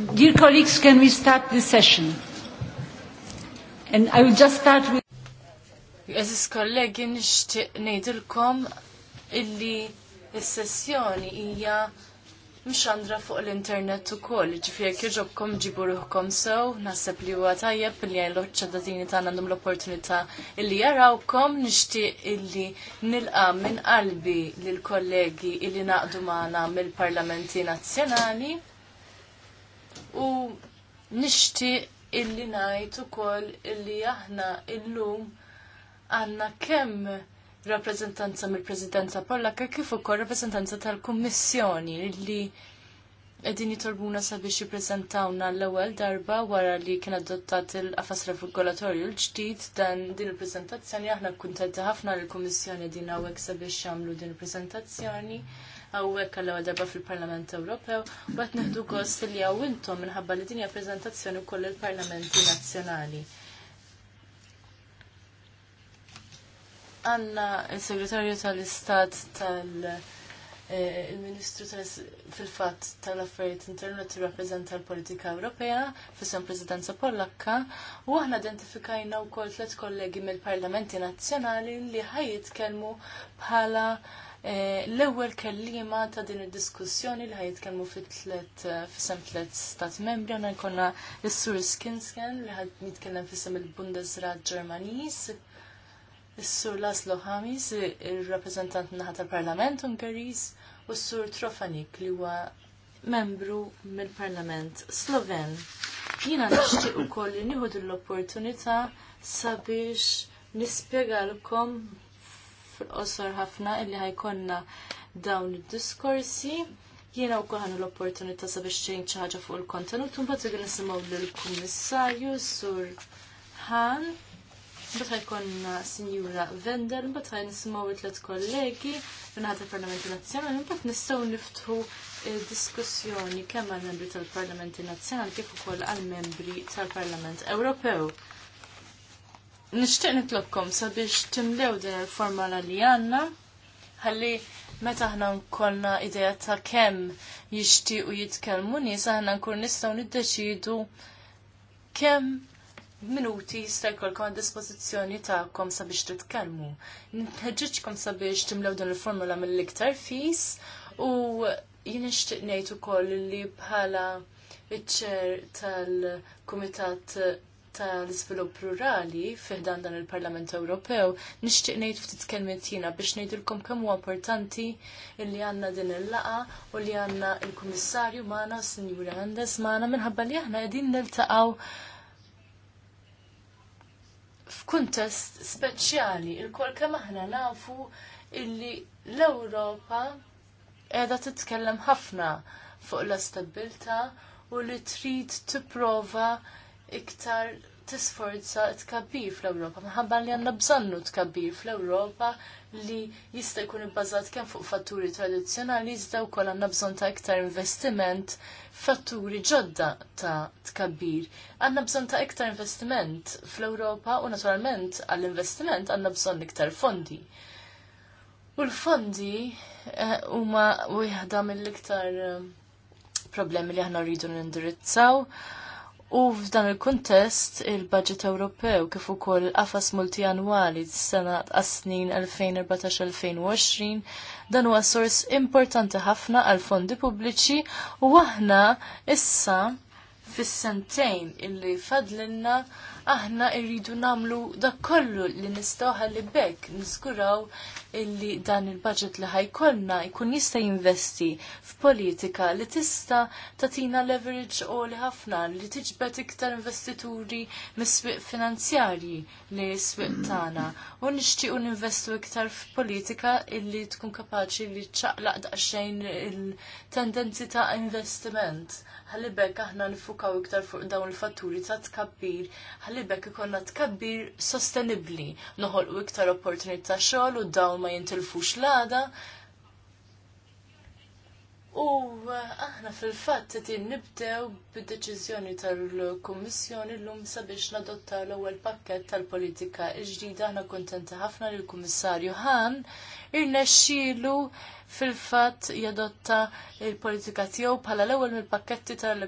Dear colleagues, can we start this session? And I will just start with... Eżis kollegi nishtiq nejdilkom illi s-sessjoni hija mxandra fuq l-internet u koll, ġifir kħiġobkom ġibu ruħkom sew, nasab li huwa tajjeb illi għaj loċċa datini ta' għandhom l-opportunità illi jarawkom nishtiq illi nilqa minn qalbi l kollegi illi naqdu maħna mill-parlamenti nazzjonali u nishti illi ngħid ukoll illi aħna illum għandna kemm rappreżentanza mill-Presidenza Pollakka kif ukoll rappreżentanza tal-Kummissjoni illi qegħdin jitolbuna sabiex jippreżentawna l-ewwel darba wara li kien adottat il-qafas regolatorju l-ġdid dan din il-preżentazzjoni aħna kuntenti ħafna l-Kummissjoni qegħdin hawnhekk sabiex jagħmlu din il-preżentazzjoni. il prezentazzjoni il preżentazzjoni għawek għal darba fil-Parlament Ewropew, u għat neħdu gost li għawintom minħabba li dinja prezentazzjoni koll il-Parlamenti Nazzjonali. Għanna il-Segretarju tal-Istat tal-, eh, -istat tal il fil-fat tal-affarijiet internu tirrappreżenta l-politika Ewropea fis-sem Presidenza Pollakka u aħna identifikajna wkoll tliet kollegi mill-Parlamenti Nazzjonali li ħajjitkellmu bħala Eh, l-ewwel kellima ta' din id-diskussjoni li ħajtkellmu fit-tlet eh, fisem tlet stat membri għandna jkollna s-Sur Skinsken li ħad jitkellem fisem il-Bundesrat Ġermaniż, is-Sur Laszlo Hamis, ir-rappreżentant naħa tal-Parlament Ungeriż, u s-Sur Trofanik li huwa membru mill-Parlament Sloven. Jiena nixtieq ukoll li nieħu l-opportunità sabiex nispjegalkom fil-qosor ħafna illi ħajkonna dawn id-diskorsi. Jiena u kħan l-opportunità sabiex ċejn ċaħġa fuq il-kontenut, un bat għin nisimaw l-Kummissarju Sur Han, bat ħajkonna signora Vendel, bat ħaj nisimaw il-tlet kollegi, minnaħat il-Parlamenti Nazjonali, bat nistaw niftu diskussjoni kemm għal membri tal-Parlamenti Nazzjonali kif ukoll għal membri tal-Parlament Ewropew nishtiq nitlobkom sabiex timlew din il-formala li għanna, ħalli meta ħna nkollna ideja ta' kemm jixtiequ jitkellmu nies aħna nkun nistgħu niddeċidu kemm minuti jista' jkollkom għad dispożizzjoni tagħkom sabiex titkellmu. Nħeġġitkom sabiex timlew din il-formula mill-iktar fis u jien nixtieq ngħid ukoll li bħala iċ-ċer tal-Kumitat tal-iżvilupp rurali fiħdan dan il-Parlament Ewropew, nixtieq ngħid ftit kelmiet biex ngħidilkom kemm huwa importanti li għandna din il-laqa u li għandna il-Kummissarju magħna, Sinjura Mendes magħna minħabba li aħna qegħdin niltaqgħu f'kuntest speċjali il-kol kemm aħna nafu illi l-Ewropa qiegħda titkellem ħafna fuq l-istabilta u li trid tipprova iktar tisforza tkabbir fl-Ewropa. Minħabba li għandna bżonnu tkabbir fl-Ewropa li jista' jkun ibbażat kemm fuq fatturi tradizzjonali iżda wkoll għandna bżonn ta' iktar investiment fatturi ġodda ta' tkabbir. Għandna bżonn ta' iktar investiment fl-Ewropa u naturalment għall-investiment għandna bżonn iktar fondi. U l-fondi eh, huma wieħda mill-iktar eh, problemi li aħna rridu nindirizzaw. U f'dan il-kuntest il-budget Ewropew kif ukoll il-qafas multianwali s-sena għas-snin 2014-2020 dan huwa sors importanti ħafna għal fondi pubbliċi u aħna issa fis-sentejn illi fadlinna aħna irridu namlu dak kollu li nistgħu ħalli bekk niskuraw illi dan il-budget li ħajkonna jkun jista' jinvesti f'politika li tista' tatina leverage u li ħafna li tiġbed iktar investituri mis-swieq finanzjarji li swieq tagħna u nixtiequ ninvestu iktar f'politika illi tkun kapaċi li ċaqlaq daqsxejn il-tendenzi ta' investiment. Ħalli bekk aħna nifukaw iktar fuq dawn il-fatturi ta' tkabbir ħalli li bekk ikollna tkabbir sostenibbli, noħolqu iktar opportunità xogħol u dawn ma jintilfux l-għada. U eh, aħna fil-fatt qed nibdew bid-deċiżjoni tal-Kummissjoni llum sabiex nadotta l-ewwel pakkett tal-politika l ġdida aħna kuntenti ħafna lill kummissarju Han irnexxielu fil-fatt jadotta il-politika tiegħu bħala l-ewwel mill-pakketti tar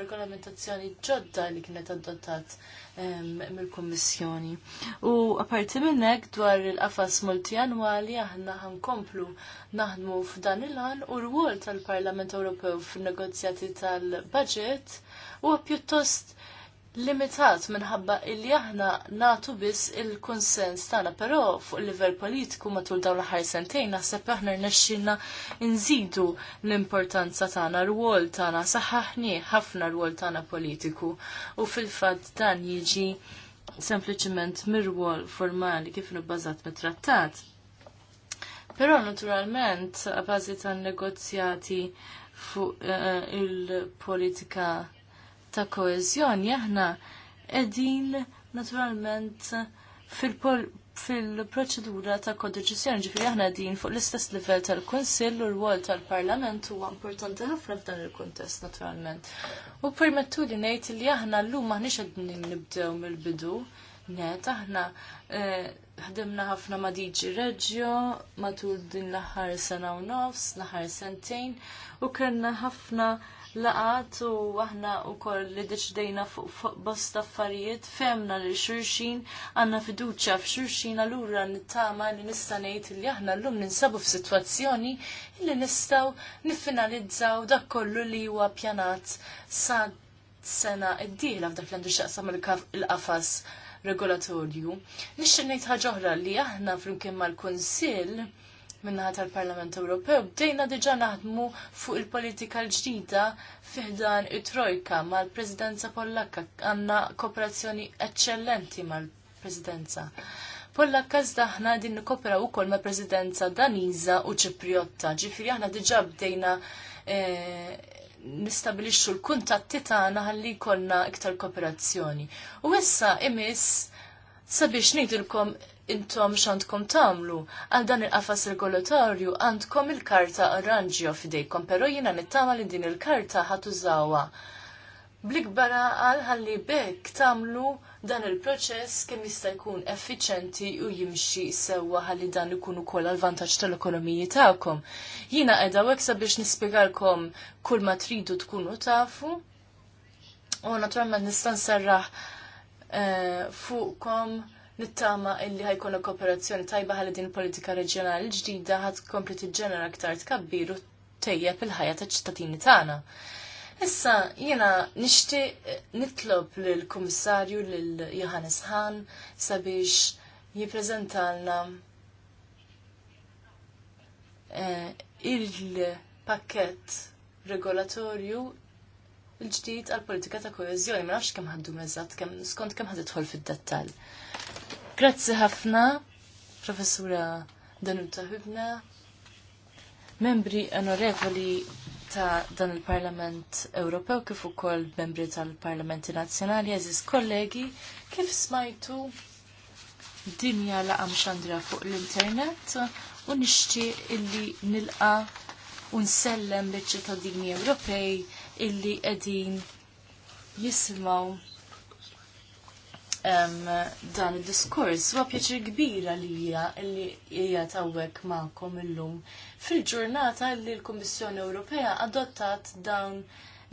regolamentazzjoni ġodda li kienet adottat ehm, mill-Kummissjoni. U apparti minn hekk dwar il-qafas multianwali aħna ħankomplu naħdmu f'dan il-għan u r-wol tal-Parlament Ewropew fin-negozjati tal-budget huwa pjuttost limitat minħabba illi aħna natu biss il-konsens tagħna, però fuq il-livell politiku matul dawn l-ħar sentejn naħseb aħna rnexxilna nżidu l-importanza tagħna, r-wol tagħna saħaħni ħafna r-wol tagħna politiku u fil-fatt dan jiġi sempliċement mir-wol formali kif nibbażat mit-trattat. Però naturalment, bażi tan-negozjati fuq uh, il-politika ta' koezjoni aħna qegħdin naturalment fil-proċedura ta' kodeċizjoni ġifiri aħna edin fuq l-istess livell tal-Kunsill u l-wol tal-Parlament huwa importanti ħafna f'dan il-kuntest naturalment. U permettu li ngħid li aħna llum maħniex qegħdin nibdew mill-bidu, net aħna eh, ħdimna ħafna ma' Diġi Reġjo matul din l-aħħar sena u nofs, l-aħħar sentejn u kellna ħafna laqat u aħna u koll li deċdejna fuq bosta affarijiet, femna li xurxin, għanna fiduċa f'xurxin għallura nittama li nista' ngħid li aħna llum ninsabu f'sitwazzjoni li nistgħu niffinalizzaw dak kollu li huwa pjanat sa sena id-dieħla f'dak li għandu xaqsam il-qafas regolatorju. Nixtieq ngħid ħaġa oħra li aħna flimkien mal-Kunsill minnaħat tal-Parlament Ewropew, bdejna diġa naħdmu fuq il-politika l-ġdida fiħdan it-Trojka mal-Presidenza Pollakka għanna kooperazzjoni eccellenti mal-Presidenza. Pollakka zdaħna din nikopera u kol mal-Presidenza Daniza u Ċipriotta, ġifiri aħna diġa bdejna e, nistabilixxu l-kuntatti tagħna ħalli konna iktar kooperazzjoni. U issa imis sabiex ngħidilkom intom x'għandkom tagħmlu. Għal dan il-qafas regolatorju għandkom il-karta arranġio f'idejkom, però jiena nittama li din il-karta ħatużawha. bara għal ħalli bekk tagħmlu dan il-proċess kemm jista' jkun effiċenti u jimxi sewwa ħalli dan ikun ukoll għal vantaġġ tal-ekonomiji tagħkom. Jiena qiegħda weksa biex nispjegalkom kull ma tridu tkunu tafu. U naturalment nista' nserraħ eh, fuqkom nittama illi ħajkun kooperazzjoni tajba ħalli din politika reġjonali ġdida ħad kompli ġenera aktar tkabbiru tejjeb il-ħajja ta' ċittadini tagħna. Issa jiena nixtieq nitlob lill kummissarju lil Johannes Hahn sabiex jippreżentalna eh, il-pakket regolatorju l-ġdid għal politika ta' koeżjoni, ma nafx kemm ħaddu mezzat, kemm skont kemm ħadidħol fid-dettall. Grazzi ħafna, professura Danuta Hübna, membri onorevoli ta' dan il-Parlament Ewropew kif ukoll membri tal-Parlamenti Nazzjonali, eżis kollegi, kif smajtu dinja laqa xandra fuq l-internet u nixtieq illi nilqa u nsellem liċ ċittadini Ewropej illi qegħdin jisimgħu Eh, dan id-diskors. Wa pjaċir kbira li hija li hija tawwek Ma'kom illum fil-ġurnata li l-Kummissjoni Ewropea adottat dawn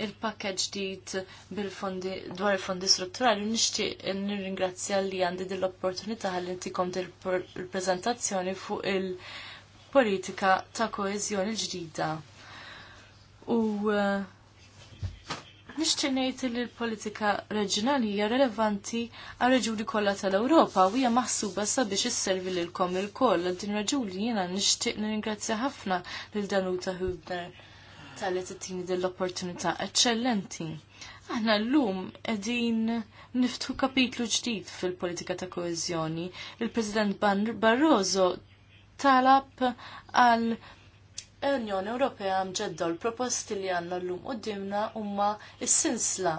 il-pakkeġ ġdid bil-fondi dwar il-fondi strutturali nixtieq nirringrazzja li għandi din l-opportunità li ntikom il-preżentazzjoni fuq il-politika ta' koeżjoni ġdida. U uh, Nixtieq ngħid li l-politika reġjonali hija relevanti għal reġuni kollha tal-Ewropa u hija maħsuba sabiex isservi lilkom ilkoll. Għal din raġuni jiena nixtieq nirringrazzja ħafna lil Danuta Hubner tal-li din dell-opportunità eċċellenti. Aħna l-lum edin niftħu kapitlu ġdid fil-politika ta' koeżjoni. Il-President Barroso talab għal l-Unjoni Ewropea mġedda l-proposti li għanna l-lum dimna umma s-sinsla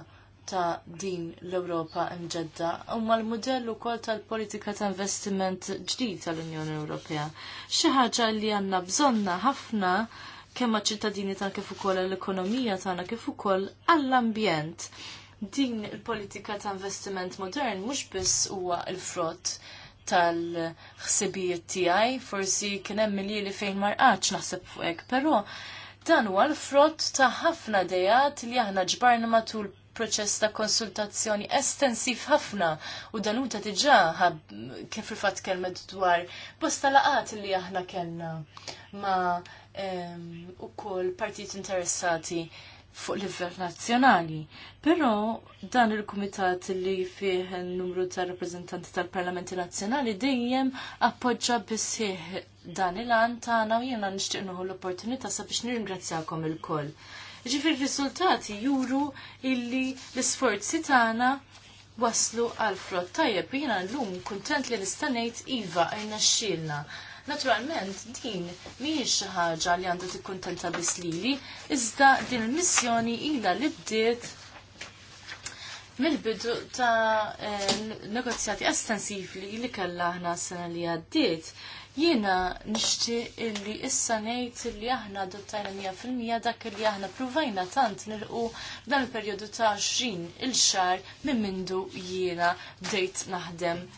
ta' din l-Ewropa mġedda umma l-modell ukoll tal-politika ta' investiment ġdid tal-Unjoni Ewropea. Xi ħaġa li għandna bżonna ħafna kemm ċittadini ta' kif ukoll l-ekonomija tagħna kif ukoll għall-ambjent din il-politika ta' investiment modern mhux biss huwa l-frott tal-ħsibijiet tiegħi, forsi kien hemm li fejn marqax naħseb fuq hekk, però dan huwa l-frott ta' ħafna dejat li aħna ġbarna matul proċess ta' konsultazzjoni estensiv ħafna u dan huta diġà kif il-fatt kelmet dwar bosta laqat li aħna kellna ma' ehm, ukoll partit interessati fuq l livell nazzjonali. Però dan il-kumitat li fih il-numru ta' rappresentanti tal-Parlamenti Nazzjonali dejjem appoġġa bisih dan il-għan tagħna u jiena nixtieq l-opportunità sabiex nirringrazzjakom il-koll. Ġifir riżultati juru illi l-isforzi tagħna waslu għal frott. Tajjeb, jiena llum kuntent li nista' ngħid iva għajna xilna Naturalment, din mhijiex xi ħaġa li għandha tikkuntenta biss lili, iżda din il-missjoni ilha li bdiet mill-bidu ta' eh, negozjati estensivi li kellha aħna s-sena li għaddiet. Jiena nixtieq illi issa ngħid li aħna adottajna mija fil-mija dak li aħna pruvajna tant nilqu dan il-perjodu ta' 20 il-xar minn mindu jiena bdejt naħdem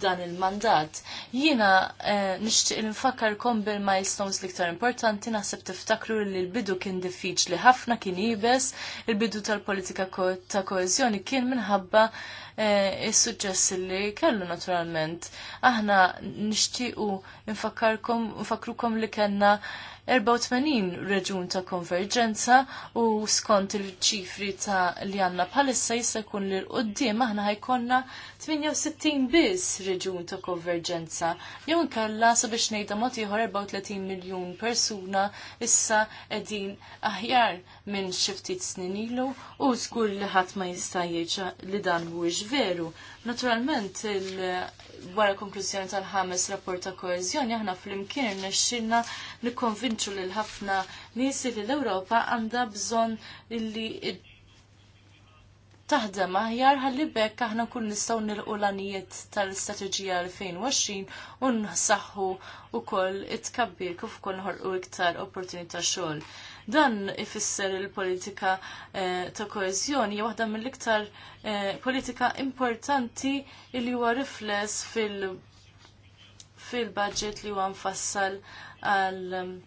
dan il-mandat. Jiena eh, nixtieq kom bil-milestones l-iktar importanti naħseb tiftakru li l-bidu kien diffiċli ħafna kien jibes, il-bidu tal-politika ta' koezjoni kien minħabba eh, il is li kellu naturalment. Aħna nixtiequ nfakkarkom nfakrukom li kellna 84 reġun ta' konverġenza u skont il-ċifri ta' li għanna bħalissa jista' jkun li l-qoddim aħna ħajkonna 68 biss reġun ta' konverġenza. Jew inkella sabiex ngħidha mod ieħor 34 miljun persuna issa qegħdin aħjar minn xi ftit snin ilu u żgur li ħadd ma jista' jgħid li dan mhuwiex veru. Naturalment wara konklużjoni tal-ħames rapport ta' koeżjoni aħna flimkien irnexxilna nikkonvinċu lil ħafna nies li l-Ewropa għandha bżonn li taħdem aħjar ħalli bekk aħna nkun nistgħu nilqu l-anijiet tal-istrateġija 2020 u nsaħħu wkoll it-tkabbir kif ukoll ħorqu iktar opportunità xogħol. Dan ifisser il-politika eh, ta' koeżjoni hija waħda mill-iktar eh, politika importanti li huwa rifless fil- fil-budget li huwa mfassal għal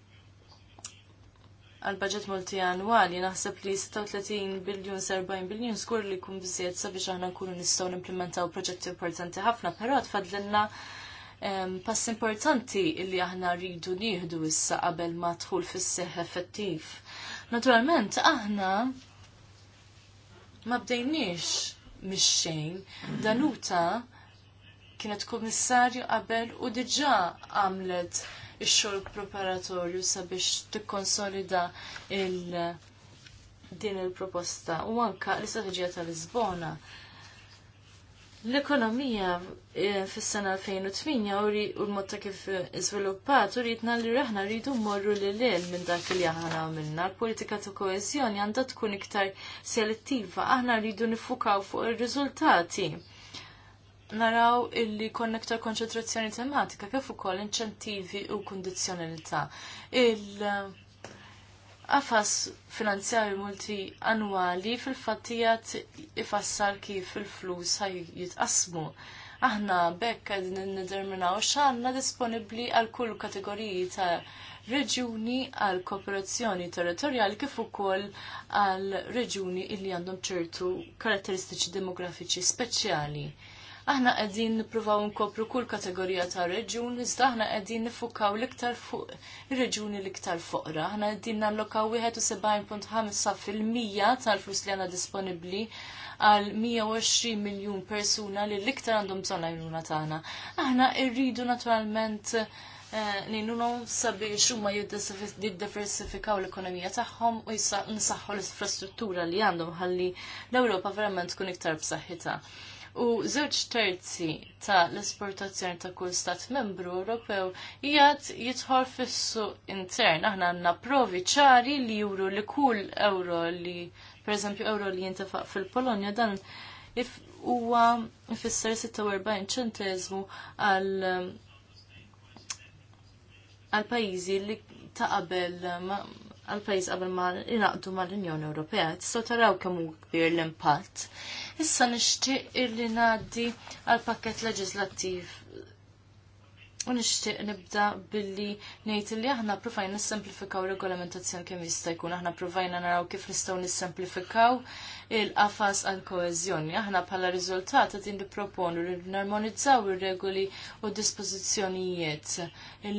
għal budget multi annwali naħseb li 36 biljun 40 biljun skur li jkun biżjed sabiex aħna nkunu nistgħu nimplementaw proġetti importanti ħafna, però tfadlilna pass importanti li aħna rridu nieħdu issa qabel ma tħul fis-seħħ effettiv. Naturalment aħna ma bdejniex mix-xejn, Danuta kienet kummissarju qabel u diġà għamlet ix-xogħol preparatorju sabiex tikkonsolida il din il-proposta u anka l istrategija tal-Lisbona. L-ekonomija eh, fis-sena 2008 u l motta kif kif eh, iżviluppat rritna li aħna rridu mmorru lil lil minn dak li aħna għamilna. L-politika ta' koeżjoni għandha tkun iktar selettiva, aħna rridu nifukaw fuq ir-riżultati naraw illi konna ktar konċentrazzjoni tematika kif ukoll inċentivi u kundizzjonalità. Il afas finanzjarju multi annwali fil-fattijat ifassar kif il-flus ħaj jitqasmu aħna bekk għedin niderminaw xanna disponibli għal kull kategoriji ta' reġuni għal kooperazzjoni territorjali kif ukoll għal reġuni illi għandhom ċertu karatteristiċi demografiċi speċjali. Aħna qegħdin nippruvaw nkopru kull kategorija ta' reġjun, iżda aħna qegħdin nifukaw l-iktar fuq ir-reġjuni l-iktar foqra. Aħna qegħdin nallokaw 71.5% tal-flus li għandna disponibbli għal 120 miljun persuna li l-iktar għandhom bżonna għajnuna tagħna. Aħna rridu naturalment eh, ninunom sabiex huma jiddiversifikaw l-ekonomija tagħhom u nsaħħu l-infrastruttura li għandhom ħalli l-Ewropa verament tkun iktar b'saħħitha u żewġ terzi ta' l-esportazzjoni ta' kull stat membru Ewropew jgħat jitħor fissu intern. Aħna għandna provi ċari li juru li kull euro li, per eżempju, euro li jintefaq fil-Polonja dan huwa jfisser 46 ċentezmu għal għal pajjiżi li ta' qabel għal pajjiż qabel ma inaqdu mal-Unjoni Ewropea. Tistgħu taraw kemm hu kbir l-impatt. Issa nixtieq illi ngħaddi għal pakkett leġislattiv U nixtieq nibda billi nejt li aħna provajna nissemplifikaw regolamentazzjoni kemm jista' jkun aħna provajna naraw kif nistgħu nissemplifikaw il-qafas għal koeżjoni. Aħna bħala riżultat qed nipproponu li narmonizzaw ir-regoli u d dispożizzjonijiet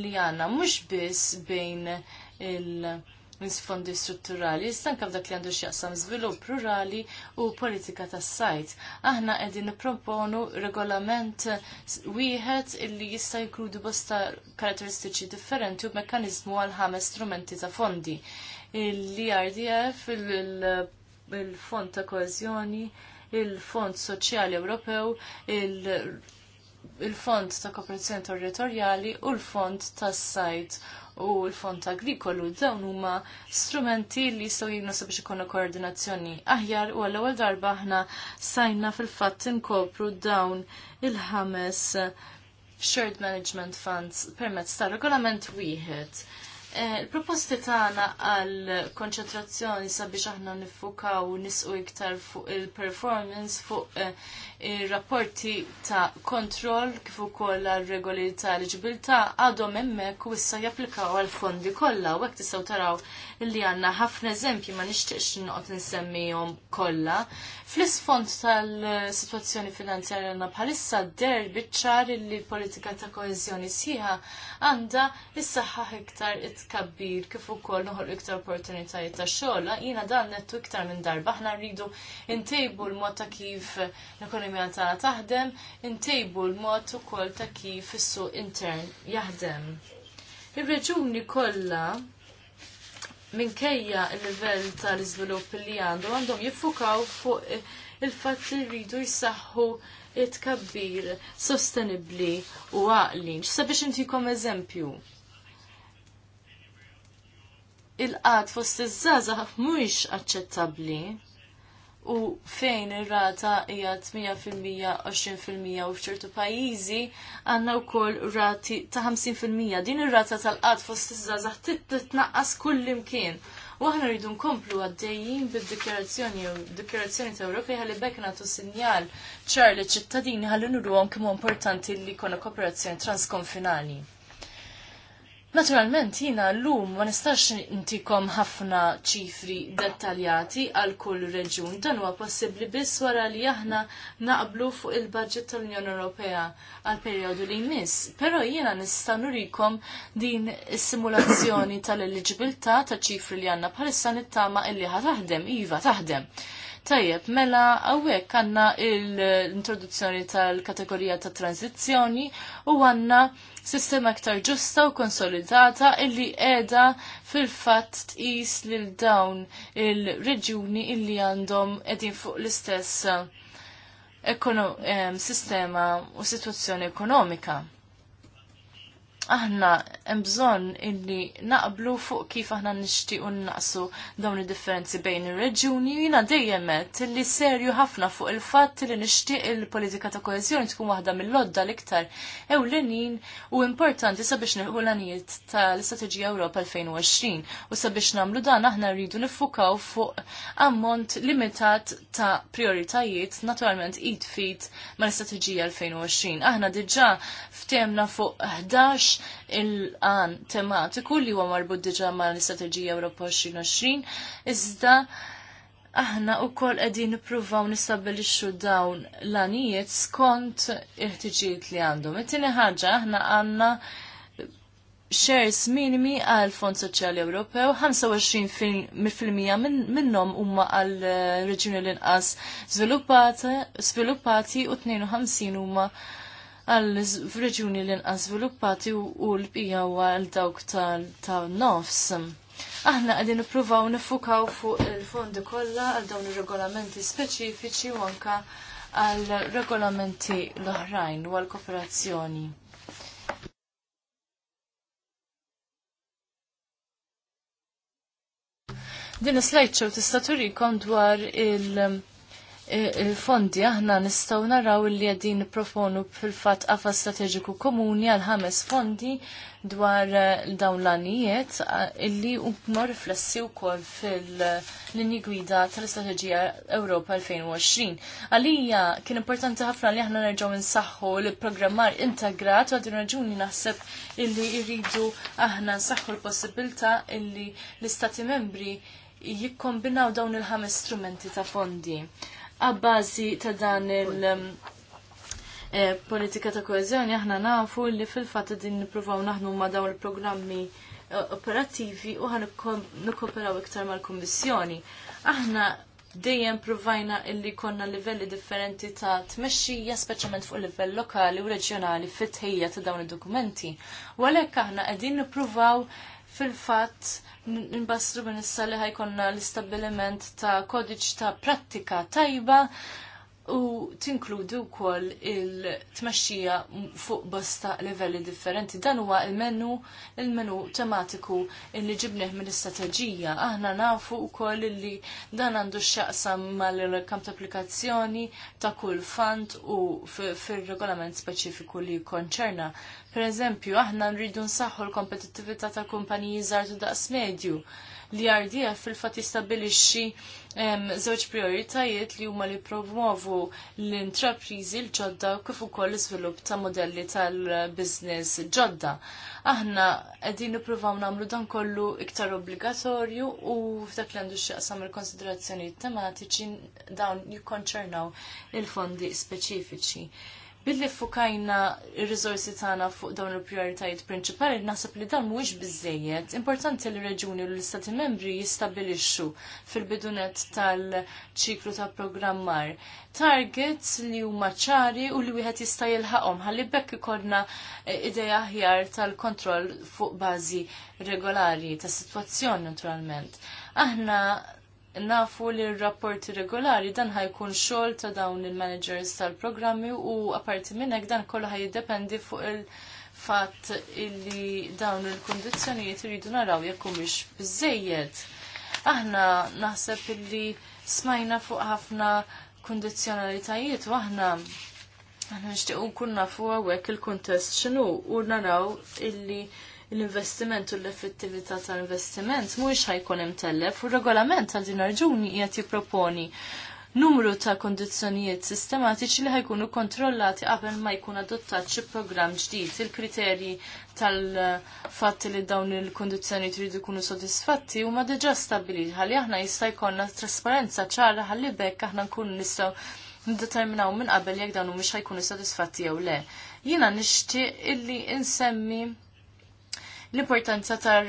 li għandna mhux biss bejn il- minn fondi strutturali, stanka f'dak li għandu xjaqsam żvilupp rurali u politika tas-sajt. Aħna qegħdin nipproponu regolament wieħed illi jista' jinkludi bosta karatteristiċi differenti u mekkaniżmu għal ħames strumenti ta' fondi. Il-IRDF, il-Fond ta' Koezjoni, il-Fond Soċjali Ewropew, il- il-Fond ta' Kooperazzjoni Territorjali u l-Fond tas-Sajt u l-fond agrikolu dawn huma strumenti li jistgħu jgħinu sabiex ikollna koordinazzjoni aħjar u għall-ewwel darba aħna sajna fil-fatt inkopru dawn il-ħames Shared Management Funds permezz ta' regolament wieħed. Eh, il-proposti tagħna għal konċentrazzjoni sabiex aħna nifukaw nisqu iktar fuq il-performance fuq eh, ir-rapporti ta' kontroll kif ukoll għal-regoli ta' eliġibilità għadhom hemmhekk u issa japplikaw għal fondi kollha u hekk tistgħu taraw illi għanna ħafna eżempji ma nixtieqx noqgħod nsemmihom kollha. Fl-isfond tal-sitwazzjoni finanzjarja għandna bħalissa der biċċar illi politika ta' koeżjoni sħiħa għandha issaħħaħ iktar itkabbir kif ukoll noħol iktar opportunitajiet ta' xogħol. Jiena dan nettu iktar minn darba aħna rridu ntejbu l-mod ta' kif l-ekonomija tagħna taħdem, ntejbu l-mod ukoll ta' kif is-suq intern jaħdem. Ir-reġuni kollha minkejja il-livell tal-iżvilupp li għandu għandhom jiffukaw fuq il-fatt li rridu jsaħħu it-kabbir sostenibli u għaqlin. Sabiex kom eżempju. Il-qad fost iż-żaza mhuwiex aċċettabbli u fejn ir-rata hija 8%, 20% u f'ċertu pajjiżi għandna wkoll rati ta' 50%. Din ir-rata tal-qatt fost iż-żgħażagħ titnaqqas kull imkien. U aħna rridu nkomplu għaddejjin bid-dikjarazzjoni u dikjarazzjoni ta' Ewropej ħalli bekk nagħtu sinjal ċar li ċittadini ħalli nuruhom kemm importanti li jkollna kooperazzjoni transkonfinali. Naturalment, jina l-lum ma nistax intikom ħafna ċifri dettaljati għal kull reġun. Dan huwa possibbli biss wara li aħna naqblu fuq il-budget tal-Unjoni Ewropea għal perjodu li jmiss. Però jiena nista' nurikom din is-simulazzjoni tal-eliġibilità ta' ċifri li għandna bħalissa nittama illi ħa taħdem, iva taħdem. Tajjeb, mela għawek għanna l-introduzzjoni tal-kategorija ta' tranzizzjoni u għanna sistema aktar ġusta u konsolidata illi qiegħda fil-fatt tqis lil dawn il-reġjuni illi għandhom qegħdin fuq l-istess eh, eh, sistema u situazzjoni ekonomika aħna hemm bżonn illi naqblu fuq kif aħna nixtiequ naqsu dawn id-differenzi bejn ir-reġjuni jiena dejjem qed illi serju ħafna fuq il fat li nixtieq il-politika ta' koeżjoni tkun waħda mill-lodda l-iktar ewlenin u importanti sabiex nħu l-anijiet tal-Istrateġija Ewropa 2020 u sabiex nagħmlu dan aħna rridu niffukaw fuq ammont limitat ta' prioritajiet naturalment id fit mal-Istrateġija 2020. Aħna diġà ftemna fuq 11 il-għan tematiku li huwa marbut diġa ma' l-Istrateġija Ewropa 2020, iżda aħna u kol għedin nipruvaw nistabilixxu dawn l għanijiet skont il-ħtiġijiet li għandhom. It-tieni ħaġa aħna għandna shares minimi għal Fond Soċjali Ewropew, 25% minnhom huma għal reġjuni l-inqas sviluppati u 52 huma għal reġuni l-inqas sviluppati u l-bqija għal dawk tal-nofs. Aħna għadin pruvaw nifukaw fuq il-fondi kollha għal dawn ir-regolamenti speċifiċi u anka għal regolamenti l-oħrajn u għal kooperazzjoni. Din is slideshow tista' turikom dwar il- il-fondi e, e, aħna nistaw naraw li għadin proponu fil-fat għafa strateġiku komuni għal ħames fondi dwar e, dawn l-anijiet illi umma riflessi u kol fil-linji gwida tal-Strategija Europa 2020. Għalija kien importanti ħafna li aħna nerġaw nsaħħu l-programmar integrat u għadin raġuni naħseb illi irridu aħna nsaħħu l-possibilta illi l-istati membri jikkombinaw dawn il-ħames strumenti ta' fondi għabbażi ta' dan il- um, eh, politika ta' koezjoni aħna nafu li fil-fatt din nippruvaw naħnu ma' dawn il-programmi eh, operattivi u ħan nikkoperaw iktar mal-Kummissjoni. Aħna dejjem provajna illi konna livelli differenti ta' tmexxija speċjalment fuq livell lokali u reġjonali fit-tħejja ta' dawn id-dokumenti. U għalhekk aħna qegħdin nippruvaw fil-fatt nbastru minn issa li ħajkonna l-istabbiliment ta' kodiċ ta' prattika tajba u tinkludu wkoll il-tmexxija fuq bosta livelli differenti. Dan huwa il-menu il-menu tematiku illi ġibneħ minn istrateġija Aħna nafu wkoll li dan għandu x'jaqsam mal-kamp ta' applikazzjoni ta' kull fant u fir-regolament speċifiku li konċerna Pereżempju, aħna nridu nsaħħu l-kompetittività tal kumpaniji żgħar u daqs medju. li RDF fil-fatt jistabilixxi żewġ prioritajiet li huma li promuovu l-intrapriżi l-ġodda kif ukoll l-iżvilupp ta' modelli tal-business ġodda. Aħna qegħdin nippruvaw nagħmlu dan kollu iktar obbligatorju u f'dak li għandu x'jaqsam il-konsiderazzjonijiet tematiċi dawn jikkonċernaw il-fondi speċifiċi billi fukajna il-rizorsi tagħna fuq dawn il-prioritajiet prinċipali, naħseb li dan mhuwiex bizzejiet, Importanti l reġuni u l-Istati membri jistabilixxu fil-bidunet tal-ċiklu ta' programmar targets li huma ċari u li wieħed jista' jilħaqhom ħalli bekk ikollna eh, idea aħjar tal-kontroll fuq bażi regolari ta' sitwazzjoni naturalment. Aħna nafu li r-rapporti regolari dan ħajkun xogħol ta' dawn il-managers tal-programmi u apparti minn hekk dan ħaj jiddependi fuq il-fatt illi dawn il-kundizzjonijiet iridu naraw jekk mhix biżejjed. Aħna naħseb illi smajna fuq ħafna kundizzjonalitajiet u aħna aħna nixtiequ nkun nafu hawnhekk il-kuntest x'inhu u naraw illi l-investiment u l-effettività tal-investiment mhuwiex ħajkun hemm tellef u regolament għal din raġuni qiegħed jipproponi numru ta' kondizzjonijiet sistematiċi li ħajkunu kontrollati qabel ma jkun adottat xi programm ġdid. Il-kriterji tal-fatt li dawn il-kondizzjoni tridu jkunu sodisfatti huma diġà stabbiliti ħalli aħna jista' jkollna trasparenza ċara ħalli bekk aħna nkunu nistgħu ndeterminaw minn qabel jekk dawn mhumiex ħajkunu sodisfatti jew le. Jiena nixtieq illi insemmi l-importanza tar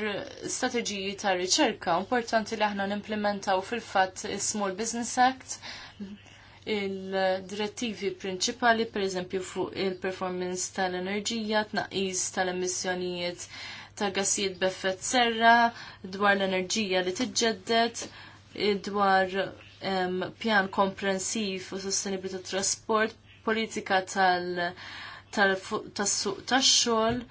strateġiji tar riċerka. Importanti li aħna nimplementaw fil-fatt il-Small Business Act, il-direttivi prinċipali, per eżempju, fuq il-performance tal-enerġija, tnaqqis tal-emissjonijiet ta' gassijiet b'effett serra, dwar l-enerġija li tiġġedded, dwar pjan komprensiv u sostenibli tat trasport, politika tal- tal-suq tax-xogħol,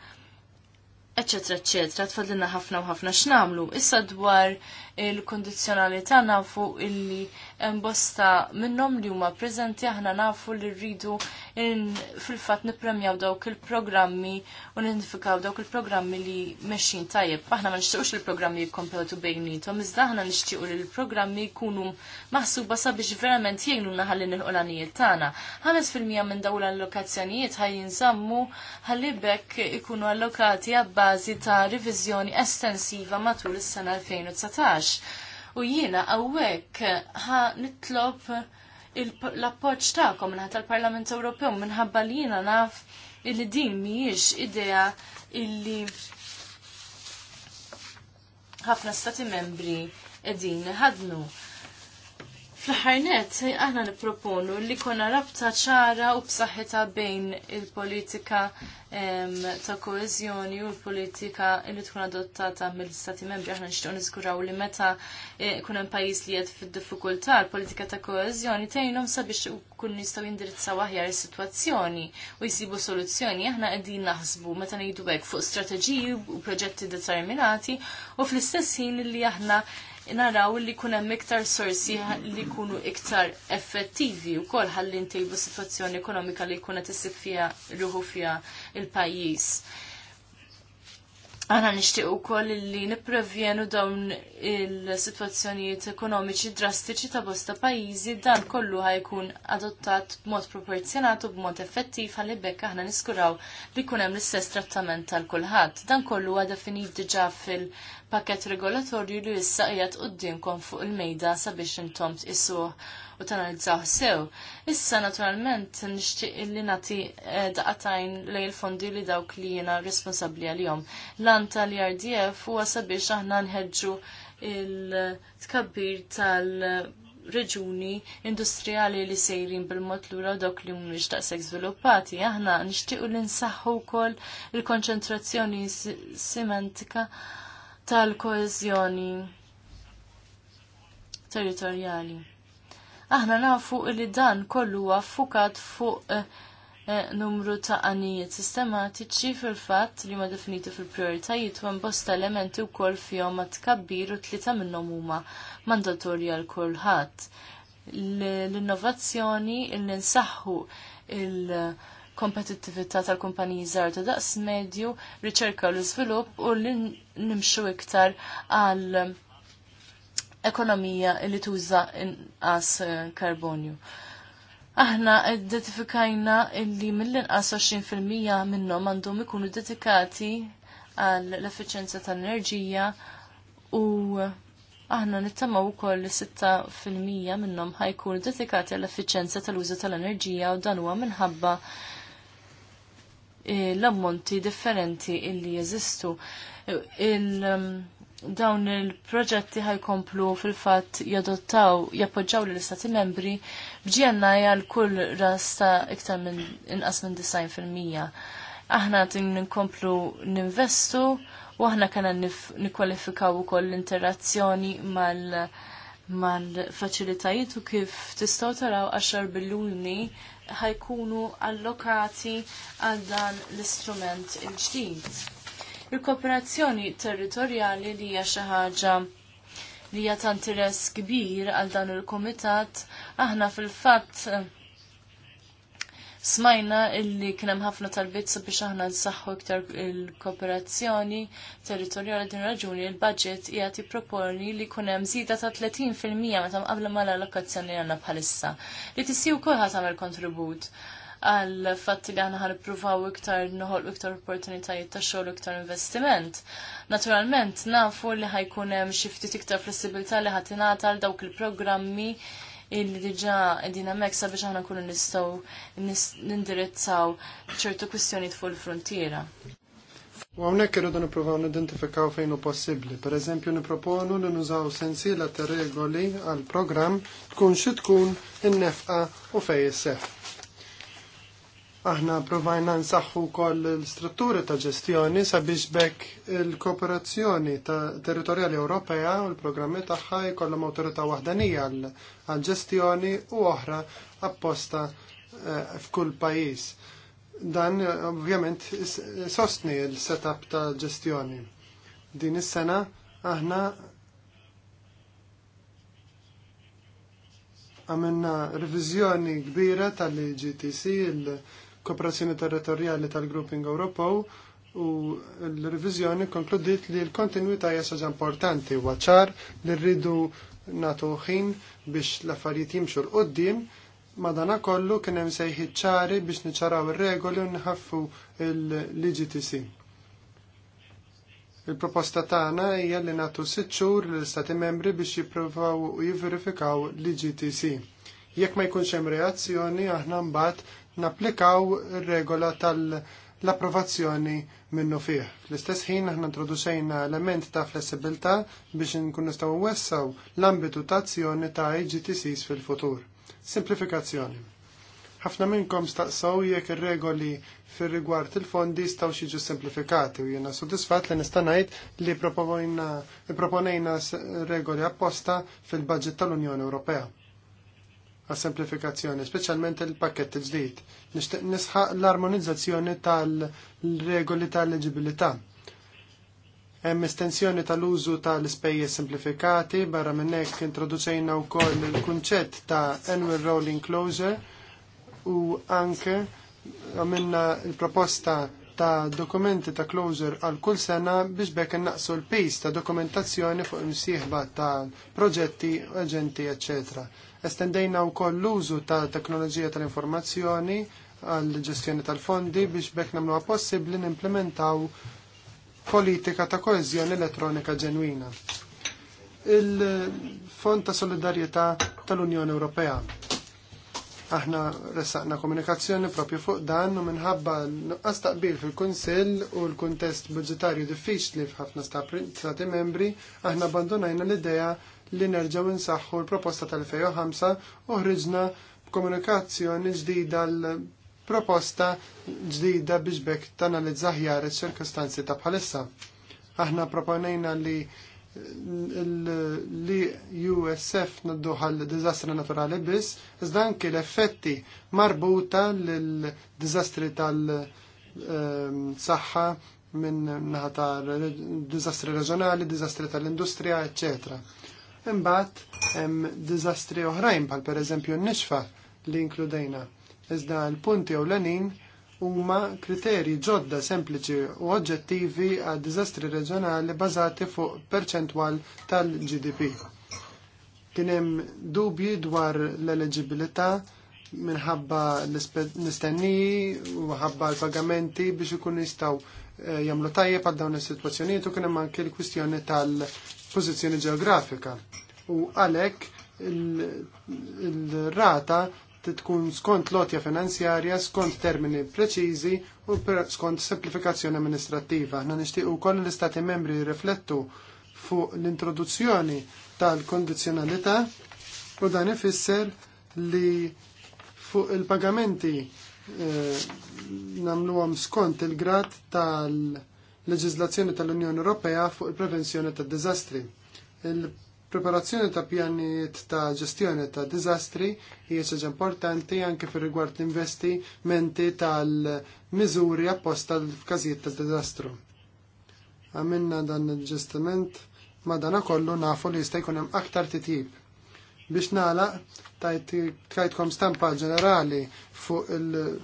eccetera, eccetera, tfadlina ħafna u ħafna x'namlu. Issa dwar il-kondizjonalità nafu illi imbosta minnhom li huma preżenti aħna nafu li rridu fil-fatt nippremjaw dawk il-programmi u nidentifikaw dawk il-programmi li meċin tajjeb. Aħna ma nishtiqux il-programmi jikkompetu bejnietom, iżda aħna nixtiequ li l-programmi jkunu maħsuba sabiex verament jgħinu naħalli nil-qolanijiet tagħna. Ħames fil-mija minn dawn l-allokazzjonijiet ħajjinżammu ħalli bekk ikunu allokati għabbażi ta' riviżjoni estensiva matul is-sena 2019. U jiena għawek ħa nitlob l-appoġġ tagħkom minħat tal-Parlament Ewropew minħabba li jiena naf illi din mhijiex idea illi ħafna stati membri qegħdin ħadnu. Fl-ħarnet, aħna nipproponu li konna rabta ċara u b'saħħitha bejn il-politika ta' koezjoni u l-politika li tkun adottata mill-Stati membri. Aħna nixtiequ niżguraw li meta jkun eh, hemm pajjiż li qed fid-diffikultà l-politika ta' koezjoni tgħinhom sabiex kun jistgħu jindirizzaw aħjar is-sitwazzjoni u jsibu soluzzjoni. Aħna qegħdin naħsbu meta ngħidu hekk fuq strateġiji u proġetti determinati u fl-istess ħin li aħna naraw li kun hemm iktar sorsi li jkunu iktar effettivi wkoll ħalli ntejbu sitwazzjoni ekonomika li jkun qed issib fiha ruħu fiha il-pajjiż. Għana nishtiq u koll li niprevjenu dawn il-situazzjonijiet ekonomiċi drastiċi ta' bosta pajizi dan kollu ħajkun adottat b'mod proporzjonat u b'mod effettiv għalli bekk aħna niskuraw li kunem l-istess trattament tal-kulħadd. Dan kollu għad definit diġa fil- pakket regolatorju li issa qiegħed quddiemkom fuq il-mejda sabiex intom tqisuh u tanalizzaw sew. Issa naturalment nixtieq li nagħti eh, daqatajn lej il-fondi li dawk li jiena responsabbli għalihom. Lan tal-RDF huwa sabiex aħna nħeġġu il-tkabbir tal- reġuni industrijali li sejrin bil-mod lura u dawk li mhumiex daqshekk żviluppati, aħna nixtiequ li nsaħħu wkoll il-konċentrazzjoni simentika tal-koezjoni territorjali. Aħna nafu li dan kollu huwa fukat fuq eh, eh, numru ta' għanijiet sistematiċi fil-fatt li ma definiti fil-prioritajiet u bosta elementi u kol fjom ma tkabbir u tlita minnom huma mandatorja għal kulħadd. L-innovazzjoni, l-insaħħu, il- kompetittività tal-kumpaniji żgħar ta' daqs medju, riċerka u l-iżvilupp u li nimxu iktar għal ekonomija li tuża inqas eh, karbonju. Aħna identifikajna li mill-inqas 20% minnhom għandhom ikunu dedikati għal l-effiċenza tal-enerġija u aħna nittamaw ukoll li 6% minnhom ħajkunu dedikati għall effiċenza tal-użu tal-enerġija u dan huwa minħabba Eh, l-ammonti differenti illi jeżistu. Il um, dawn il-proġetti ħajkomplu fil-fatt jadottaw, jappoġġaw l istati membri bġienna għal kull ras ta' iktar minn inqas minn 90%. Aħna tin n ninvestu u aħna kena nikwalifikaw ukoll l-interazzjoni mal- facilitajiet faċilitajiet u kif tistaw taraw 10 biljuni ħajkunu allokati għal dan l-istrument il-ġdid. Il-kooperazzjoni territorjali li hija xi ħaġa li hija ta' interess kbir għal dan il-kumitat aħna fil-fatt Smajna illi kienem ħafna talbiet sabiex aħna nsaħħu iktar il-kooperazzjoni territorjali din raġuni il-budget qiegħed jipproponi li jkun hemm żieda ta' 30% meta mqabla mal-allokazzjoni għandna bħalissa. Li tissiju wkoll ħadd tagħmel kontribut għal fatti li għana ħaripruvaw iktar noħol iktar opportunitajiet ta' xogħol iktar investiment. Naturalment, nafu li ħajkun hemm xi ftit iktar flessibilità li ħatinata għal dawk il-programmi illi diġa edina meksa biex aħna kunu nistaw nindirizzaw ċertu kwistjoni fuq il-frontiera. U għawnek irridu niprofaw nidentifikaw fejn u possibli. Per eżempju, niproponu li nużaw sensiela ta' regoli għal program tkun xi tkun in-nefqa u fej Aħna provajna nsaħħu wkoll l-strutturi ta' ġestjoni sabiex bekk il-kooperazzjoni ta' territorjali Ewropea u l-programmi tagħha jkollhom awtorità waħdanija għal ġestjoni u oħra apposta eh, f'kull pajjiż. Dan eh, ovvjament sostni l-setup ta' ġestjoni. Din is-sena aħna għamilna revizjoni kbira tal-GTC, kooperazzjoni territorjali tal-Grouping Ewropew u l-revizjoni konkludiet li l-kontinuità hija xaġa importanti huwa ċar li rridu nagħtu ħin biex l-affarijiet jimxu l-qoddim madana kollu kien hemm sejħi ċari biex niċċaraw ir-regoli u nħaffu l-LGTC. Il-proposta tagħna hija li nagħtu sitt xhur l stati membri biex jippruvaw u jivverifikaw l-IGTC. Jekk ma jkunx hemm reazzjoni aħna mbagħad napplikaw il regola tal-approvazzjoni minnu fih. Fl-istess ħin aħna introduċejna element ta' flessibilità biex nkunu staw wessaw l-ambitu ta' azzjoni ta' IGTCs fil-futur. Simplifikazzjoni. Ħafna minnkom staqsaw jekk ir-regoli fir rigward il-fondi staw xieġu simplifikati u jena soddisfat li nistanajt li proponejna regoli apposta fil-budget tal-Unjoni Ewropea għas semplifikazzjoni, speċjalment il-pakket ġdid. Nixtieq nisħaq l-armonizzazzjoni tal-regoli tal-leġibilità. Hemm estensjoni tal-użu tal-ispejjeż simplifikati barra minn hekk introduċejna wkoll il-kunċett ta' annual rolling closure u anke għamilna il-proposta ta' dokumenti ta' closure għal kull sena biex bekk naqsu l-pace ta' dokumentazzjoni fuq imsieħba ta' proġetti, agenti, eccetera. Estendejna wkoll l-użu ta' teknoloġija tal-informazzjoni għall ġestjoni tal-fondi biex bekk nagħmluha possibbli nimplementaw politika ta' koeżjoni elettronika ġenwina. Il-Fond ta' Solidarjetà tal-Unjoni Ewropea aħna ressaqna komunikazzjoni propju fuq dan u minħabba nuqqas taqbil fil-Kunsill u l-kuntest budġetarju diffiċli f'ħafna stati membri, aħna abbandonajna l-idea li nerġaw insaħħu l-proposta tal-2005 u ħriġna komunikazzjoni ġdida l-proposta ġdida biex bekk tanalizza ħjar iċ-ċirkostanzi ta' bħalissa. Aħna proponejna li li USF nadduħal dizastri naturali biss, iżda anke l-effetti marbuta l-dizastri tal-saħħa ehm, minn naħatar ta' dizastri reġjonali, dizastri tal-industrija, eccetera. Imbagħad hemm diżastri oħrajn bħal pereżempju n-nixfa li inkludejna. Iżda l-punti ewlenin huma kriterji ġodda sempliċi u oġġettivi għad diżastri reġjonali bażati fuq perċentwal tal-GDP. Kien hemm dubji dwar l eleġibilità minħabba l-istenniji u ħabba l-pagamenti biex ikun jistgħu eh, jagħmlu tajjeb għal dawn is-sitwazzjonijiet u kien hemm anke l-kwistjoni tal- pożizzjoni ġeografika u għalhekk il-rata tkun skont lotja finanzjarja, skont termini preċiżi u skont semplifikazzjoni amministrattiva. Aħna nixtiequ koll l-Istati membri riflettu fuq l-introduzzjoni tal-kondizjonalità u dan ifisser li fuq il-pagamenti eh, skont il grat tal- leġizlazzjoni tal-Unjoni Ewropea fuq il-prevenzjoni tad diżastri. Il-preparazzjoni ta' pjanijiet ta' ġestjoni ta' diżastri hija xi importanti anke fir rigward investimenti tal-miżuri apposta f'każijiet ta' diżastru. Għamilna dan il-ġestiment madana kollu nafu li jista' jkun hemm aktar titjib. Biex nagħlaq tajtkom stampa ġenerali fuq il-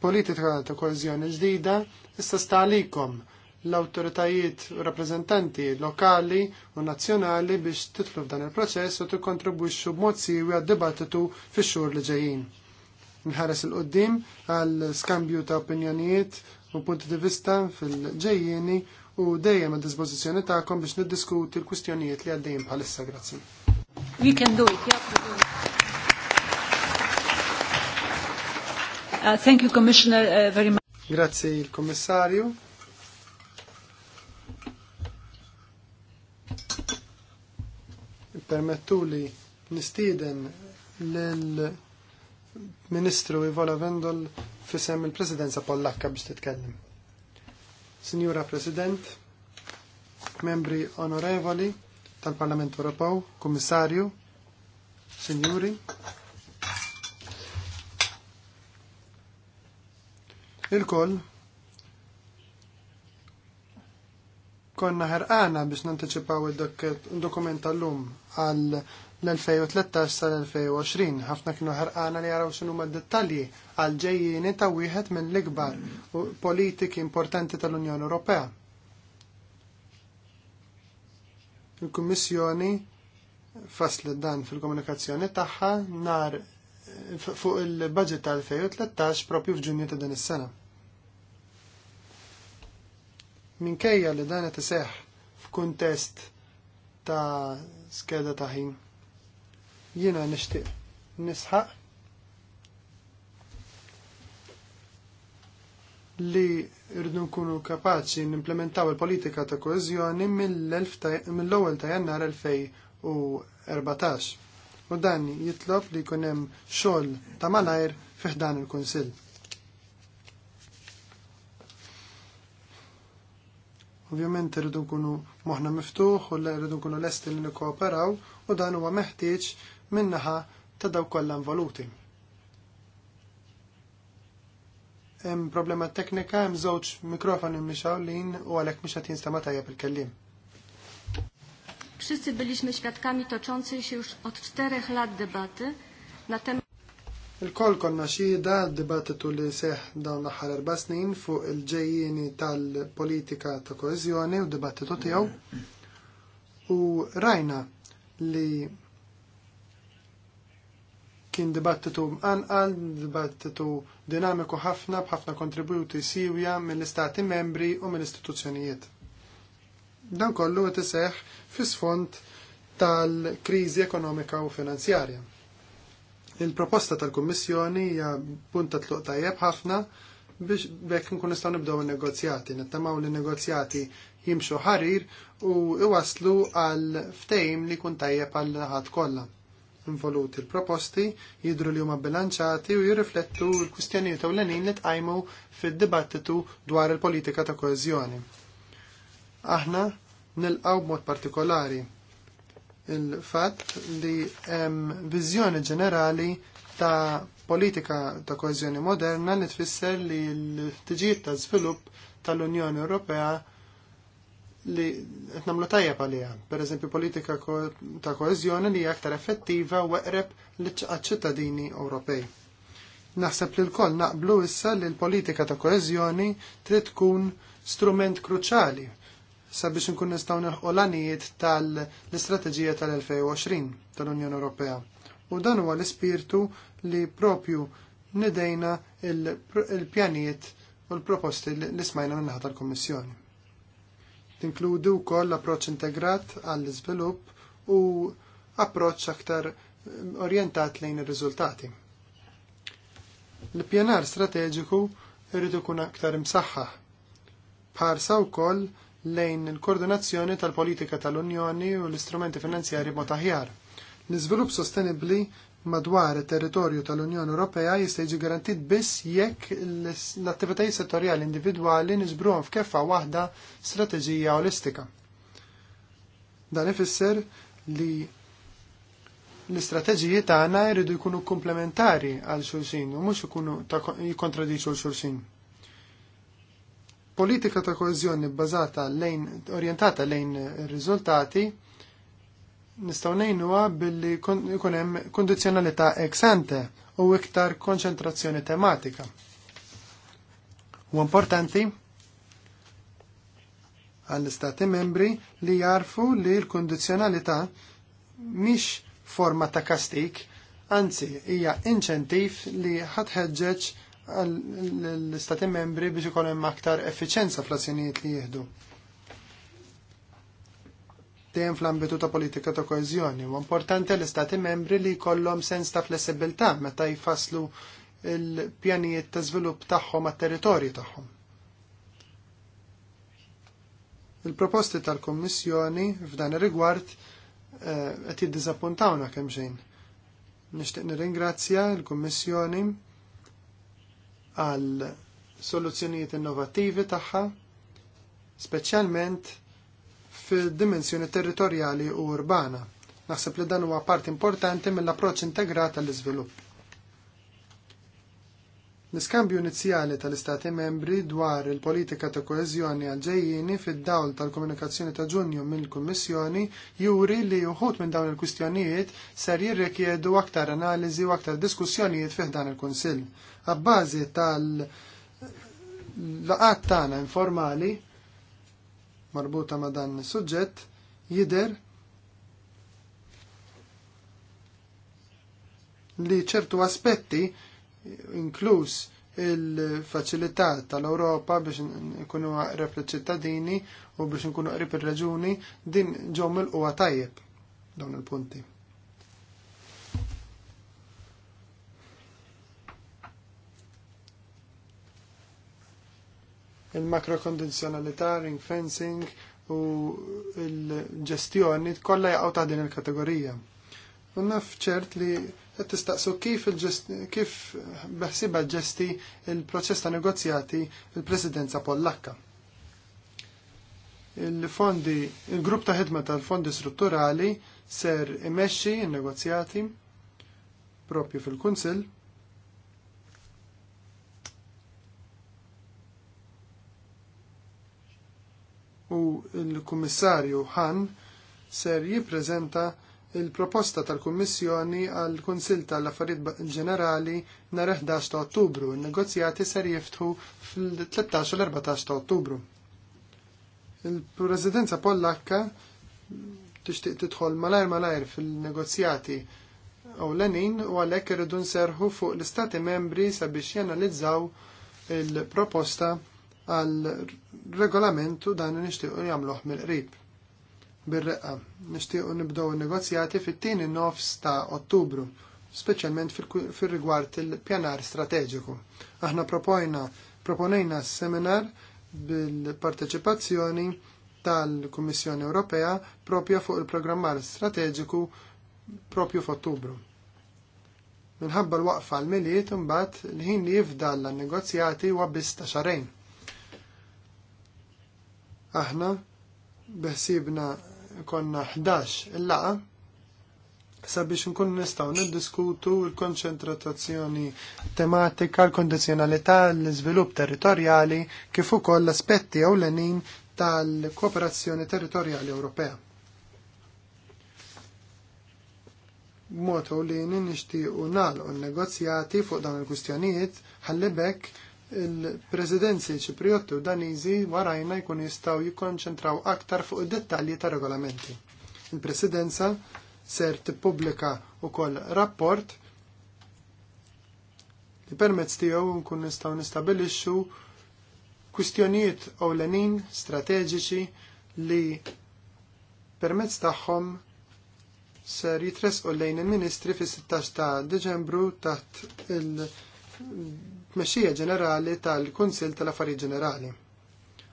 politika ta' koezjoni ġdida issa stalikom l-autoritajiet u rappresentanti lokali u nazzjonali biex titlu f'dan il-proċess u tikkontribwixxu b'mod siwi għad-dibattitu fix-xhur li ġejjin. Nħares il-qoddim għal skambju ta' opinjonijiet u punti di vista fil-ġejjieni u dejjem għad dispożizzjoni tagħkom biex niddiskuti l-kwistjonijiet li għaddejjem bħalissa grazzi. We can do it, yeah. Uh, thank you, Commissioner, uh, very much. Grazie il kommissarju Permettu li nistieden lill-Ministru Ivola Vendol fissem il-Presidenza Pollakka biex titkellem. Signora President, membri onorevoli tal-Parlament Ewropew, Komissarju, Signuri, il-koll konna ħerqana biex nanticipaw il-dokument tal-lum għal l-2013 sal-2020. ħafna kienu ħerqana li jaraw xinu ma' dettalji għal ġejjini ta' wieħed minn l-ikbar politiki importanti tal-Unjoni Ewropea. Il-Kummissjoni faslet dan fil-komunikazzjoni tagħha nar fuq il-budget tal-2013 propju f'Ġunju ta' din is-sena minkejja li dan qed iseħħ f'kuntest ta' skeda ta' ħin. Jiena nixtieq nisħaq li rridu nkunu kapaċi nimplementaw il-politika ta' koeżjoni mill-ewwel ta' jannar 2014. U dan jitlob li jkun hemm xogħol ta' malajr fiħdan il-Kunsill. Ovvjament irridu nkunu moħna miftuħ u rridu nkunu lesti li nikkooperaw u dan huwa meħtieġ minnaħa ta' daw kollha involuti. Hemm problema teknika hemm żewġ mikrofoni mnixawlin u għalhekk mhux qed jinstema' tajjeb il kellim Wszyscy byliśmy świadkami toczącej się już od czterech lat debaty na temat Il-koll konna xida dibattitu li seħ dawn l-aħħar erba' snin fuq il-ġejjieni tal-politika ta' koeżjoni u dibattitu tiegħu. U rajna li kien dibattitu mqanqal, dibattitu dinamiku ħafna b'ħafna kontributi siwja mill-istati membri u mill-istituzzjonijiet. Dan kollu qed iseħħ fis-sfond tal-kriżi ekonomika u finanzjarja. Il-proposta tal-Kummissjoni hija punta tluq tajjeb ħafna biex bekk nkun nistgħu nibdew in-negozjati, nittamaw li negozjati jimxu ħarir u iwaslu għal ftejm li kun tajjeb għal ħadd kollha. Involuti l-proposti jidru li huma bilanċati u jirriflettu l-kwistjonijiet ewlenin li tqajmu fid-dibattitu dwar il-politika ta' koeżjoni. Aħna nilqaw b'mod partikolari il-fatt li hemm viżjoni ġenerali ta' politika ta' koezjoni moderna li tfisser li l-tiġijiet ta' żvilupp tal-Unjoni Ewropea li qed nagħmlu tajjeb għaliha. Pereżempju politika ta' koeżjoni li hija aktar effettiva u eqreb għaċ-ċittadini Ewropej. Naħseb li l-koll naqblu issa li l-politika ta' koeżjoni trid tkun strument kruċali sabiex nkun nistgħu neħqu l-għanijiet tal-istrateġija tal-2020 tal-Unjoni Ewropea. U dan huwa l-ispirtu li propju nidejna il-pjanijiet u l-proposti li smajna minnaħa tal-Kommissjoni. Tinkludu wkoll l-approċċ integrat għall-iżvilupp u approċċ aktar orjentat lejn ir-riżultati. L-pjanar strateġiku irridu kun aktar imsaħħa, Parsa wkoll lejn il-koordinazzjoni tal-politika tal-Unjoni u l-istrumenti finanzjari mod aħjar. L-iżvilupp sostenibbli madwar it-territorju tal-Unjoni Ewropea jista' jiġi garantit biss jekk l-attivitajiet settorjali individwali niżbruhom f'keffa waħda strateġija olistika. Dan ifisser li l-istrateġiji tagħna jridu jkunu komplementari għal xulxin u mhux ikunu jikkontradiċu l xulxin politika ta' koezjoni bbażata lejn orjentata lejn riżultati nistgħu ngħinuha billi jkun hemm kondizzjonalità ex ante u iktar konċentrazzjoni tematika. U importanti għall-istati membri li jarfu li l-kondizjonalità mhix forma ta' kastik, anzi hija inċentiv li ħatħeġġeġ l-istati membri biex ikun hemm aktar effiċenza fl-azzjonijiet li jieħdu. Dejjem fl-ambitu ta' politika ta' koeżjoni u importanti l-istati membri li jkollhom sens ta' flessibilità meta jfasslu il-pjanijiet ta' żvilupp tagħhom għat-territorju tagħhom. Il-proposti tal-Kommissjoni f'dan ir-rigward eh, qed jiddiżappuntawna kemm xejn. Nixtieq nirringrazzja l-Kummissjoni għal soluzzjonijiet innovattivi tagħha, speċjalment fil-dimensjoni territorjali u urbana. Naħseb li dan huwa part importanti mill-approċċ integrat għall iżvilupp L-iskambju inizjali tal-Istati membri dwar il-politika ta' koeżjoni għal-ġejjini fid-dawl tal-komunikazzjoni ta' ġunju mill-Kummissjoni juri li uħut minn dawn il-kwistjonijiet ser jirrikjedu aktar analiżi u aktar diskussjonijiet fih dan il-Kunsill għabbazi tal-laqat tagħna informali marbuta ma' dan suġġett jidher li ċertu aspetti inkluż il-faċilità tal-Ewropa biex nkunu qrib l-ċittadini u biex nkunu qrib ir-raġuni din ġew milquwa tajjeb dawn il-punti. il-makrokondizjonalità, ring fencing u l-ġestjoni kollha jaqgħu ta' din il-kategorija. U naf ċert li qed tistaqsu kif kif beħsiba ġesti il-proċess ta' negozjati il-Presidenza Pollakka. Il-fondi, il-grupp ta' ħidma tal-fondi strutturali ser imexxi n-negozjati propju fil-Kunsill u l-Kummissarju Han ser jippreżenta il-proposta tal-Kummissjoni għal konsil tal-Affarijiet Ġenerali nhar 11 ta' Ottubru. Il-negozjati ser jiftħu fil-13 u l-14 ta' Ottubru. Il-Presidenza Pollakka tixtieq tidħol malajr malajr fil-negozjati ewlenin u għalhekk irridu nserħu fuq l-Istati membri sabiex janalizzaw il-proposta għal regolamentu dan nixtiequ jagħmluh mill-qrib. Bir-reqqa, nixtiequ nibdew negozjati fit-tieni nofs ta' Ottubru, speċjalment fir-rigward il-pjanar strateġiku. Aħna propojna proponejna seminar bil-parteċipazzjoni tal-Kummissjoni Ewropea propja fuq il-programmar strateġiku propju f'Ottubru. Minħabba l-waqfa l-miliet imbagħad l-ħin li jifdal l-negozjati huwa biss ta' xarejn Aħna beħsibna konna 11 il-laqa sabiex nkun nistaw niddiskutu l-konċentrazzjoni tematika, l-kondizjonalità, l-iżvilupp territorjali kif ukoll l-aspetti ewlenin tal-kooperazzjoni territorjali Ewropea. B'mod ewlieni nixtiequ nagħlqu n-negozjati fuq dawn il-kwistjonijiet ħalli bekk il-Presidenzi Ċipriotti u warajna jkun jistgħu jikkonċentraw aktar fuq id-dettalji ta' regolamenti. Il-Presidenza ser tippubblika wkoll rapport li permezz tiegħu nkun nistgħu nistabilixxu kwistjonijiet ewlenin strateġiċi li permezz tagħhom ser jitresqu lejn il-Ministri fis-16 ta' Deċembru taħt il- mexija ġenerali tal-Kunsill tal-Affarijiet Ġenerali.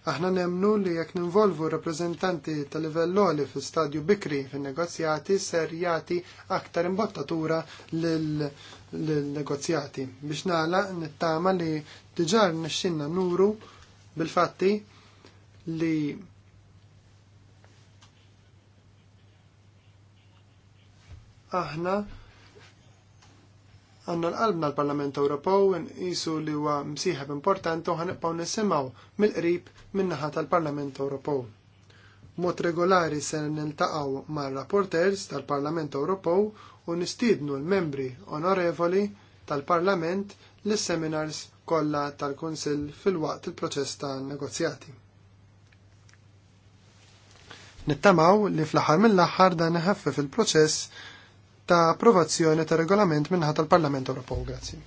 Aħna nemnu li jekk ninvolvu rappreżentanti tal-livell oli fi stadju bikri fin-negozjati ser jagħti aktar imbottatura lill-negozjati biex nagħlaq nittama li diġà nixxinna nuru bil-fatti li aħna għanna l-qalbna l-Parlament Ewropew jisu li huwa msieħeb importanti u ħanibqgħu nisimgħu mill-qrib min-naħa tal-Parlament Ewropew. Mod regolari se niltaqgħu mar-rapporters tal-Parlament Ewropew u nistiednu l-membri onorevoli tal-Parlament l-seminars kollha tal-Kunsill fil-waqt il-proċess ta' negozjati. Nittamaw li fl-aħħar mill-aħħar dan iħaffef il-proċess ta' approvazzjoni ta' regolament minħat tal-Parlament Ewropew. Grazie.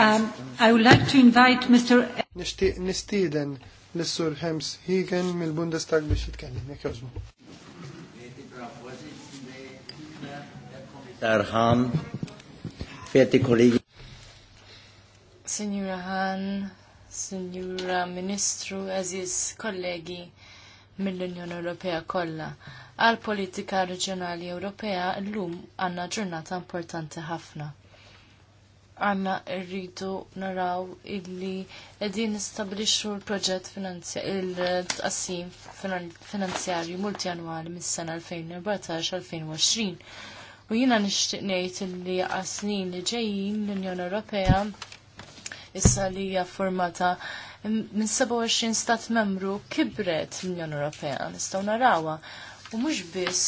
Um, I would like to invite Mr. Nishtiq nistiden l-Sur Hems Higen mill-Bundestag biex jitkellem, jek jożmu. Signora Han, Signora Ministru, Aziz, kollegi mill-Unjoni Ewropea kollha għal politika reġjonali Ewropea llum għandna ġurnata importanti ħafna. Għanna rridu naraw illi qegħdin nistabilixxu l-proġett il-tqassim finanzjarju multjanwali mis-sena 2014-2020. U jiena nixtieq ngħid illi għasnin li ġejjin l-Unjoni Ewropea issa li hija formata minn 27 stat membru kibret l-Unjoni Ewropea. Nistgħu narawha U mhux biss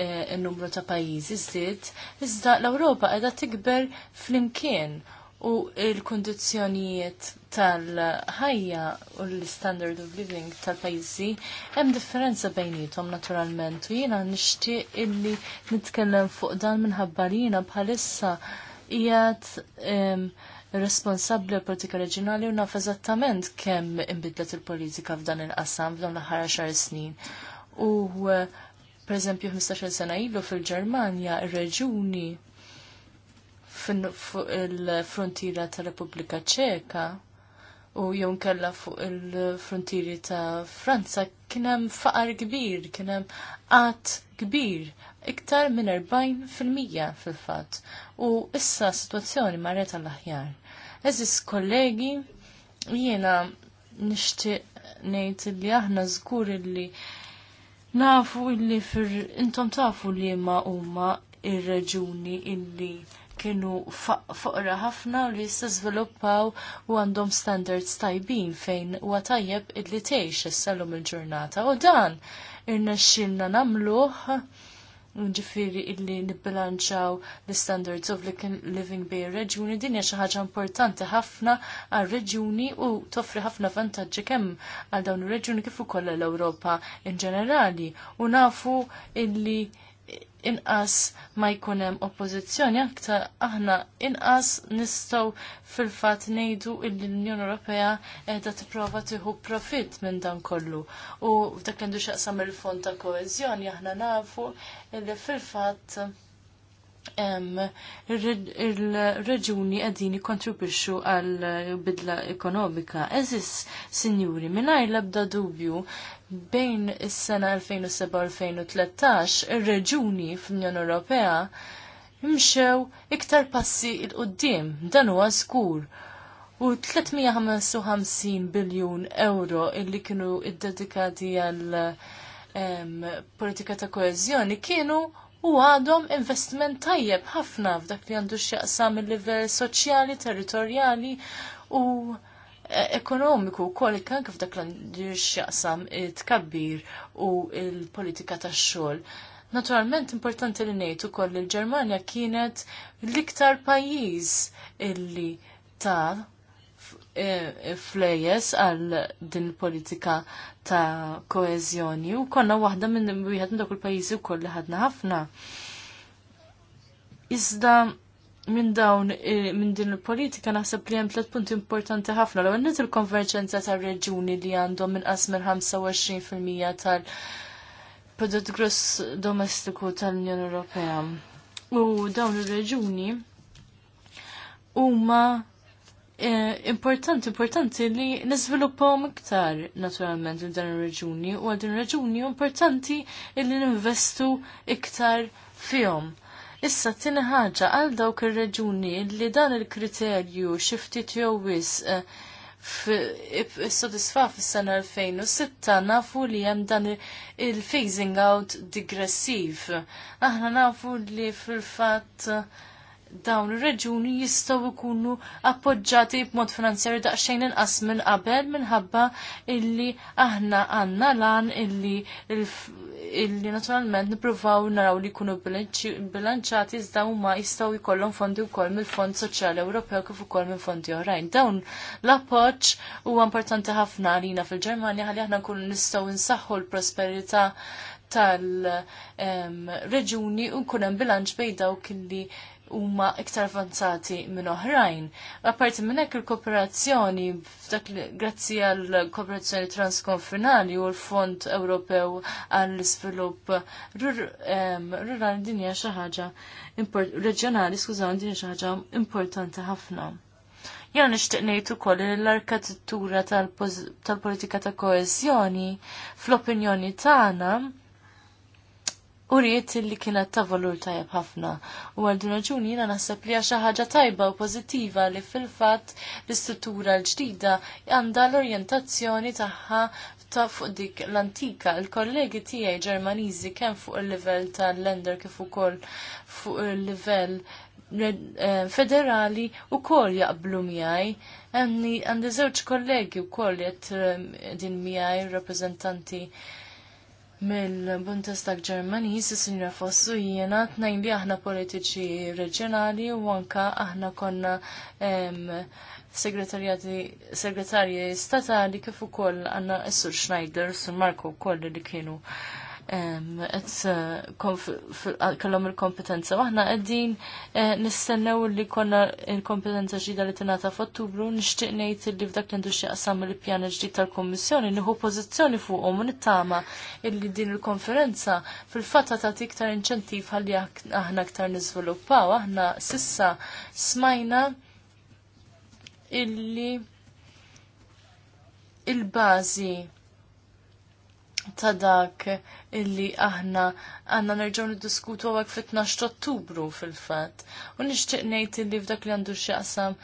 eh, in-numru ta' pajjiżi żdied, iżda l-Ewropa qiegħda tikber flimkien u l-kundizzjonijiet tal-ħajja u l-standard of living tal-pajjiżi hemm differenza bejnietom naturalment u jiena nixtieq illi nitkellem fuq dan minħabba li jiena bħalissa qiegħed ehm, responsabli politika reġjonali u naf eżattament kemm inbidlet il-politika f'dan il-qasam f'dan l-aħħar xar snin. U eh, per eżempju 15 sena ilu fil-Ġermanja il reġuni fuq il-frontiera ta' Repubblika Ċeka u jew kella fuq il-frontieri ta' Franza kien hemm faqar kbir, kien hemm qatt kbir, iktar minn 40% fil-mija fil-fatt. U issa situazzjoni marret għall-aħjar. Eżis kollegi, jiena nixtieq ngħid li aħna żgur li Nafu illi fir intom tafu li ma huma ir-reġuni illi kienu foqra ħafna li jista żviluppaw u għandhom standards tajbin fejn huwa tajjeb illi tgħix issa il-ġurnata. U dan irnexxilna nagħmluh ġifiri illi nibbilanċaw l-standards of living bej reġjuni din hija xi ħaġa importanti ħafna għal reġjuni u toffri ħafna vantaġġi kemm għal dawn ir-reġjuni kif ukoll l-Ewropa in ġenerali u nafu illi inqas ma jkun hemm oppożizzjoni aktar aħna inqas nistgħu fil-fatt ngħidu l-Unjoni Ewropea qiegħda tipprova tieħu profitt minn dan kollu. U dak għandu x'aqsam il-fond ta' koeżjoni aħna nafu li fil-fatt il-reġuni għadin jikontribuxxu għal bidla ekonomika. Eżis, sinjuri, mingħajr l-ebda dubju bejn is-sena 2007-2013 ir-reġuni fl-Unjoni Ewropea mxew iktar passi il-qoddim dan huwa żgur u 355 biljun euro illi kienu iddedikati għal politika ta' koezjoni kienu u għadhom investiment tajjeb ħafna f'dak li għandu x'jaqsam il-livell soċjali, territorjali u ekonomiku wkoll kan kif dak l-xjaqsam it-kabbir u il-politika tax-xogħol. Naturalment importanti li ngħid ukoll li l-Ġermanja kienet l-iktar pajjiż illi ta' flejes għal din politika ta' koezjoni u konna waħda minn wieħed minn dak il-pajjiżi wkoll li ħadna ħafna. Iżda minn dawn eh, minn din il-politika naħseb li hemm tliet punti importanti ħafna l nies il-konverġenza tar-reġuni li għandhom inqas minn 25% tal-prodott gross domestiku tal-Unjoni Ewropea. U dawn ir-reġuni huma eh, importanti, importanti li niżviluppaw iktar naturalment il-dan ir-reġuni u għal din ir-reġuni importanti li ninvestu iktar fihom Issa tina ħaġa għal dawk ir-reġuni li dan il-kriterju xiftit jew wisq eh, s-sodisfa fis-sena 2006 nafu li hemm dan il-phasing out digressiv. Aħna nafu li fil-fatt eh, dawn ir-reġuni jistgħu jkunu appoġġjati b'mod finanzjarju daqsxejn inqas minn qabel minħabba illi aħna għandna lan illi illi naturalment nippruvaw naraw li jkunu bilanċati iżda huma jistgħu jkollhom fondi wkoll mill-Fond Soċjali Ewropew kif ukoll mil fondi oħrajn. Dawn l-appoġġ huwa importanti ħafna għalina fil-Ġermanja ħalli aħna nkunu nistgħu nsaħħu l-prosperità tal-reġuni u kunem bilanċ bej dawk kelli huma iktar avanzati minn oħrajn. Apparti minn hekk il-kooperazzjoni f'dak grazzi għall kooperazzjoni transkonfinali u l-Fond Ewropew għall iżvilupp rurali din hija xi ħaġa reġjonali, skużaw, din xi ħaġa importanti ħafna. Jena nixtieq ngħid ukoll li l-arkitettura tal-politika ta' koezjoni fl-opinjoni tagħna u rrit li kienet ta' valur tajab ħafna. U għal din raġuni jiena naħseb li għaxa ħaġa tajba u pożittiva li fil-fatt l-istruttura l-ġdida għandha l-orjentazzjoni tagħha ta' fuq dik l-antika. Il-kollegi tiegħi Ġermaniżi kemm fuq il-livell tal-lender kif ukoll fuq il-livell eh, federali u koll jaqblu miħaj. Għandi zewċ kollegi u koll jett eh, din miħaj rappresentanti mill-Bundestag Ġermaniż is sinjor Fossu jiena tnajn li aħna politiċi reġjonali u anka aħna konna segretarji statali kif ukoll għandna s-Sur Schneider, Sur Marko wkoll li kienu Eh, kellhom il-kompetenza. Waħna qegħdin eh, nistennew li konna il-kompetenza ġdida li tingħata f'Ottubru nixtieq ngħid li f'dak li għandu x'jaqsam il-pjan ġdid tal-Kummissjoni nieħu pożizzjoni fuqhom u nittama illi din il-konferenza fil-fatt tagħti iktar inċentiv ħalli aħna aktar niżviluppaw. Aħna sissa smajna illi il-bażi ta' dak illi aħna għanna nerġaw niddiskutu għak fit-12 ottubru fil-fat. U nishtiq nejt illi f'dak li għandu xieqsam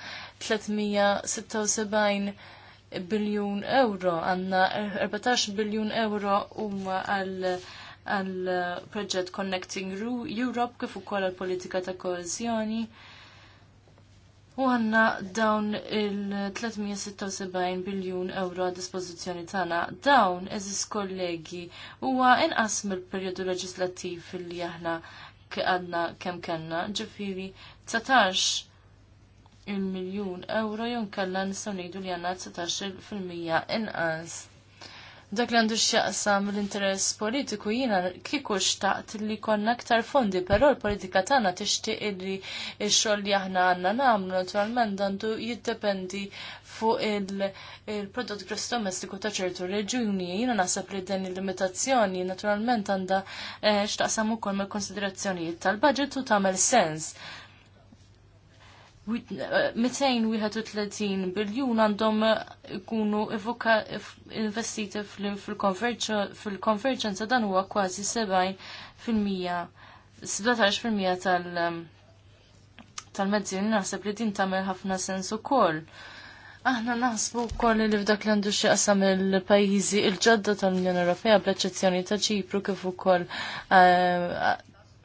376 biljun euro, għanna 14 biljun euro huma għal għal proġett Connecting Europe kif ukoll għal politika ta' koezjoni U għanna dawn il-376 biljun euro a dispozizjoni tagħna. Dawn, eżis kollegi, huwa inqas mill-perjodu leġislattiv li aħna għadna kemm kellna, ġifieri 19 il-miljun euro jonkalla nistaw nistgħu ngħidu li għandna 19 fil-mija inqas dak li għandu x'jaqsam l-interess politiku jiena kieku xtaqt li konna aktar fondi, però l-politika tagħna tixtieq illi x-xogħol li aħna għandna nagħmlu naturalment għandu jiddependi fuq il-prodott il gross domestiku ta' ċertu reġuni. Jiena naħseb li din il-limitazzjoni naturalment għandha eh, x'taqsam ukoll mill-konsiderazzjonijiet tal-budget u tagħmel sens. 231 uh, biljun għandhom uh, ikunu investiti fil-konverġenza dan huwa kważi 70% 17% tal- um, tal-mezzi naħseb li din tagħmel ħafna sens ukoll. Aħna naħsbu wkoll li f'dak li għandu xi qasam il-pajjiżi il-ġodda tal-Unjoni Ewropea bl-eċċezzjoni ta' Ċipru kif ukoll uh,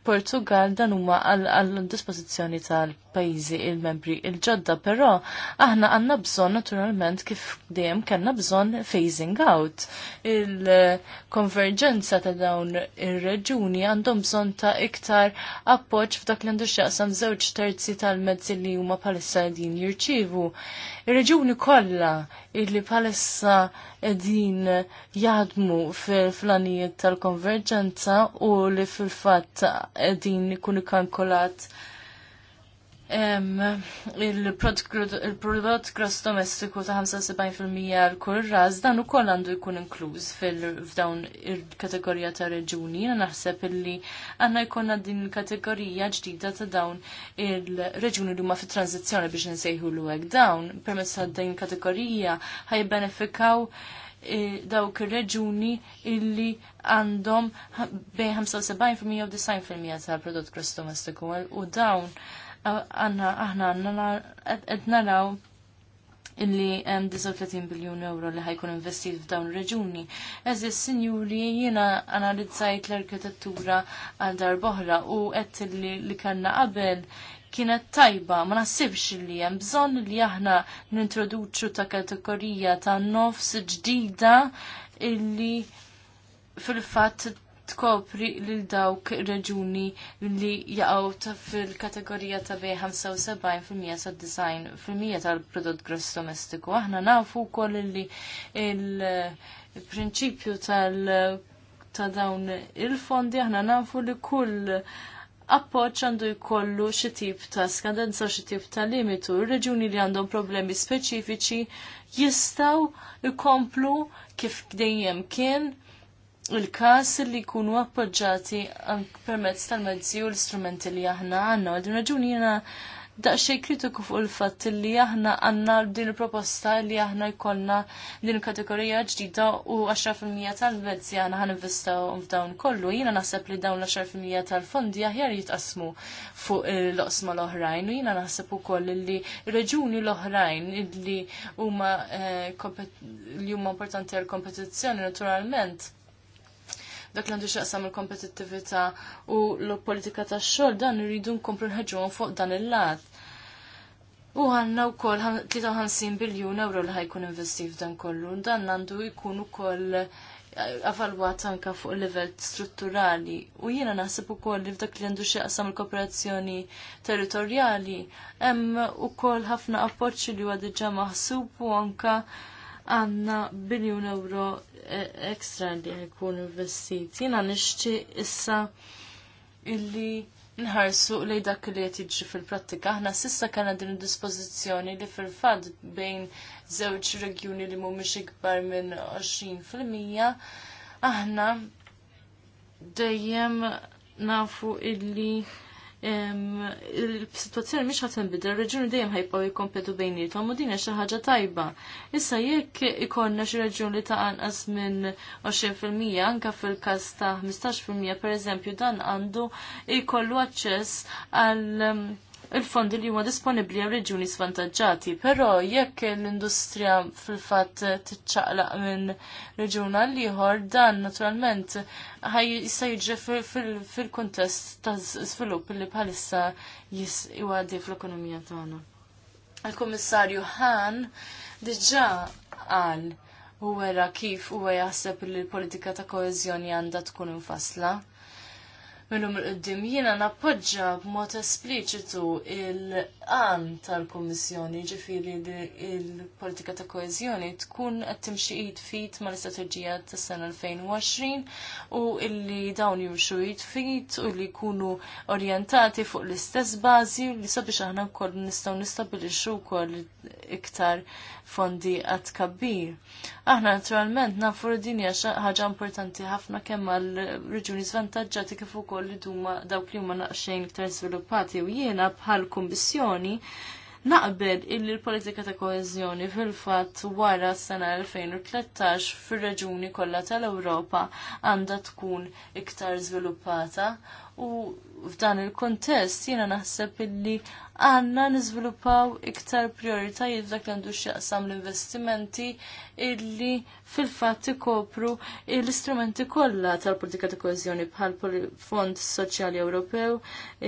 Portugal dan huma għall dispożizzjoni tal- pajjiżi il-membri il-ġodda, però aħna għandna bżonn naturalment kif dejjem kellna bżonn phasing out. Il-konverġenza ta' dawn ir-reġuni għandhom bżonn ta' iktar appoġġ f'dak li għandu x'jaqsam żewġ terzi tal-mezzi li huma bħalissa din jirċivu. Ir-reġuni kollha illi bħalissa din jadmu fil-flanijiet tal-konverġenza u li fil-fatt din ikun kankolat il-prodott gross domestiku ta' 75% għal-kurraz dan u koll għandu jkun inkluż fdawn il-kategorija ta' reġuni. Naħseb illi għanna jkonna din kategorija ġdida ta' dawn il-reġuni li huma fit tranzizzjoni biex nsejħu l għek dawn. Permess ta' din kategorija ħaj benefikaw e, dawk il-reġuni illi għandhom bejn 75% u 90% tal-prodott gross domestiku u dawn għanna aħna għed naraw illi hemm 39 biljun euro li ħajkun investit f'dawn ir-reġuni. Eżis sinjuri jiena analizzajt l-arkitettura għal darboħra u qed li, li kellna qabel kienet tajba, ma nasibx li hemm bżonn li aħna nintroduċu ta' kategorija ta' nofs ġdida illi fil-fatt tkopri lil dawk reġuni li jaqgħu ta' fil-kategorija ta' bej 75% sa' design fil-mija tal-prodott gross domestiku. Aħna nafu wkoll li il-prinċipju tal- ta' dawn il-fondi aħna nafu li kull appoċ għandu jkollu xi tip ta' skadenza xi tip ta' limitu. Ir-reġuni li għandhom problemi speċifiċi jistgħu jkomplu kif dejjem kien il-kas li jkunu appoġġati permezz tal-mezzi u l-istrumenti li aħna għanna. Għadin raġuni jena daqxej kritiku fuq il-fatt li aħna għanna din il-proposta li aħna jkollna din il-kategorija ġdida u 10% tal-mezzi għanna għan investaw f'dawn kollu. Jena naħseb li dawn l-10% tal-fondi aħjar jitqasmu fuq l-osma l-oħrajn u jena naħseb u koll li reġuni l-oħrajn li huma eh, li huma importanti għal kompetizzjoni naturalment dak li għandu xaqsam il-kompetittività u l-politika tax-xogħol dan rridu nkomplu nħeġġuhom fuq dan il-lat. U għanna u koll 53 biljun euro li ħajkun investi f'dan kollu. Dan għandu jkun u koll eh, avalwat anka fuq level strutturali. U jiena naħseb u koll li f'dak li għandu xaqsam il kooperazzjoni territorjali. Hemm u koll ħafna appoċċi li huwa diġà maħsub u anka għanna biljun euro ekstra li jkun investit. Jina nixti issa illi nħarsu li dak li qed jiġri fil-prattika. Aħna sissa kanna din dispozizjoni li fil-fatt bejn żewġ regjuni li mhumiex ikbar minn 20 fil-mija aħna dejjem nafu illi il-situazzjoni miex ħatem bidra, reġuni dejjem ħajbqgħu jikompetu bejnietom u din hija xi ħaġa tajba. Issa jekk ikollna xi reġuni li ta' anqas minn 20% anke fil-każ ta' 15% pereżempju dan għandu jkollu aċċess għal il-fondi li huma disponibbli għal reġuni svantaġġati, però jekk l-industrija fil-fatt tiċċaqlaq minn reġun għal ieħor dan naturalment ħaj jista' jiġri fil-kuntest ta' żvilupp li bħalissa jisgħaddi fl-ekonomija tagħna. Il-Kummissarju Han diġà qal u wera kif huwa jaħseb li l-politika ta' koeżjoni għandha tkun infassla minnum il qeddim jiena nappoġġa b'mod espliċitu il- għan tal-Kommissjoni, ġifiri il-politika ta' koezjoni tkun qed id fit ma' l-istrateġija tas-sena 2020 u illi dawn jimxu id fit u li jkunu orjentati fuq l-istess bażi li sabiex aħna wkoll nistgħu nistabilixxu wkoll iktar fondi għat kabbir. Aħna naturalment nafu r din hija ħaġa importanti ħafna kemm għal reġuni żvantaġġati kif ukoll li duma dawk li huma naqxejn iktar sviluppati u jiena bħal kummissjoni koezjoni. Naqbel illi l-politika ta' koeżjoni fil-fatt wara s-sena 2013 fir-reġuni kollha tal-Ewropa għandha tkun iktar żviluppata u f'dan il-kontest jiena naħseb illi għanna nizvilupaw iktar prioritajiet dak li għandu x'jaqsam l-investimenti illi fil-fatt ikopru l-istrumenti kollha tal-politika ta' koezjoni bħal Fond Soċjali Ewropew,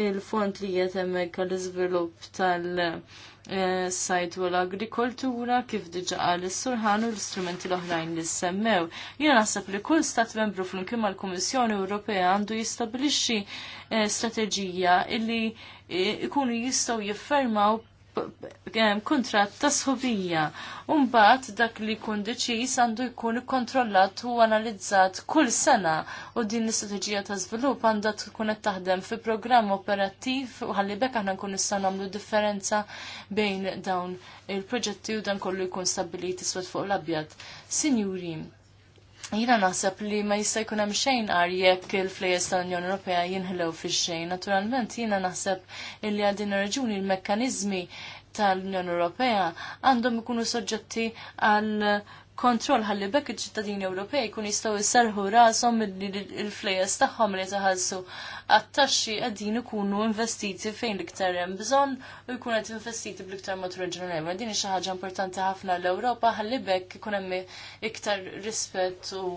il-Fond li qed hemmhekk għall-iżvilupp tal- Eh, sajtu l-agrikoltura kif diġa għal surħan u l-istrumenti l-oħrajn li semmew. Jena nasab li kull stat membru fl-mkien mal kummissjoni Ewropea għandu jistabilixxi eh, strateġija illi eh, ikunu jistgħu jiffermaw Eh, kontrat ta' sħobija. Umbat dak li kun deċis għandu jkun kontrollat u analizzat kull sena u din l-istrateġija ta' svilupp għandha tkun qed taħdem fi programm operattiv u ħalli bekk aħna nkun nistgħu nagħmlu differenza bejn dawn il-proġetti u dan kollu jkun stabbiliti iswed fuq l-abjad. Sinjuri, Jina naħseb li ma jista' jkun hemm xejn għar jekk il-flejes tal-Unjoni Ewropea jinħlew fix-xejn. Naturalment jiena naħseb li għal din ir-raġuni l-mekkaniżmi tal-Unjoni Ewropea għandhom ikunu soġġetti għal Kontrol ħalli bekk iċ-ċittadini Ewropej kun jistgħu jserħu rashom il-flejes tagħhom li taħallsu għattaxi taxxi qegħdin ikunu investiti fejn l-iktar hemm bżonn u jkun qed investiti bl-iktar matur ġurnema. Din ħaġa importanti ħafna l-Ewropa ħalli bekk ikun hemm iktar rispett u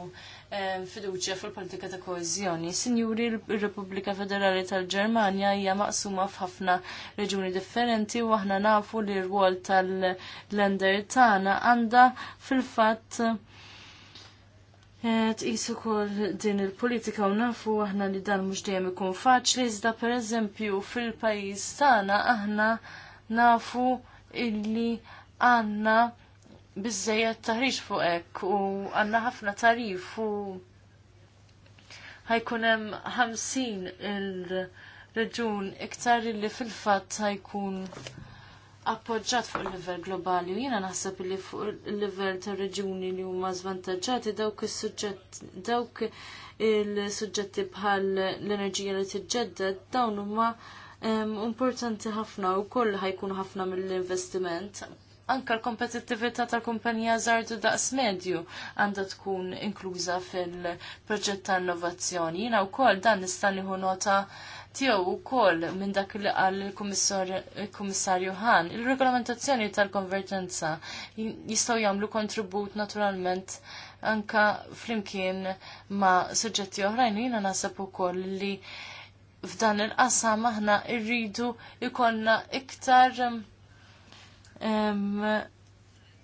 fiduċja fil-politika ta' koezjoni. Sinjuri, il-Repubblika Federali tal-Ġermanja hija maqsuma f'ħafna reġuni differenti u aħna nafu li r wol tal-lender tagħna għandha fil-fatt eh, Tqisu kol din il-politika u nafu aħna li dan mhux dejjem ikun faċli, iżda pereżempju fil-pajjiż tagħna aħna nafu illi għandna bizzejet taħriġ fuq hekk u għandna ħafna tarif u ħajkunem hemm ħamsin il-reġun iktar li fil-fatt ħajkun appoġġat fuq il-livell globali u jiena naħseb li fuq il-livell ta' reġuni li huma żvantaġġati dawk il suġġett dawk il-suġġetti bħal l-enerġija li tiġġedded dawn huma ehm, importanti ħafna u koll ħajkun ħafna mill-investiment anka l-kompetittività tal-kumpanija żardu daqs medju għandha tkun inkluża fil-proġett ta' innovazzjoni. Jiena wkoll dan nista' nieħu nota tiegħu wkoll minn dak li qal il-Kummissarju Han. Il-regolamentazzjoni tal-konverġenza jistgħu jagħmlu kontribut naturalment anka flimkien ma' suġġetti oħrajn jiena naħseb ukoll li f'dan il-qasam aħna rridu ikonna iktar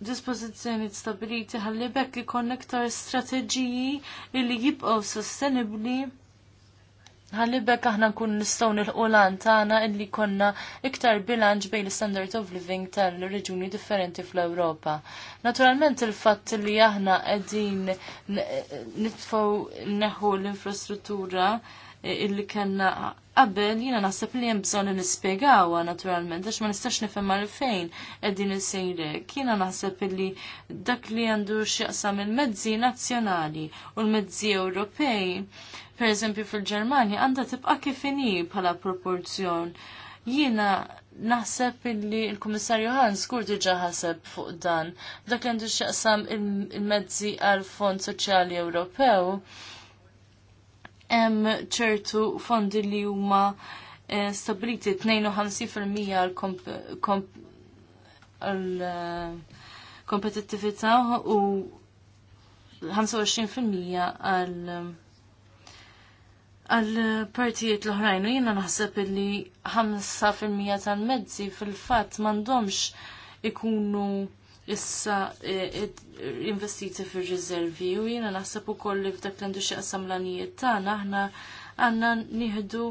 dispożizzjoni stabiliti ħalli bekk li konnektar strateġiji li jibqgħu sostenibbli ħalli bekk aħna nkun nistgħu nilqu lan tagħna illi konna iktar bilanċ bejn l-standard of living tal-reġuni differenti fl-Ewropa. Naturalment il-fatt li aħna qegħdin nitfgħu neħu l-infrastruttura illi kena qabel jina naħseb li hemm bżonn nispjegawa naturalment għax ma nistax nifhem għal fejn qegħdin insejrek. Jiena naħseb li dak li għandu x'jaqsam il-mezzi nazzjonali u l-mezzi Ewropej, pereżempju fil-Ġermanja għandha tibqa' kif inhi bħala proporzjon. Jiena naħseb illi il-Kummissarju Hans kur diġa ħaseb fuq dan. Dak li għandu x'jaqsam il-mezzi għal Fond Soċjali Ewropew hemm ċertu fondi li huma eh, stabiliti 52% għal eh, kompetittività u 25% għal għal partijiet l-oħrajn u jina naħseb li 5% tal-mezzi fil-fat mandomx ikunu issa e, e, investiti fir-riservi u jiena naħseb ukoll li f'dak l għandu xi qasam tagħna aħna għandna nieħdu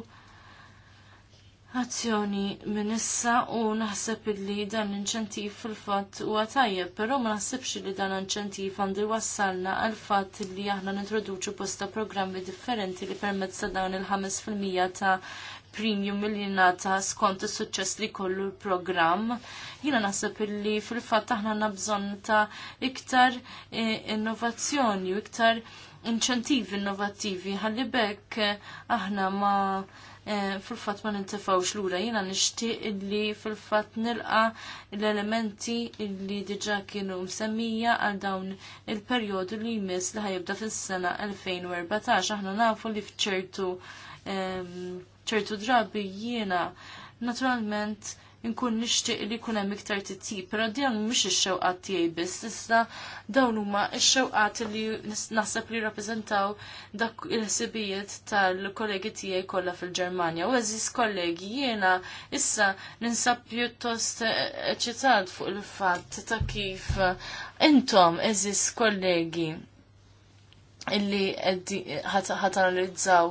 azzjoni minn issa u naħseb li dan l-inċentiv fil-fatt huwa tajjeb, però ma naħsibx li dan l-inċentiv għandu wassalna għal fatt li aħna nintroduċu posta programmi differenti li permezza dawn il-5% ta' premium li nata skont is-suċċess li kollu l-programm. Jiena naħseb illi fil-fatt aħna nabżon bżonn ta' iktar eh, innovazzjoni u iktar inċentivi innovattivi ħalli bekk eh, aħna ma eh, fil-fat ma nintifawx lura jina nishtiq li fil-fat nilqa l-elementi li diġa kienu msemmija għal dawn il-periodu li jmiss li ħajibda fis-sena 2014 aħna nafu li fċertu ehm, ċertu drabi jiena naturalment nkun nixtieq li jkun hemm iktar titjib, però għan mhux ix-xewqat tiegħi biss, issa dawn huma x-xewqat li naħseb li rappreżentaw dak il-ħsibijiet tal-kollegi tiegħi kollha fil-Ġermanja. U għaziz kollegi jiena issa ninsab pjuttost eċitat fuq il-fatt ta' kif intom eżis kollegi illi ħatanalizzaw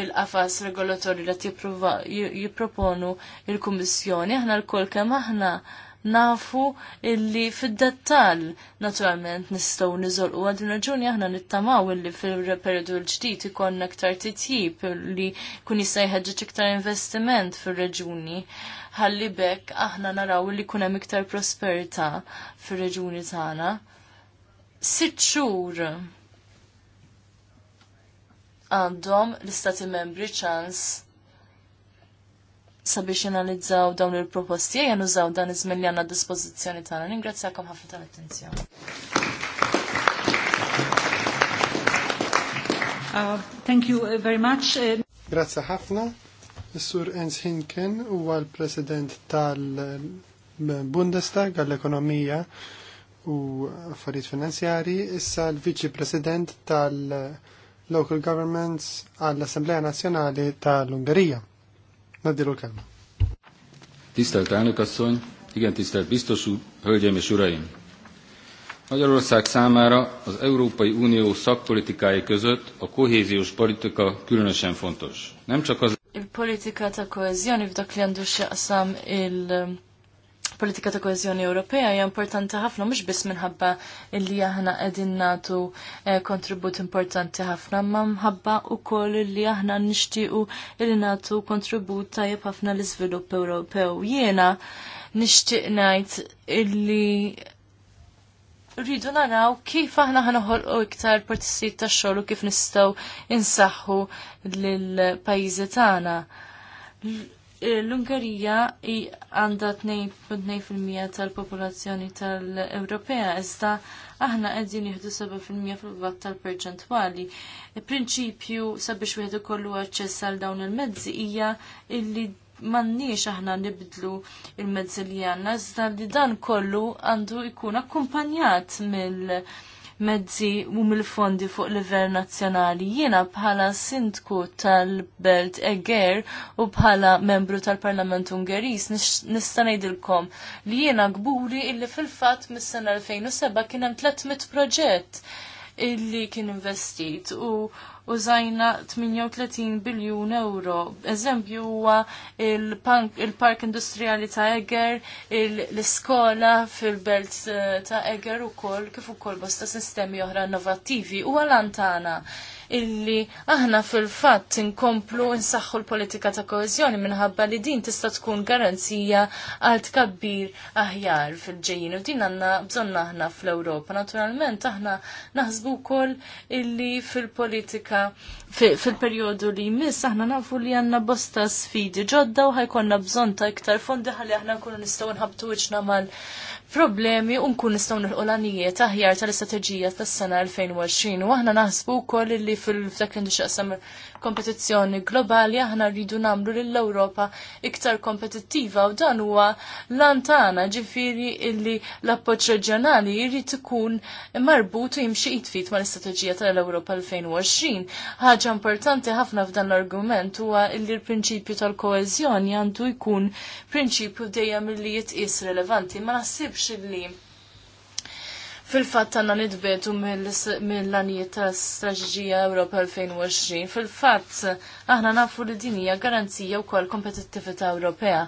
il-qafas regolatorju li jipproponu il-Kummissjoni, aħna l-kol kemm aħna nafu illi fid-dettal naturalment nistgħu niżolqu għadin raġuni aħna nittamaw illi fil-periodu l-ġdid ikon aktar titjib li kun jista' jħeġġeġ iktar investiment fir-reġuni ħalli bekk aħna naraw li kun hemm iktar prosperità fir-reġuni tagħna. Sitt xhur għandhom l-istati membri ċans sabiex analizzaw dawn il-proposti e nużaw dan iż-żmien li għandna dispożizzjoni tagħna. Ningrazzjakom ħafna tal-attenzjoni. Uh, thank you uh, very much. Uh, Grazzi ħafna. sur Enz Hinken huwa l-President tal-Bundestag għall-Ekonomija u Affarijiet Finanzjari, issa l-Viċi President tal-Bundestag Local Governments għall-Assemblea Nazzjonali tal-Ungerija. Naddilu l-kelma. Tisztelt għanu asszony, igen tisztelt biztos úr, hölgyeim és uraim! Magyarország számára az Európai Unió szakpolitikái között a kohéziós politika különösen fontos. Nem csak az... Il-politika ta' koezjoni f'dak li għandu xaqsam il- politika ta' koezjoni Ewropea hija importanti ħafna mhux biss minħabba li aħna qegħdin nagħtu eh, kontribut importanti ħafna, ma mħabba wkoll illi aħna nixtiequ li nagħtu kontribut tajjeb ħafna l-iżvilupp Ewropew. Jiena nixtieq ngħid illi rridu naraw kif aħna ħanoħolqu iktar partisijiet ta' xogħol u kif nistgħu insaħħu lill-pajjiżi tagħna l-Ungarija għandha 2.2% tal-popolazzjoni tal-Ewropea, iżda aħna qegħdin jihdu 7% fil vat tal-perċentwali. Il-prinċipju sabiex wieħed ikollu aċċess għal dawn il-mezzi hija illi manniex aħna nibdlu il-mezzi li għanna, iżda li dan kollu għandu jkun akkumpanjat mill- mezzi u mill-fondi fuq livell nazzjonali. Jiena bħala sindku tal-Belt Eger u bħala membru tal-Parlament Ungeris nista' ngħidilkom li jiena gburi illi fil-fatt mis-sena 2007 kien hemm 300 proġett illi kien investit u użajna 38 biljun euro. Eżempju huwa il-Park Industrijali ta' Eger, l-iskola fil-Belt eh, ta' Eger ukoll kif ukoll bosta sistemi oħra innovattivi u għalantana illi aħna fil-fatt inkomplu insaxħu l-politika ta' koeżjoni minħabba li din tista' tkun garanzija għal tkabbir aħjar fil-ġejjin u din għandna bżonna aħna fl-Ewropa. Naturalment aħna naħsbu wkoll illi fil-politika fil-perjodu li jmiss aħna nafu li għandna bosta sfidi ġodda u ħajkonna bżonn ta' iktar fondi ħalli aħna nkunu nistgħu nħabtu wiċċna mal problemi u nkun nistgħu nilqu l-għanijiet aħjar tal-istrateġija tas-sena 2020 u aħna naħsbu wkoll li fil second li xaqsam kompetizzjoni globali aħna rridu nagħmlu lill-Ewropa iktar kompetittiva u dan huwa lantana ġifieri illi l-appoġġ reġjonali jrid ikun marbut u jimxi jitfit mal-istrateġija tal-Ewropa 2020. Ħaġa importanti ħafna f'dan l-argument huwa illi l-prinċipju tal-koeżjoni għandu jkun prinċipju dejjem li jitqies relevanti ma naħsibx illi fil-fatt għanna nidbetu mill-lanijiet ta' strategija Ewropa 2020. Fil-fatt aħna nafu li din hija garanzija wkoll kompetittivita Ewropea.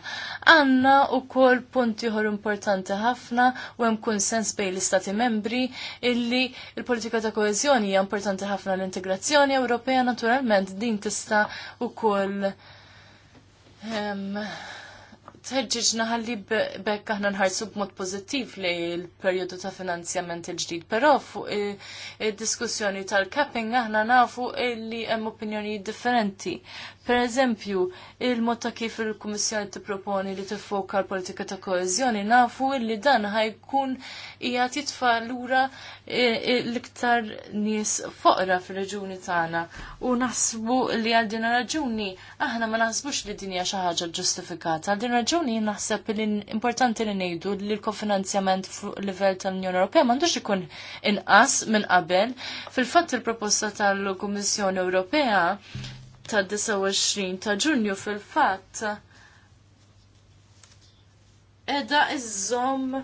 Għanna wkoll punti ħor importanti ħafna u hemm konsens bejn l-Istati membri illi il-politika ta' koeżjoni hija importanti ħafna l-integrazzjoni Ewropea naturalment din tista' wkoll ehm, Tħedġiġ naħalli bekk aħna nħarsu b'mod pożittiv li l-perjodu ta' finanzjament il-ġdid. Però fuq id-diskussjoni tal-capping aħna nafu li hemm opinjoni differenti. Per eżempju, il-mod ta' kif il-Kummissjoni tipproponi li tiffoka l-politika ta' koeżjoni nafu li dan ħajkun hija titfa' lura e, e, l-iktar nies foqra fir-reġuni tagħna u nasbu li għal din raġuni aħna ma naħsbux li din hija xi ħaġa ġustifikata. Għal din raġuni naħseb li importanti li ngħidu li l-kofinanzjament fuq livell tal-Unjoni Ewropea m'għandux ikun inqas minn qabel. Fil-fatt il-proposta tal-Kummissjoni Ewropea ta' 29 ta' ġunju fil-fatt edha iżżomm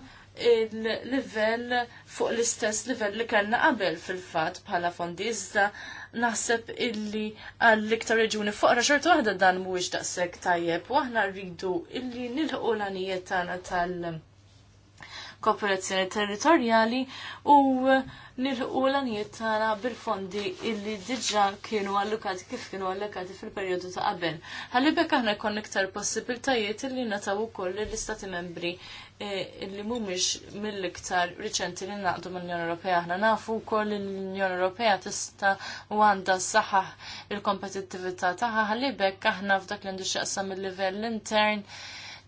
il-livell fuq l-istess livell li kellna qabel fil-fatt bħala fondi iżda naħseb illi għall-iktar reġuni fuq xorta waħda dan mhuwiex daqshekk tajjeb u aħna rridu illi nilħu l-għanijiet tal-kooperazzjoni territorjali u nilħu l tana tagħna bil-fondi illi diġà kienu allokati kif kienu allokati fil-perjodu ta' qabel. Ħalli bekk aħna jkun iktar possibiltajiet illi nataw ukoll l-istati membri eh, illi mhumiex mill-iktar riċenti li naqdu mill-Unjoni Ewropea. Aħna nafu wkoll li l-Unjoni Ewropea tista' u għandha saħaħ il-kompetittività tagħha ħalli bekk aħna f'dak li għandu x'jaqsam mill-livell intern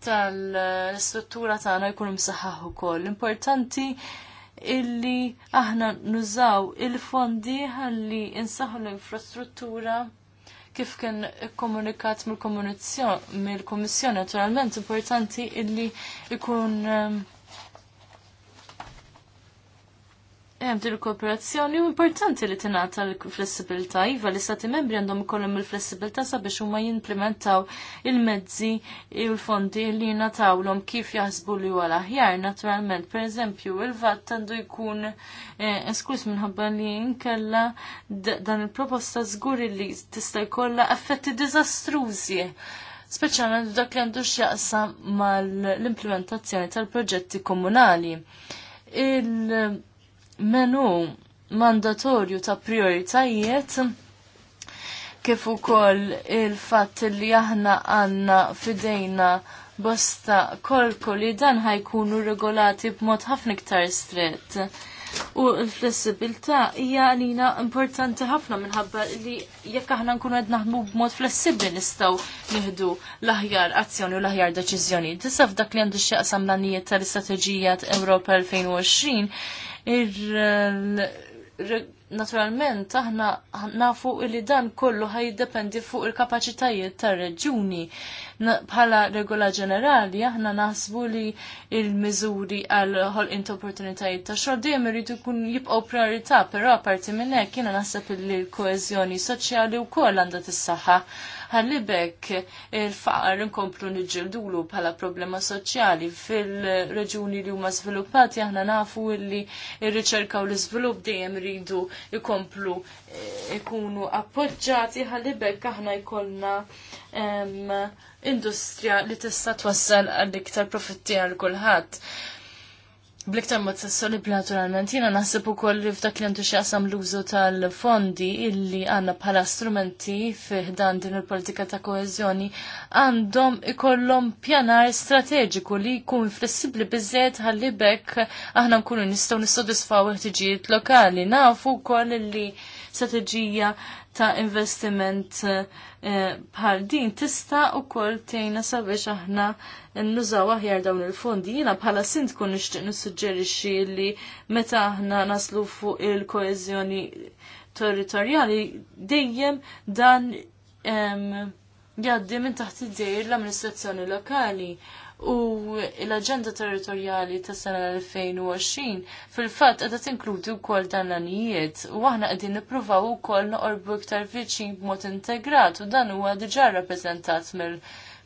tal istruttura tagħna jkunu msaħħaħ ukoll. L-importanti illi aħna nużaw il-fondi ħalli insaħu l-infrastruttura kif kien komunikat mill-Komissjoni, naturalment importanti illi ikun ehm, Hemm din il-kooperazzjoni u importanti li tingħata l-flessibilità iva li stati membri għandhom ikollhom il-flessibilità sabiex huma jimplementaw il-mezzi u l-fondi li jingħatawlhom kif jaħsbu li wara aħjar naturalment. Pereżempju, il-vatt għandu jkun eh, eskluż minħabba li nkella dan il-proposta żgur li tista' jkollha effetti diżastrużi speċjalment dak li għandu x'jaqsam mal-implementazzjoni tal-proġetti komunali. Il- menu mandatorju ta' prioritajiet kif ukoll il-fatt li aħna għandna fidejna bosta kolku li dan ħajkunu regolati b'mod ħafna iktar strett. U l-flessibilità hija għalina importanti ħafna minħabba li jekk aħna nkunu qed naħdmu b'mod flessibbli nistgħu nieħdu l-aħjar azzjoni u l-aħjar deċiżjoni. Tisaf f'dak li għandu x'jaqsam l-għanijiet tal-istrateġija Ewropa 2020 Eh, naturalment aħna nafu li dan kollu ħaj dependi fuq il-kapaċitajiet tar-reġuni. Bħala regola ġenerali aħna nasbu li il-miżuri għal ħol int opportunitajiet ta' xogħol dejjem iridu kun jibqgħu priorità, però apparti minn hekk jiena naħseb li l-koeżjoni soċjali wkoll għandha tissaħħa ħallibek il-faqar nkomplu niġġildulu bħala problema soċjali fil-reġuni li huma sviluppati aħna nafu illi ir-riċerka u l-iżvilupp dejjem ridu jkomplu eh, ikunu appoġġati ħallibek aħna jkollna industrija li tista' twassal għal iktar profitti għal kulħadd. Bliktar mod sassolib naturalment, jina naħseb u koll f'dak li għandu xieqsam l-użu tal-fondi illi għanna bħala strumenti fiħdan din il-politika ta' koezjoni għandhom ikollhom pjanar strateġiku li jkun flessibli bizzet ħalli bekk aħna nkunu nistgħu nissodisfaw ħtiġijiet lokali. Nafu wkoll li strategija ta' investiment eh, bħal din tista' ukoll tejna sabiex aħna nużaw aħjar dawn il-fondi. Jiena bħala sindku nixtieq nissuġġerixxi li meta aħna naslu fuq il-koeżjoni territorjali dejjem dan jgħaddi minn taħt id-dejr l-amministrazzjoni lokali u l-Aġenda Territorjali ta' sena 2020 fil-fatt qiegħda tinkludi wkoll dan l-anijiet u aħna qegħdin nippruvaw ukoll noqorbu iktar viċin b'mod integrat u dan huwa diġà rappresentat mill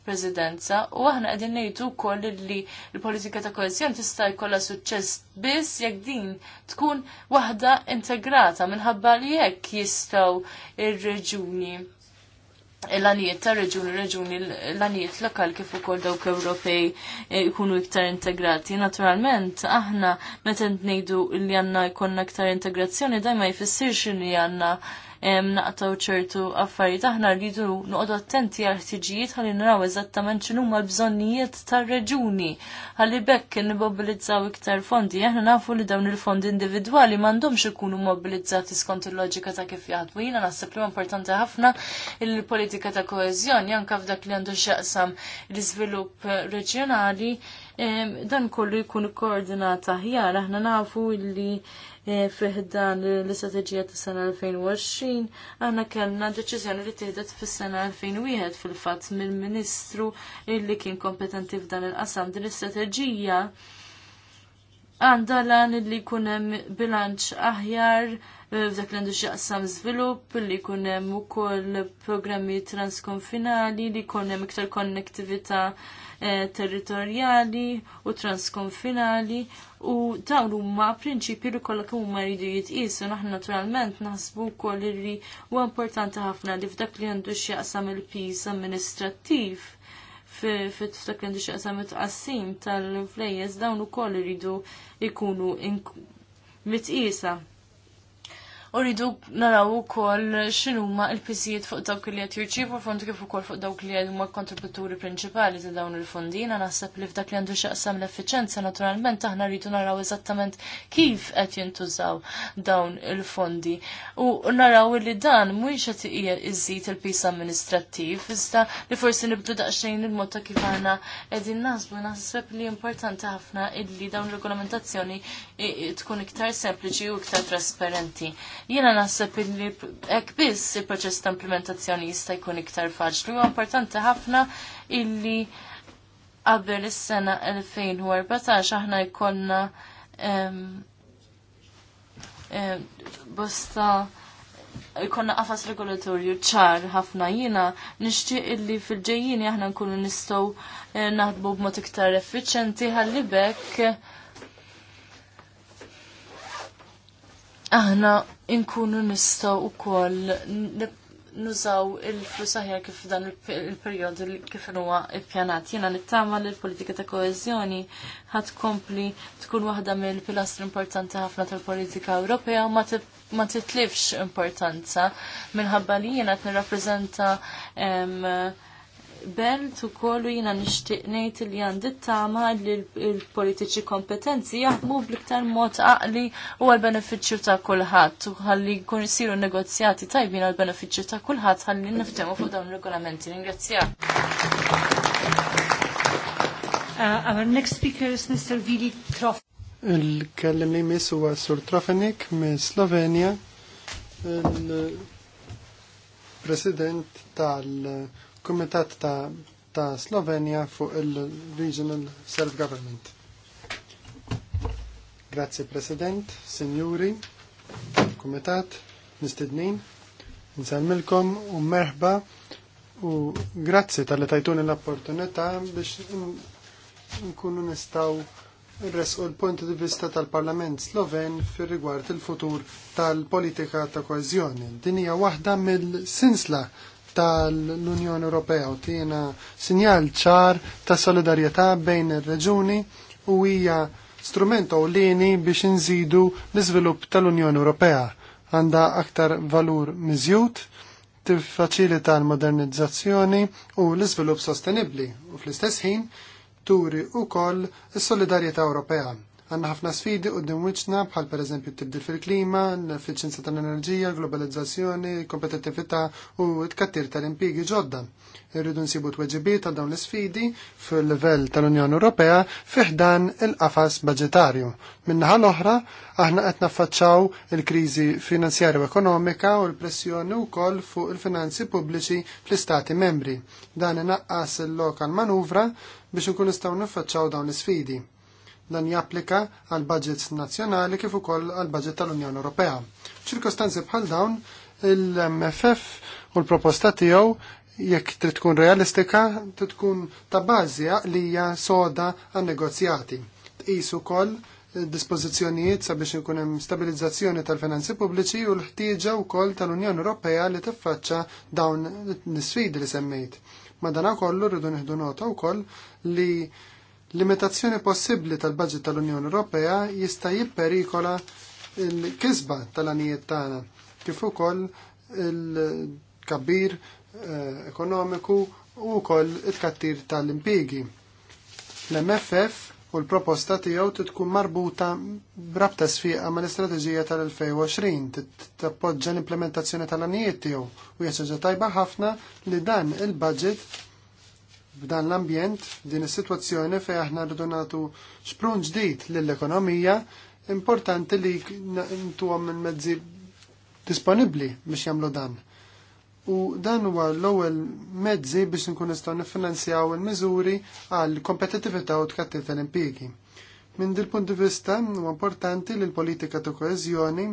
prezidenza u aħna qegħdin ngħidu wkoll li l-politika ta' koesjon tista' jkollha suċċess biss jekk din tkun waħda integrata minħabba li hekk jistgħu ir-reġuni l-għanijiet ta' reġuni, reġuni l-għanijiet lokal kif ukoll dawk Ewropej jkunu eh, iktar integrati. Naturalment, aħna meta ngħidu li għandna jkollna iktar integrazzjoni dajma jfissirx li għandna naqtaw ċertu affarijiet. Aħna rridu noqogħdu attenti għal ħtiġijiet ħalli naraw eżattament x'inhu huma l-bżonnijiet tar-reġuni. Ħalli bekk nimmobilizzaw iktar fondi. Aħna nafu li dawn il-fondi individwali m'għandhomx ikunu mobilizzati skont il-loġika ta' kif jaħdmu. Jiena naħseb li importanti ħafna il-politika ta' koeżjoni anke f'dak li għandu x'jaqsam l-iżvilupp reġjonali dan kollu jkun koordinata aħjar, aħna nafu li e, fiħdan l-istrateġija ta' sena 2020, aħna kellna deċiżjoni li tiħdet fis sena 2001 fil-fatt mill-Ministru illi kien kompetenti f'dan il-qasam din l-istrateġija għanda lan li kunem bilanċ aħjar e, f'dak l-għandu xaqsam zvilup li kunem u koll programmi transkonfinali li kunem iktar konnektivita' Eh, territorjali u transkonfinali u dawn huma prinċipji li kollok kemm huma jridu jitqisu naħna naturalment naħsbu wkoll li huwa importanti ħafna li f'dak li għandu x'jaqsam il pis amministrattiv f'dak li għandu x'jaqsam it-tqassim tal-flejjes dawn ukoll iridu jkunu mitqisa u rridu naraw ukoll x'inhuma l-piżijiet fuq dawk li qed jirċievu fondi kif ukoll fuq dawk li huma kontributuri prinċipali ta' dawn il-fondi. Jiena naħseb li f'dak li għandu x'aqsam l-effiċenza naturalment aħna rridu naraw eżattament kif qed jintużaw dawn il-fondi. U naraw li dan mhuwiex qed iżid il-pis amministrattiv, iżda li forsi nibdu daqsxejn il-mod ta' kif aħna qegħdin naħsbu naħseb li importanti ħafna illi dawn regolamentazzjoni tkun iktar sempliċi u iktar trasparenti. Jiena naħseb li hekk biss il-proċess ta' implementazzjoni jista' jkun iktar faċli huwa importanti ħafna illi qabel is-sena 2014 aħna jkollna bosta jkollna qafas regolatorju ċar ħafna jina nixtieq illi fil-ġejjini aħna nkunu nistgħu eh, naħdmu b'mod iktar effiċjenti ħalli bekk aħna inkunu nistaw u koll nużaw il-flus aħjar kif dan il-periodu kif huwa ippjanat. Jiena nittama li l-politika ta' koeżjoni ħad kompli tkun waħda mill-pilastri importanti ħafna tal-politika Ewropea u ma titlifx importanza minħabba li jiena qed nirrappreżenta ben tu kollu jina nishtiqnejt li għandi t-tama li l-politiċi kompetenzi jaħdmu bliktar mot għaqli u għal-beneficju ta' kullħat u għalli kun jisiru negozjati tajbin għal-beneficju ta' kullħat għalli niftemu fuq dawn regolamenti. Ringrazzja. Uh, our next speaker is Mr. Vili Trof. Il-kellim li mis huwa Sur Trofenik minn Slovenia, il-President tal- Kumitat ta', ta Slovenja fuq il-Regional Self-Government. Grazie President, Signori, Kumitat, Nistednin, nsalmilkom u merħba u grazie tal-li tajtuni l-opportunità biex nkunu nistaw Resqu l punt di vista tal-Parlament Sloven fir rigward il-futur tal-politika ta' koezjoni. Dinija hija waħda mill-sinsla tal-Unjoni Ewropea u tiena sinjal ċar ta' solidarjetà bejn ir-reġuni u hija strument ewlieni biex inżidu l-iżvilupp tal-Unjoni Ewropea. Għandha aktar valur miżjud, tiffaċilita l-modernizzazzjoni u l-iżvilupp sostenibbli u fl-istess ħin turi wkoll is-solidarjetà Ewropea Għanna ħafna sfidi u din bħal per eżempju tibdil fil-klima, l-efficienza tal-enerġija, globalizzazzjoni, kompetitivita u t-kattir tal-impigi ġodda. Irridu nsibu t-weġibi ta' dawn l-sfidi fil-level tal-Unjoni Ewropea fiħdan il-qafas budgetarju. Minnaħa l-oħra, aħna qed naffaċċaw il-kriżi finanzjarja u ekonomika u l-pressjoni wkoll fuq il-finanzi pubbliċi fl-istati membri. Dan inaqqas il-lokal manuvra biex nkun nistgħu niffaċċaw dawn l-isfidi dan japplika għal budgets nazzjonali kif ukoll għal budget tal-Unjoni Ewropea. Ċirkostanzi bħal dawn il-MFF u l-proposta tiegħu jekk trid tkun realistika, trid tkun ta' bażi għaqlija soda għan negozjati. Tqisu wkoll dispożizzjonijiet sabiex ikun hemm stabilizzazzjoni tal-finanzi pubbliċi u l-ħtieġa wkoll tal-Unjoni Ewropea li tiffaċċa dawn l-sfidi li semmejt. Madana kollu rridu nieħdu nota wkoll li Limitazzjoni possibbli tal-budget tal-Unjoni Ewropea jista' jipperikola l-kisba tal-anijiet tagħna kif ukoll il-kabbir eh, ekonomiku u wkoll it-kattir tal-impigi. L-MFF u l-proposta tiegħu tkun marbuta b'rabta sfiqa mal istrateġija tal-2020 tappoġġa l-implementazzjoni tal-anijiet tiegħu u jaċeġa tajba ħafna li dan il-budget f'dan l-ambjent, din is-sitwazzjoni fejn aħna rridu nagħtu sprun ġdid lill-ekonomija, importanti li ntuhom minn mezzi disponibbli biex jagħmlu dan. U dan huwa l-ewwel mezzi biex nkun nistgħu niffinanzjaw il-miżuri għal kompetittività u tkattil tal-impjiegi. Minn dil punt di vista huwa importanti li l-politika ta' koeżjoni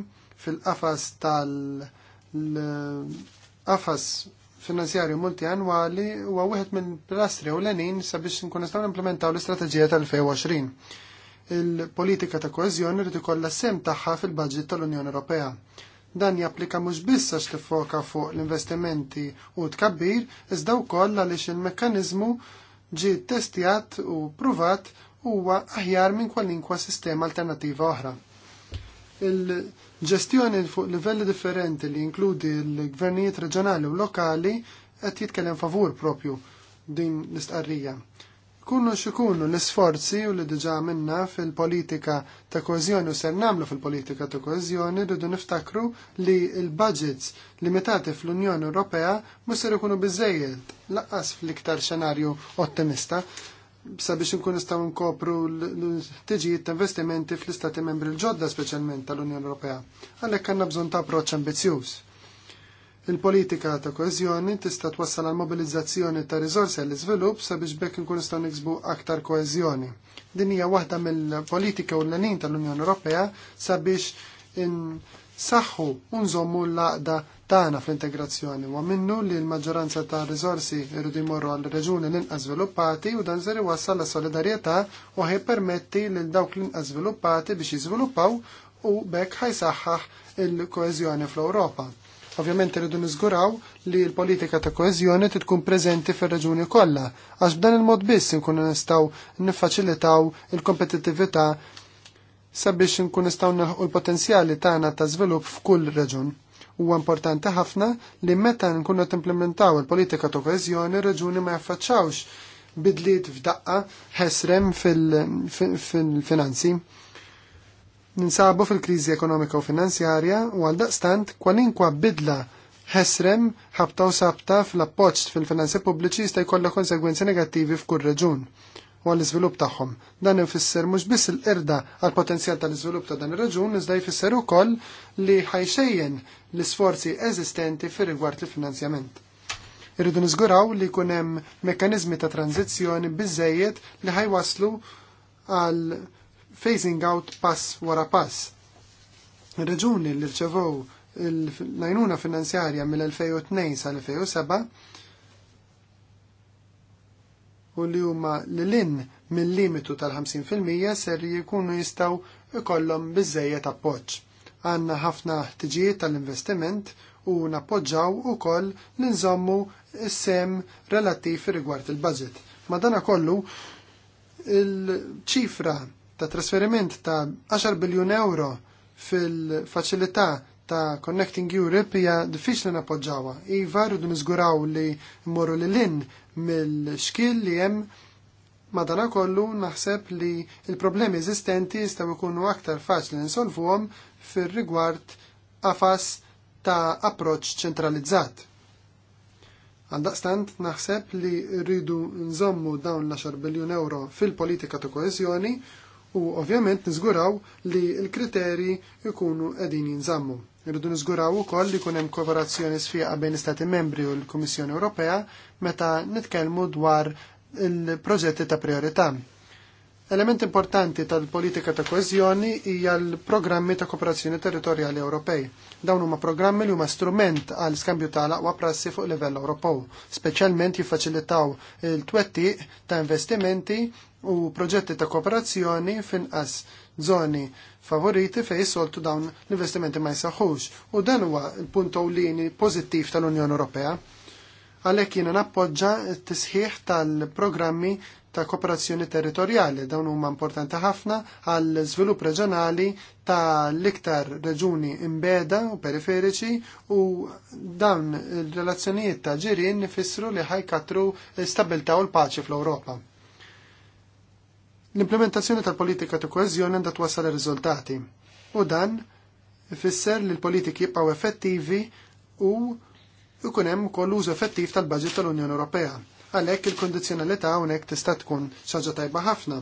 fil-qafas tal-qafas finanzjarju annwali huwa wieħed minn pilastri u lenin sabiex nkun implementaw l-istrateġija tal-2020. Il-politika ta' koezjoni rid ikollha sem tagħha fil-budget tal-Unjoni Ewropea. Dan japplika mhux biss għax tifoka fuq l-investimenti u tkabbir, iżda wkoll għaliex il-mekkaniżmu ġi testjat u pruvat huwa aħjar minn kwalinkwa sistema alternattiva oħra il-ġestjoni fuq livelli differenti li inkludi l-gvernijiet reġjonali u lokali qed jitkellem favur propju din l-istqarrija. Kunu xikunu l-isforzi u li diġa minna fil-politika ta' kozjoni u ser namlu fil-politika ta' kozjoni rridu niftakru li l-budgets limitati fl-Unjoni Ewropea ser ikunu biżejjed laqqas fl-iktar xenarju ottimista sabiex nkun nistgħu nkopru l tiġijiet ta' investimenti fl-istati membri l-ġodda speċjalment tal-Unjoni Ewropea. Għalhekk għandna bżonn ta' approċċ ambizzjuż. Il-politika ta' koeżjoni tista' twassal għal mobilizzazzjoni ta' riżorsi għall iżvilupp sabiex bekk nkun nistgħu niksbu aktar koeżjoni. Din hija waħda mill-politika u l-lenin tal-Unjoni Ewropea sabiex saħħu unżommu l għaqda tagħna fl-integrazzjoni huwa minnu li l-maġġoranza ta' riżorsi jridu jmorru għal reġuni l-inqas żviluppati u dan ser iwassal la solidarjetà u ħajpermetti lil dawk l-inqas żviluppati biex jiżviluppaw u bekk ħajsaħħaħ il-koeżjoni fl-Ewropa. Ovvjament rridu niżguraw li l-politika ta' koeżjoni titkun preżenti fir-reġuni kollha, għax b'dan il-mod biss nkunu nistgħu niffaċilitaw il-kompetittività sabiex nkun nistgħu nilħu l-potenzjali tagħna ta' żvilupp f'kull reġun. Huwa importanti ħafna li meta nkunu timplementaw il-politika ta' koezjoni reġuni ma jaffaċċawx bidliet f'daqqa ħesrem fil-finanzi. Ninsabu fil-kriżi ekonomika u finanzjarja u għal daqstant kwalinkwa bidla ħesrem ħabta u sabta fl appoċt fil-finanzi pubbliċi jista' jkollha konsegwenzi negattivi f'kull reġun u għall-iżvilupp tagħhom. Dan ifisser mhux biss il qerda għal potenzjal tal-iżvilupp ta' dan ir-raġun iżda jfisser ukoll li ħajxejjen l-isforzi eżistenti fir rigward il-finanzjament. Irridu niżguraw li jkun hemm mekkaniżmi ta' tranzizzjoni biżejjed li ħajwaslu għal phasing out pass wara pass. Ir-raġuni li rċevow l-najnuna finanzjarja mill-2002 sal-2007 u li huma l-lin mill-limitu tal-50% ser jikunu jistaw ikollhom biżejjed appoġġ. Għanna ħafna ħtiġijiet tal-investiment u nappoġġaw ukoll li nżommu sem relattiv rigward il-budget. Madana kollu, il-ċifra ta' trasferiment ta' 10 biljun euro fil-faċilità ta' Connecting Europe hija diffiċli nappoġġawha. Iva rridu niżguraw li mmorru lil in mill-xkil li hemm madanakollu naħseb li il-problemi eżistenti jistgħu jkunu aktar faċli nsolvuhom fir-rigward qafas ta' approċċ ċentralizzat. Għaldaqstant naħseb li rridu nżommu dawn l-10 biljun euro fil-politika ta' koeżjoni u ovvjament niżguraw li l-kriteri jkunu qegħdin jinżammu. Irridu niżguraw ukoll li jkun hemm kooperazzjoni sfiqa bejn Istati Membri u l-Kummissjoni Ewropea meta nitkellmu dwar il-proġetti ta' priorità. Element importanti tal-politika ta' koezjoni hija l-programmi ta' kooperazzjoni territorjali Ewropej. Dawn huma programmi li huma strument għal skambju tal-aqwa prassi fuq livell Ewropew, speċjalment jiffaċilitaw il-twettiq ta' investimenti u proġetti ta' kooperazzjoni finqas zoni favoriti fej soltu dawn l-investimenti ma jisaxux u dan huwa l-punt ewlieni pożittiv tal-Unjoni Ewropea. Għalhekk jiena nappoġġa t-tisħiħ tal-programmi ta' kooperazzjoni territorjali dawn huma importanti ħafna għall żvilupp reġjonali ta' l-iktar reġuni imbeda u periferiċi u dawn il relazzjonijiet ta' ġirien nifissru li ħajkatru stabilta u l-paċi fl-Ewropa. L-implementazzjoni tal-politika ta' koezjoni għandha twassal ir-riżultati u dan ifisser li l-politiki jibqgħu effettivi u jkun hemm ukoll użu effettiv tal-baġit tal-Unjoni Ewropea. Għalhekk il-kondizzjonalità hawnhekk tista' tkun xaġa tajba ħafna.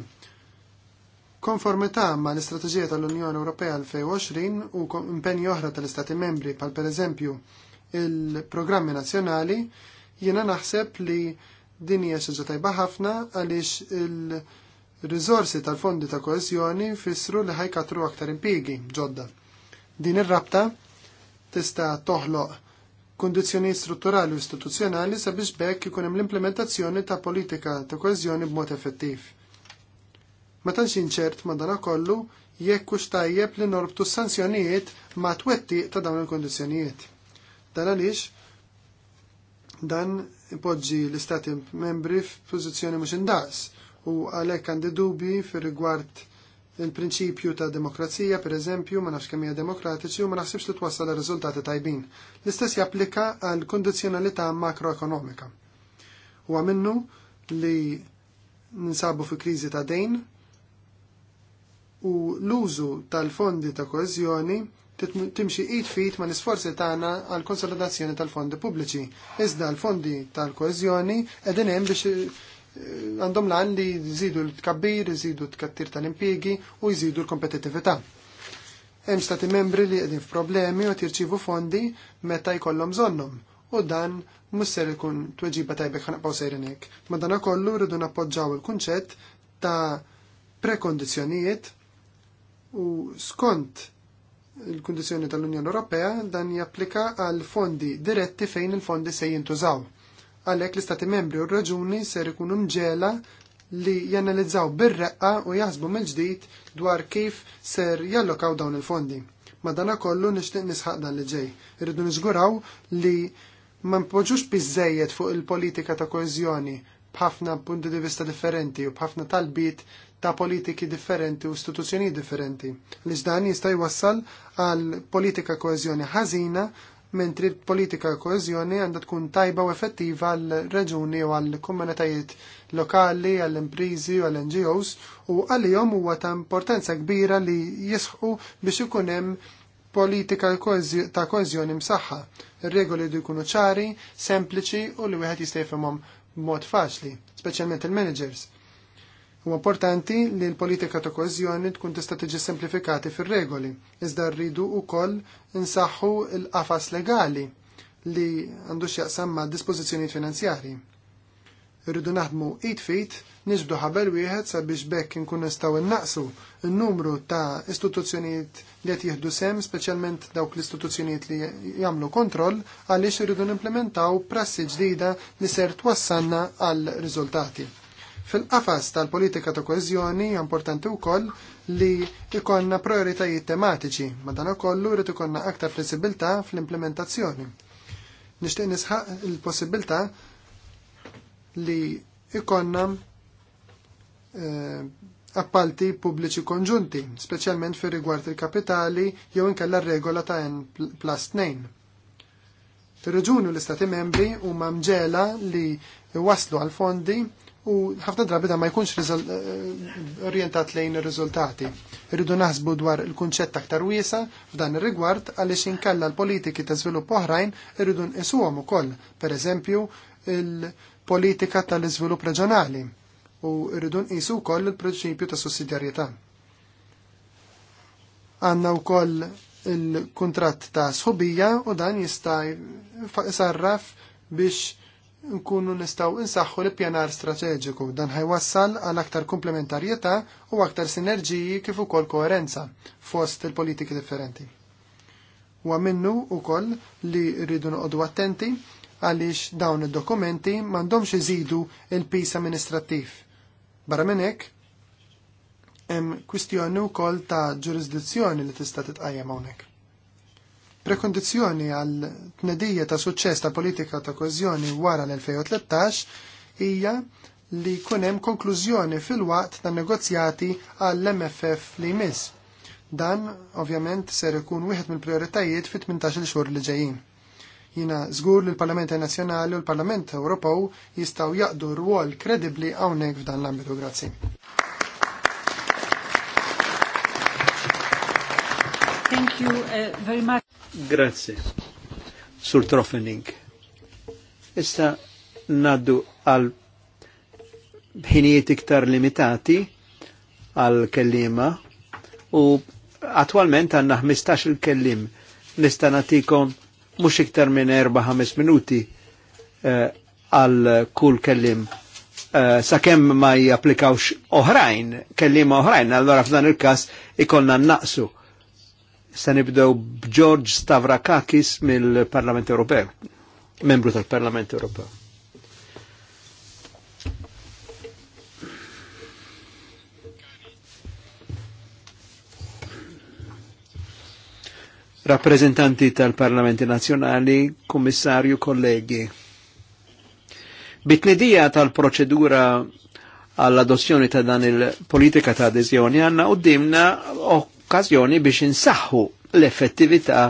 Konformità ma l-istrateġija tal-Unjoni Ewropea 2020 u impenji oħra tal-Istati membri pal pereżempju il-programmi nazzjonali, jiena naħseb li din hija xaġa tajba ħafna għaliex il- Rizorsi tal-fondi ta' koesjoni fissru li ħajkatru aktar impigi ġodda. Din ir-rabta tista' toħloq kondizjoni strutturali u istituzzjonali sabiex bekk ikun hemm l-implementazzjoni ta' politika ta' koesjoni b'mod effettiv. Ma tantx inċert ma dan kollu jekk hux tajjeb li norbtu sanzjonijiet ma twetti ta' dawn il kondizjonijiet Dan għaliex dan ipoġġi l-istati membri f'pożizzjoni mhux indaqs u għalhekk għandi dubji fir-rigward il-prinċipju ta' demokrazija, per eżempju, ma nafx kemm hija demokratiċi u ma naħsibx li twassal riżultati tajbin. L-istess japplika għal kondizzjonalità makroekonomika. Huwa minnu li ninsabu fi kriżi ta' dejn u l-użu tal-fondi ta' koezjoni timxi id fit ma nisforzi tagħna għal konsolidazzjoni tal-fondi pubbliċi. Iżda l-fondi tal koezjoni qegħdin hemm biex għandhom lan li jżidu l-tkabbir, jżidu t-kattir tal-impiegi u jżidu l-kompetitività. Hemm stati membri li qegħdin f'problemi u tirċivu fondi meta jkollhom żonnhom u dan musser ikun tweġiba tajbek ħanaqgħu sejrin hekk. Madanakollu rridu nappoġġaw il-kunċett ta' prekondizzjonijiet u skont il-kondizjoni tal-Unjoni Ewropea dan japplika għal fondi diretti fejn il-fondi se jintużaw għalhekk l-Istati membri u r-raġuni ser ikunu mġela li janalizzaw bir-reqqa u jaħsbu mill-ġdid dwar kif ser jallokaw dawn il-fondi. Madana kollu nixtieq nisħaq dan li ġej. Irridu niżguraw li ma npoġġux bizzejiet fuq il-politika ta' koezjoni b'ħafna punti di vista differenti u b'ħafna talbit ta' politiki differenti u istituzzjoni differenti. Li dan jista' jwassal għal politika koezjoni ħażina mentri l-politika koezjoni għandha tkun tajba u effettiva għal reġuni u għal komunitajiet lokali, għall imprizi u għall NGOs u għalihom huwa ta' importanza kbira li jisħu biex ikun hemm politika ta' koezjoni msaħħa. Ir-regoli jdu jkunu ċari, sempliċi u li wieħed jista' jifhimhom b'mod faċli, speċjalment il-managers. U importanti li l-politika ta' koezjoni tkun tista' tiġi semplifikati fir-regoli, iżda rridu wkoll insaħħu l-qafas legali li għandu x'jaqsam ma' dispożizzjonijiet finanzjarji. Irridu naħdmu id fit niġbdu ħabel wieħed sabiex bekk inkun nistgħu innaqsu n-numru ta' istituzzjonijiet li qed jieħdu sem, speċjalment dawk l-istituzzjonijiet li jagħmlu kontroll għaliex irridu nimplementaw prassi ġdida li ser twassanna għal riżultati. Fil-qafas tal-politika ta' koezjoni importanti wkoll li ikonna prioritajiet tematiċi, kollu rrit ikonna aktar flessibilità fl-implementazzjoni. Nixtieq nisħaq il possibilta li ikonna eh, appalti pubbliċi konġunti, speċjalment fir rigward il-kapitali jew inkella regola ta' N plus 2. Tirreġunu l-Istati membri huma mġela li waslu għal fondi u ħafna drabi da ma jkunx eh, orientat lejn ir-riżultati. Irridu naħsbu dwar il-kunċett aktar wiesa f'dan ir-rigward għaliex inkella l-politiki ta' żvilupp oħrajn irridu nqisuhom ukoll, pereżempju il-politika tal-iżvilupp reġjonali u irridu nqisu wkoll il-prinċipju ta' sussidjarjetà. Għandna wkoll il-kuntratt ta' sħubija u dan jista' sarraf biex nkunu nistaw insaħħu l-pjanar strateġiku dan ħajwassal għal aktar komplementarjetà u aktar sinerġiji kif ukoll koerenza fost il-politiki differenti. Huwa minnu koll li rridu noqogħdu attenti għaliex dawn id-dokumenti m'għandhomx iżidu il-pis amministrattiv. Barra minn hekk hemm kwistjoni wkoll ta' ġurisdizzjoni li tista' titqajjem hawnhekk prekondizjoni għal tnedija ta' suċċess ta' politika ta' koezjoni wara l-2013 hija li kunem konklużjoni fil-waqt ta' negozjati għall-MFF li jmiss. Dan, ovvjament, ser ikun wieħed mill-prioritajiet fit-18 xhur li ġejjin. Jina żgur li l-Parlament Nazzjonali u l-Parlament Ewropew jistgħu jaqdu rwol kredibbli hawnhekk f'dan l-ambitu. Grazzi. Thank you uh, very much. Grazie. Sur trofening. Issa naddu għal bħinijiet iktar limitati għal kellima u attualment għanna 15 il-kellim nista natikom mux iktar minn 4-5 minuti eh, għal uh, kull kellim uh, sakemm ma japplikawx oħrajn, kellima oħrajn, allora f'dan il-kas ikonna naqsu Se nibdew George Stavrakakis mill-Parlament Ewropew, membru tal-Parlament Ewropew. Rappresentanti tal-Parlamenti Nazjonali, Kummissarju, kollegi. Bitnidija tal-proċedura għall-adozzjoni ta' dan il-politika ta' adeżjoni għanna u dimna okkażjoni biex insaħħu l-effettività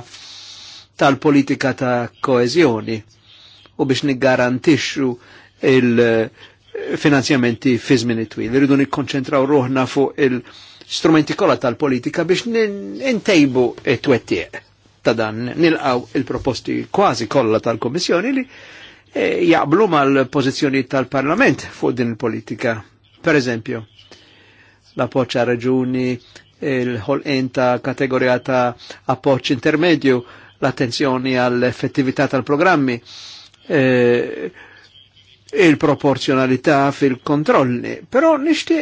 tal-politika ta' koezjoni u biex niggarantixxu il-finanzjamenti fi żmien twil. Irridu nikkonċentraw ruħna fuq il-strumenti kollha tal-politika biex intejbu it-twettieq ta' dan nilqaw il-proposti kważi kollha tal-Kommissjoni li eh, jaqblu mal pożizzjoni tal-parlament fuq din il-politika. Per eżempju, l appoċċa raġuni il-ħolqin ta' kategorija ta' appoċ intermedju, l-attenzjoni għall-effettività tal-programmi, eh, il-proporzjonalità fil-kontrolli. Però nishti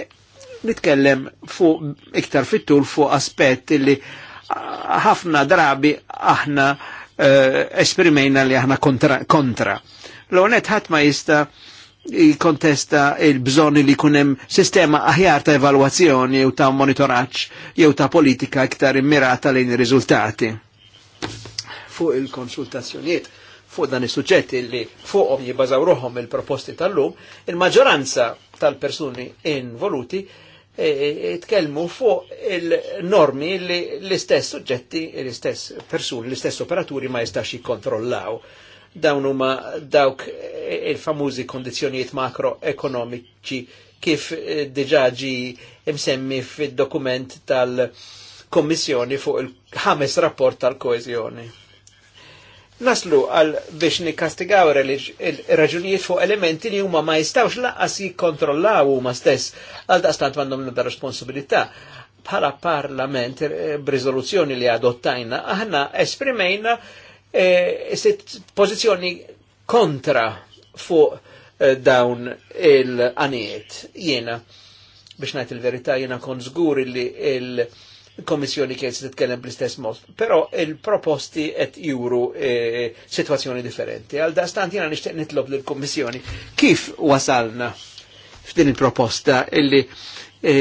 nitkellem fu iktar fit-tul fu aspett li ħafna drabi aħna eh, esprimejna li aħna kontra. kontra. L-onet ħatma jista' jikontesta il-bżon li kunem sistema aħjar ta' evalwazzjoni jew ta' monitoraċ jew ta' politika iktar immirata lejn ir-riżultati. Fuq il-konsultazzjonijiet fuq dan is-suġġetti li fuqhom jibbażaw ruħhom il-proposti tal-lum, il-maġġoranza tal-persuni involuti e, e, tkellmu fuq il-normi li l-istess suġġetti, l-istess persuni, l-istess operaturi ma jistax jikkontrollaw. kontrollaw dawn huma dawk il-famużi kondizjonijiet makroekonomiċi kif eh, diġaġi imsemmi fid-dokument tal-Kommissjoni fuq il-ħames rapport tal-koezjoni. Naslu għal biex nikastigaw raġunijiet fuq elementi li huma ma jistawx laqqas jikkontrollaw huma stess għal daqstant m'għandhom l responsabilità bħala parlament eh, b'riżoluzzjoni li adottajna, aħna esprimejna e, pozizjoni kontra fuq e, dawn il-għaniet. Jena, biex najt il-verità, jena kon zgur li il-komissjoni kien se titkellem bl-istess mod, però il-proposti qed juru sitwazzjoni e, situazzjoni differenti. Għal dastant jena nixtieq nitlob lill-Kommissjoni kif wasalna f'din il-proposta illi e,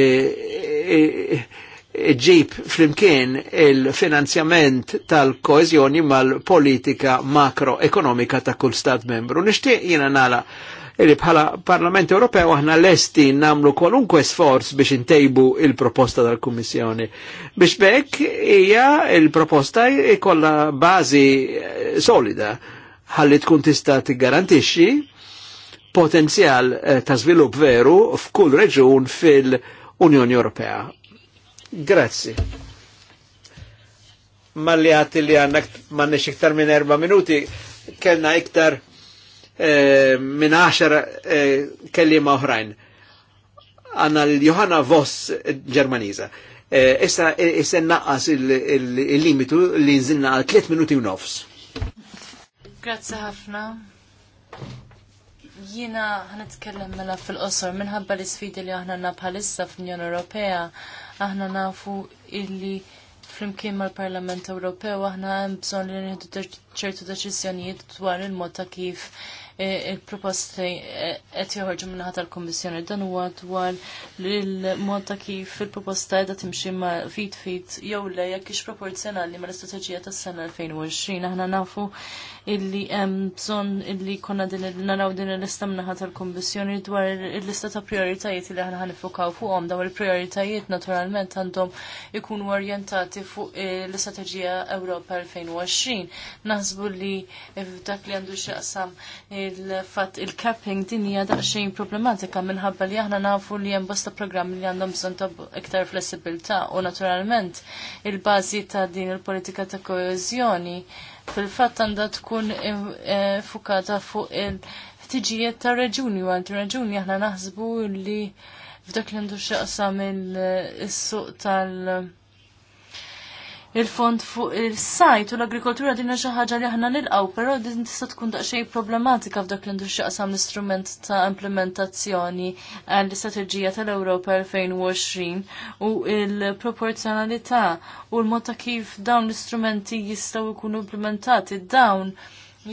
ġib flimkien il-finanzjament tal-koezjoni mal-politika makroekonomika ta' kull stat membru. Nishtiq jina nala li bħala Parlament Ewropew aħna lesti namlu kwalunkwe sforz biex intejbu il-proposta tal-Kummissjoni. Biex bekk hija il-proposta ikolla bażi eh, solida ħalli tkun tista' tiggarantixxi potenzjal eh, ta' żvilupp veru f'kull reġun fil- Unjoni Ewropea Grazzi. Malli għati li għannak manni iktar minn erba minuti, kellna iktar eh, minn 10 eh, kellima oħrajn. Għanna l-Johanna Voss Ġermaniza. Eh, issa eh, issa naqqas il-limitu li nżinna għal 3 minuti u nofs. Grazzi ħafna. Jina ħanitkellem mela fil-qosor minħabba l sfidi li aħna na bħalissa fl-Unjoni Ewropea, aħna nafu illi flimkien mal-Parlament Ewropew aħna hemm bżonn li nieħdu ċertu deċiżjonijiet dwar il-mod ta' kif e, il-proposti e, qed joħorġu minnaħat tal-Kummissjoni dan huwa dwar il-mod ta' kif il-proposta qiegħda timxi ma' fit fit jew le jekk ix proporzjonali mal-istrateġija tas-sena 2020 aħna nafu illi hemm bżonn illi konna din naraw din il-lista minnaħa tal-Kommissjoni dwar il-lista ta' prioritajiet li aħna ħanifukaw fuqhom daw il-prioritajiet naturalment għandhom ikunu orjentati fuq l-istrateġija Ewropa 2020. Naħsbu li dak li għandu x'aqsam il-fatt il-capping din hija daqsxejn problematika minħabba li aħna nafu li hemm bosta programmi li għandhom bżonn ta' iktar flessibilità u naturalment il-bażi ta' din il-politika ta' koezjoni fil-fatt għandha tkun eh, fukata fuq il-ħtiġijiet ta' reġuni u reġuni aħna naħsbu li f'dak li għandu xaqsa mill-suq tal- il-fond fuq il-sajt u l-agrikoltura dinna xi ħaġa li aħna nilqgħu, però din tista' tkun daqsxejn problematika f'dak li ndux jaqsam l-istrument ta' implementazzjoni għall-istrateġija tal-Ewropa 2020 u il-proporzjonalità u l-mod ta' kif dawn l-istrumenti jistgħu jkunu implementati dawn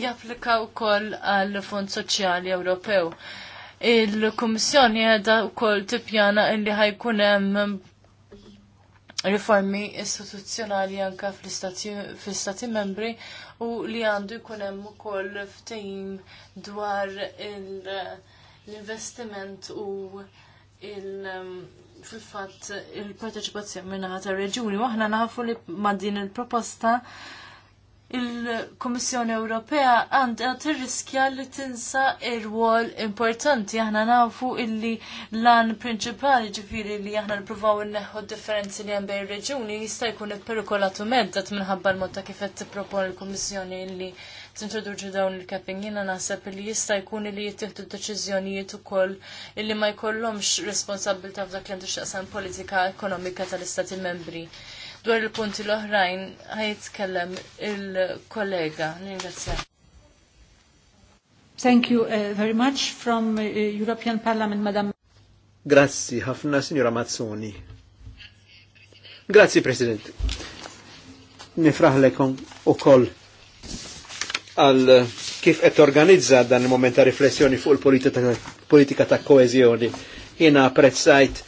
japplika wkoll għall-Fond Soċjali Ewropew. Il-Kummissjoni għedha wkoll tippjana illi ħajkun hemm riformi istituzzjonali anka fl-istati membri u li għandu jkun hemm ukoll ftejn dwar l-investiment u fil fat il-parteċipazzjoni minna għata reġuni. Waħna nafu li ma' din il-proposta il kummissjoni Ewropea għandha tirriskja li tinsa ir-rwol importanti. Aħna nafu illi lan prinċipali ġifiri li aħna nipruvaw inneħħu differenzi li hemm bejn reġuni jista' jkun ipperkolatu meddat minħabba l-mod kif qed tippropon l-Kummissjoni illi tintroduċi dawn il-capping. Jiena naħseb li jista' jkun li jittieħdu deċiżjonijiet ukoll illi ma jkollhomx responsabilità f'dak li għandu x'aqsam politika ekonomika tal-Istati membri. Dwar il-punti l-oħrajn ħajtkellem il-kollega. Ningrazzja. Thank you uh, very much from uh, European Parliament, Madam. Grazzi, ħafna, Signora Mazzoni. Grazzi, President. Nifraħlekom u koll għal kif qed organizza dan il-moment ta' riflessjoni fuq il-politika ta' koezjoni. Jiena apprezzajt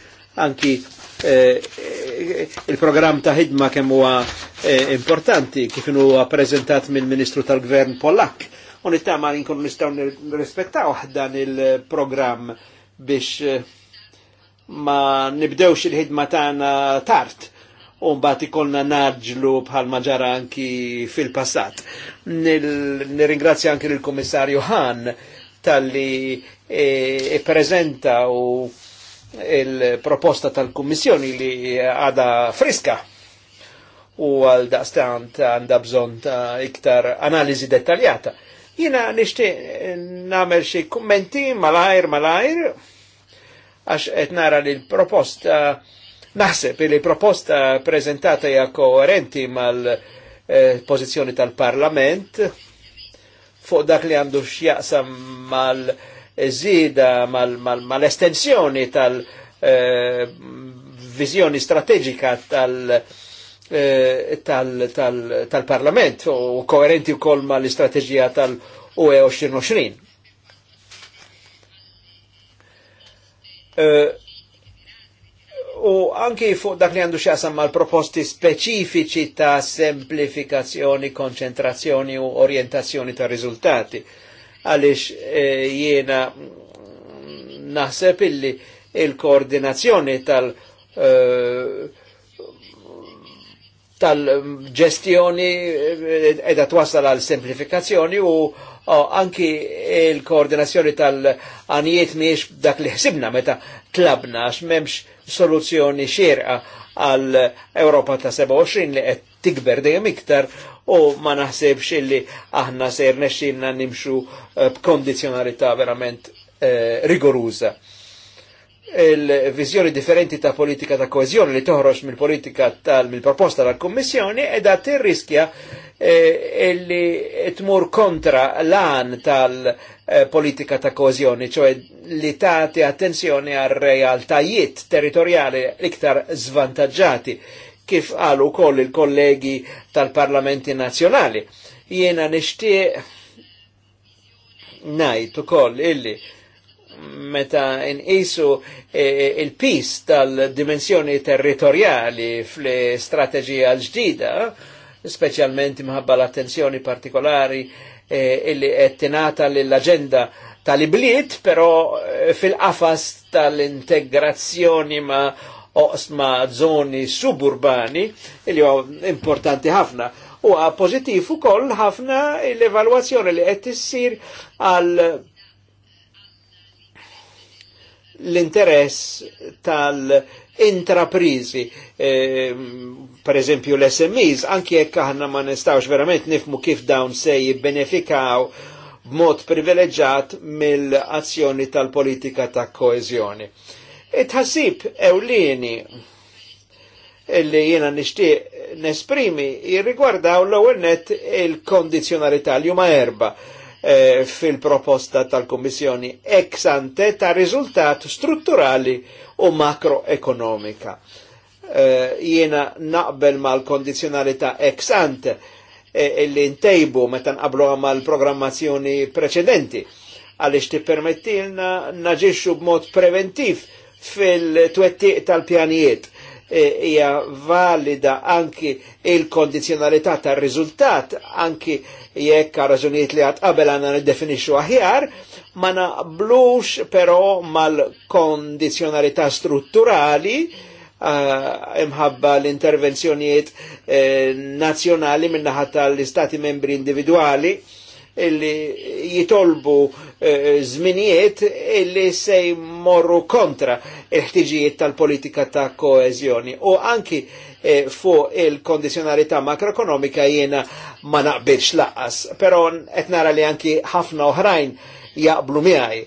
anki Eh, il-programm ta' ħidma kemm huwa eh, importanti kif huwa preżentat mill-Ministru tal-Gvern Pollak. U nittama li nkunu nistgħu nirrispettaw dan il-programm biex eh, ma nibdewx il-ħidma tagħna tard u mbagħad ikollna naġlu bħal ma ġara anki fil-passat. Nirringrazzja anki lill-Kummissarju Han tal-li e, e prezenta u il-proposta tal-Kummissjoni li għada friska u għal daqstant għanda bżon ta' iktar analizi dettaljata. Jina nishti namel xie kummenti malajr malajr għax etnara li l-proposta naħseb li l-proposta prezentata ja koerenti mal-pozizjoni eh, tal-Parlament fuq dak li għandu x'jaqsam mal- parlament zida mal-estensjoni mal, mal tal-vizjoni eh, strateġika tal- eh, tal-parlament tal, tal u koerenti u kolma l istrategija tal-UE 2020. Eh, u anki fuq dak li għandu xasam mal proposti speċifiċi ta' semplifikazzjoni, konċentrazzjoni u orientazzjoni ta' rizultati. Uh, għaliex eh, jiena naħseb illi il-koordinazzjoni tal- eh, tal-ġestjoni eh, edha twassal għal semplifikazzjoni u anki il-koordinazzjoni tal-għanijiet miex dak li ħsibna meta tlabna għax memx soluzzjoni xirqa għal Europa ta' 27 li qed tikber dejjem iktar u ma naħsebx illi aħna ser nexxinna nimxu eh, b'kondizjonalità verament eh, rigoruża il-vizjoni differenti ta' politika ta' koezjoni li toħroġ mill-politika tal-proposta tal-Kommissjoni edha tirriskja eh, li tmur kontra l-an tal-politika eh, ta' koezjoni, ċoħe li tati attenzjoni għal realtajiet territoriali iktar zvantagġati kif għalu koll il-kollegi tal-parlamenti nazjonali. Jena nishtie najt u koll illi meta inqisu eh, e, il-pis tal-dimensjoni territoriali fl-strategija l-ġdida, specialment mħabba l-attenzjoni partikolari eh, illi għettinata l-agenda tal-ibliet, pero e, fil-qafas tal-integrazzjoni ma' oqsma zoni suburbani, li għu importanti ħafna. U pozittiv ukoll ħafna l-evalwazzjoni li qed issir għal l-interess tal- intraprizi, eh, per eżempju l-SMEs, anki jekk aħna ma nistawx verament nifmu kif dawn se jibbenefikaw b'mod privileġġat mill-azzjoni tal-politika ta' koezjoni it ewlieni illi jena nishtiq nesprimi jirrigwardaw l-ewwel net il-kondizjonalità li huma erba eh, fil-proposta tal-Kommissjoni ex ante ta' riżultat strutturali u makroekonomika. Eh, jiena jena naqbel mal-kondizjonalità ex ante eh, illi ntejbu meta nqablu mal-programmazzjoni preċedenti għaliex tippermettilna naġixxu b'mod preventiv fil-twettiq tal-pjanijiet e, hija valida anki il-kondizjonalità tar-riżultat anki jekk raġunijiet li għad qabel għandna niddefinixxu aħjar, ma naqblux però mal-kondizjonalità strutturali imħabba l-intervenzjonijiet eh, nazzjonali minnaħat tal-istati membri individuali illi jitolbu zminijiet eh, illi se jmorru kontra il-ħtiġijiet tal-politika ta' koezjoni. U anki eh, fuq il-kondizjonalità makroekonomika jiena ma naqbilx laqqas, pero etnara li anki ħafna oħrajn jaqblu miegħi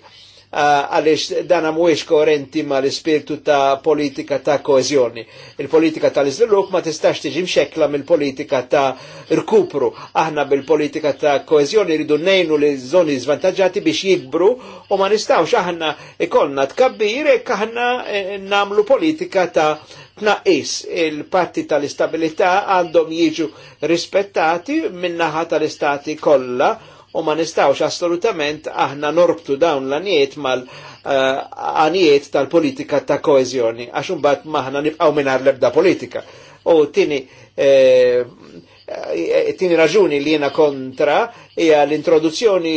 Ah, għaliex dan mhuwiex koerenti mal-ispirtu ta' politika ta' koeżjoni. Il-politika tal-iżvilupp ma tistax tiġi mxekkla mill-politika ta' rkupru. Aħna bil-politika ta' koeżjoni rridu nejnu li zoni żvantaġġati biex jibru u ma nistawx aħna ikollna tkabbir e aħna e, namlu politika ta' tnaqis il-patti tal-istabilità għandhom jiġu rispettati minnaħa tal-istati kollha u ma nistawx assolutament aħna norbtu dawn l-anijiet mal-anijiet eh, tal-politika ta' koezjoni, għax bat maħna nibqaw minar lebda politika. U tini, eh, eh, tini raġuni li jena kontra hija l-introduzzjoni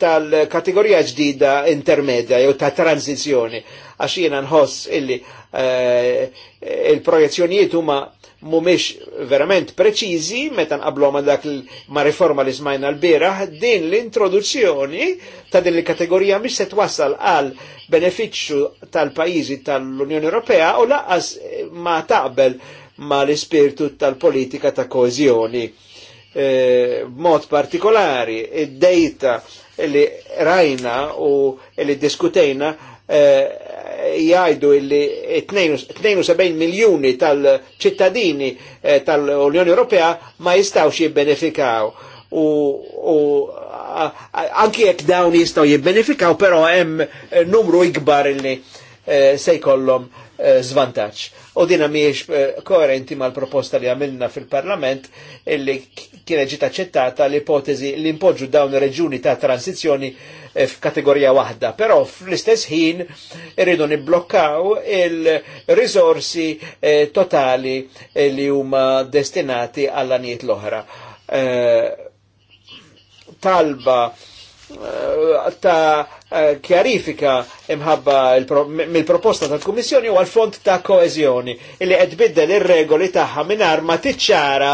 tal-kategorija ġdida intermedja jew ta' tranzizjoni għax jena nħoss illi il-projezzjonijiet huma mumiex verament preċizi meta nqablu ma dak ma riforma li smajna l-biraħ din l-introduzzjoni ta' din il-kategorija mis se twassal għal benefiċċju tal-pajjiżi tal-Unjoni Ewropea u laqas eh, ma taqbel ma l-ispirtu tal-politika ta' koezjoni. Eh, b'mod mod partikolari id-dejta li rajna u li diskutejna Eh, jajdu illi 72 miljoni tal-ċittadini eh, tal-Unjoni Ewropea ma jistawx jibbenefikaw. U anki jekk dawn jistaw jibbenefikaw, però hemm eh, numru ikbar illi se jkollhom zvantaġġ. U dina miex koerenti mal-proposta li għamilna fil-Parlament illi kienet ġiet aċċettata l-ipotezi li impoġġu dawn reġuni ta' transizjoni f'kategorija waħda, però fl-istess ħin irridu nibblokkaw il-risorsi eh, totali eh, li huma destinati għall-anijiet l-oħra. Eh, talba ta' kjarifika imħabba mill-proposta tal-Kummissjoni u għal-fond ta' koezjoni illi qed biddel ir-regoli tagħha mingħajr ma tiċċara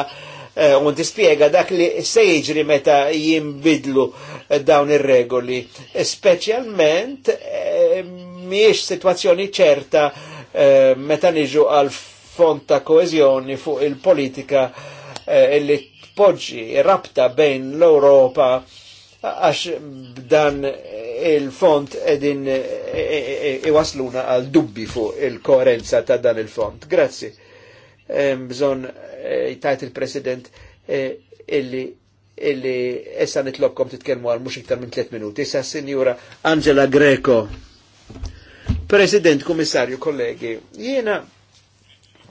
Eh, u dispiega dak li se jiġri meta jimbidlu eh, dawn ir-regoli. Eh, specialment miex situazzjoni ċerta meta niġu għal font ta' koezjoni fuq il-politika illi tpoġġi rabta bejn l-Europa għax dan il-font edin iwasluna għal dubbi fuq il-koerenza ta' dan il-font. Grazzi. Bżon Eh, tajt il-President eh, illi illi essa nitlobkom titkellmu għal mhux iktar minn 3 minuti. Issa signora Angela Greco. President, komissarju, kollegi, jiena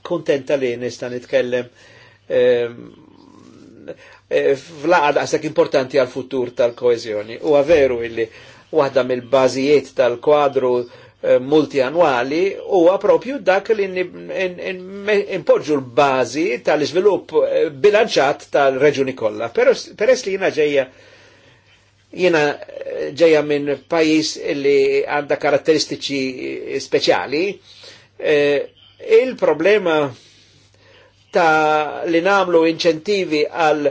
kontenta li nista nitkellem vlaqad ehm, eh, għasak importanti għal futur tal-koezjoni. U għaveru illi waħda mill bazijiet tal-kwadru Eh, multianwali u għapropju dak li impoġġu l bazi tal izvilup eh, bilanċat tal-reġuni kollha. Peress li jina ġeja jina eh, ġeja minn pajis li għanda karakteristiċi speċjali, il-problema ta' li namlu inċentivi għal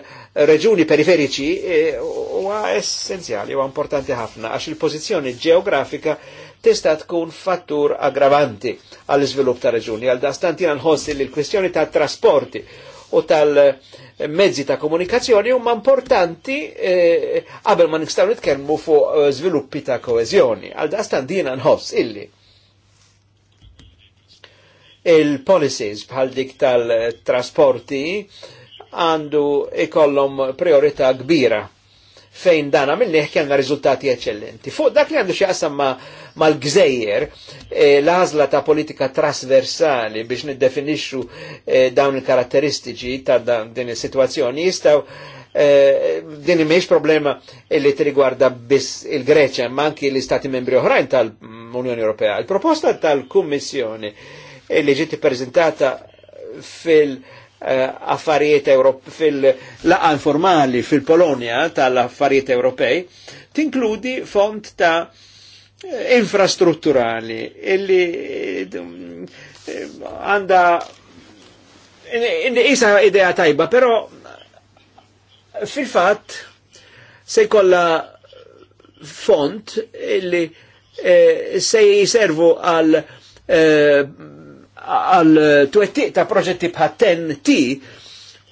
reġuni periferiċi huwa essenzjali u importanti ħafna għax il pozizjoni ġeografika tista' tkun fattur aggravanti għall iżvilupp ta' reġuni. Għal dastantina nħossi li l kwistjoni ta' trasporti u tal-mezzi ta' komunikazzjoni huma importanti eh, qabel eh, ma nistgħu nitkellmu fuq eh, żviluppi ta' koeżjoni. Għal dastantina nħoss illi il-policies bħal dik tal-trasporti għandu ikollhom priorità kbira fejn dana mill-liħ eh, kien rizultati eccellenti. Fuq dak li għandu xieqsam ma, mal-gżejjer, eh, l-għazla ta' politika trasversali biex niddefinixxu eh, dawn il-karatteristiċi ta' din is situazzjoni jistaw eh, din imiex problema li triguarda biss il-Greċja, ma anki l-Istati membri oħrajn tal-Unjoni Ewropea. Il-proposta tal-Kummissjoni li ġiti prezentata fil- Eh, affarijiet fil-laqa informali fil-Polonia tal-affarijiet Ewropej, tinkludi font ta' infrastrutturali illi eh, għanda isa idea tajba, però fil-fat se jkolla font illi eh, se jiservu għal għal twettiq ta' proġetti ten ti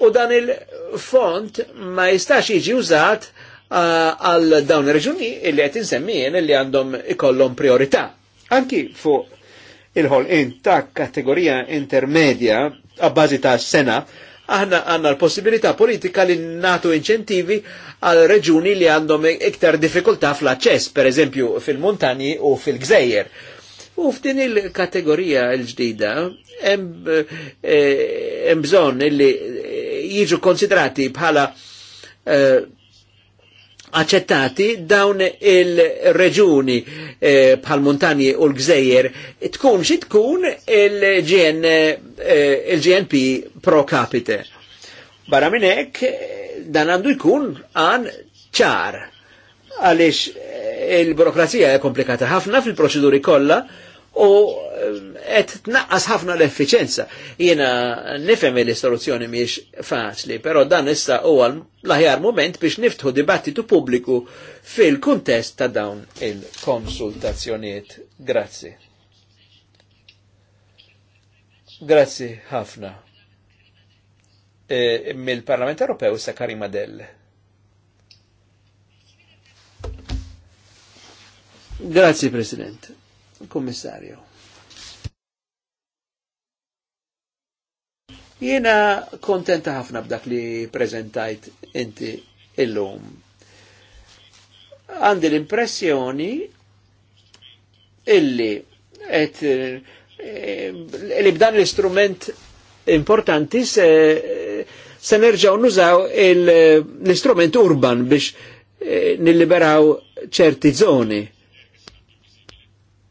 u dan il-font ma jistax jiġi użat għal dawn il reġuni illi qed insemmijien illi għandhom ikollhom priorità. Anki fuq il in ta' kategorija intermedja għabbażi ta' sena aħna għanna l-possibilità politika li natu inċentivi għal reġuni li għandhom iktar diffikultà fl-aċċess, per eżempju fil-montani u fil-gżejjer. U f'din il-kategorija l-ġdida hemm eh, bżonn li eh, jiġu konsidrati bħala eh, aċċettati accettati dawn il-reġuni bħal Montani u l-gżejjer tkun xi tkun il-GNP pro capite. Barra minn hekk dan għandu jkun għan ċar għaliex il-burokrazija hija komplikata ħafna fil-proċeduri kollha u qed eh, tnaqqas ħafna l efficienza Jiena nifhem li soluzzjoni miex faċli, però dan issa huwa l-aħjar moment biex niftħu dibattitu pubbliku fil-kuntest ta' dawn il-konsultazzjonijiet. Grazzi. Grazzi ħafna. E, Mill-Parlament Ewropew sa Karima Dell. Grazie President il-Kommissarju. Jena kontenta ħafna b'dak li prezentajt inti illum. Għandi l-impressjoni illi et, eh, li b'dan l-istrument importanti se, se nerġaw nużaw l-istrument urban biex eh, nilliberaw ċerti zoni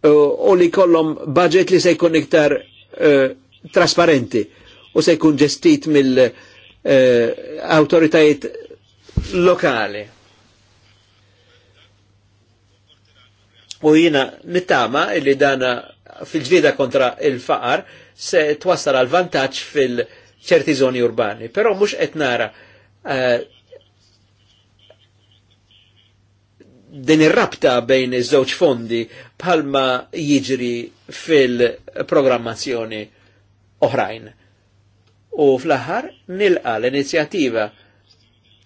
Eh, u li kollom budget li se jkun iktar eh, trasparenti u se jkun ġestit mill-autoritajiet eh, lokali. U jina nittama illi dana fil-ġlida kontra il-faqar se twassal għal vantaġġ fil-ċerti zoni urbani. Però mhux qed nara uh, din ir-rabta bejn iż-żewġ fondi bħalma jiġri fil-programmazzjoni oħrajn. U fl-aħħar nilqa l-inizjattiva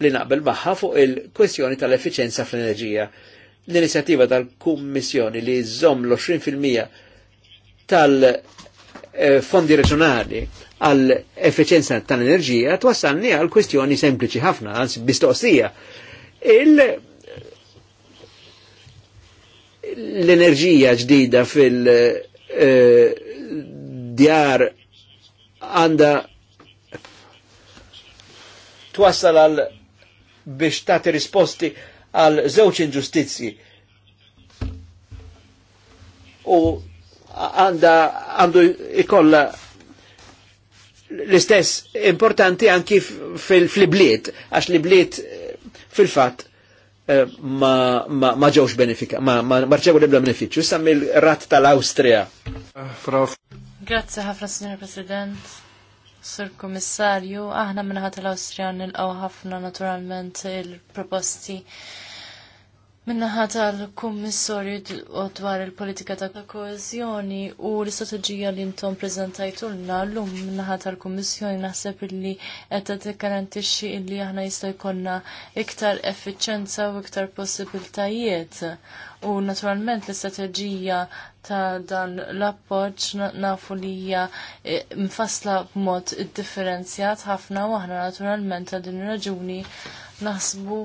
li naqbel magħha fuq il-kwestjoni tal-effiċenza fl-enerġija. L-inizjattiva tal-Kummissjoni li żomm l-20% tal-fondi reġjonali għall effiċjenza tal-enerġija twassalni għal kwestjoni sempliċi ħafna, għans bistoqsija l-enerġija ġdida fil-djar eh, għanda twassal għal biex tati risposti għal żewġ inġustizji U għanda għandu ikolla l-istess importanti anki fil-bliet, għax li bliet fil-fat Eh, ma, ma, ma ġewx benefika, ma, ma, ma rċevu libda beneficju. Sammi il-rat tal-Austria. Grazie ħafna, Signor President. Sur Kommissarju, aħna minnaħat tal-Austria nil ħafna naturalment il-proposti Minnaħa tal-Kummissarju dwar il-politika ta' koezjoni u l-istrateġija li intom prezentajtulna l-lum minnaħa tal-Kummissjoni naħseb illi qed tikkarantixxi li aħna jista' jkollna iktar effiċenza u iktar possibiltajiet. U naturalment l-istrateġija ta' dan l-appoġġ nafu li hija e, mfassla b'mod differenzjat ħafna u aħna naturalment ta' din ir-raġuni nasbu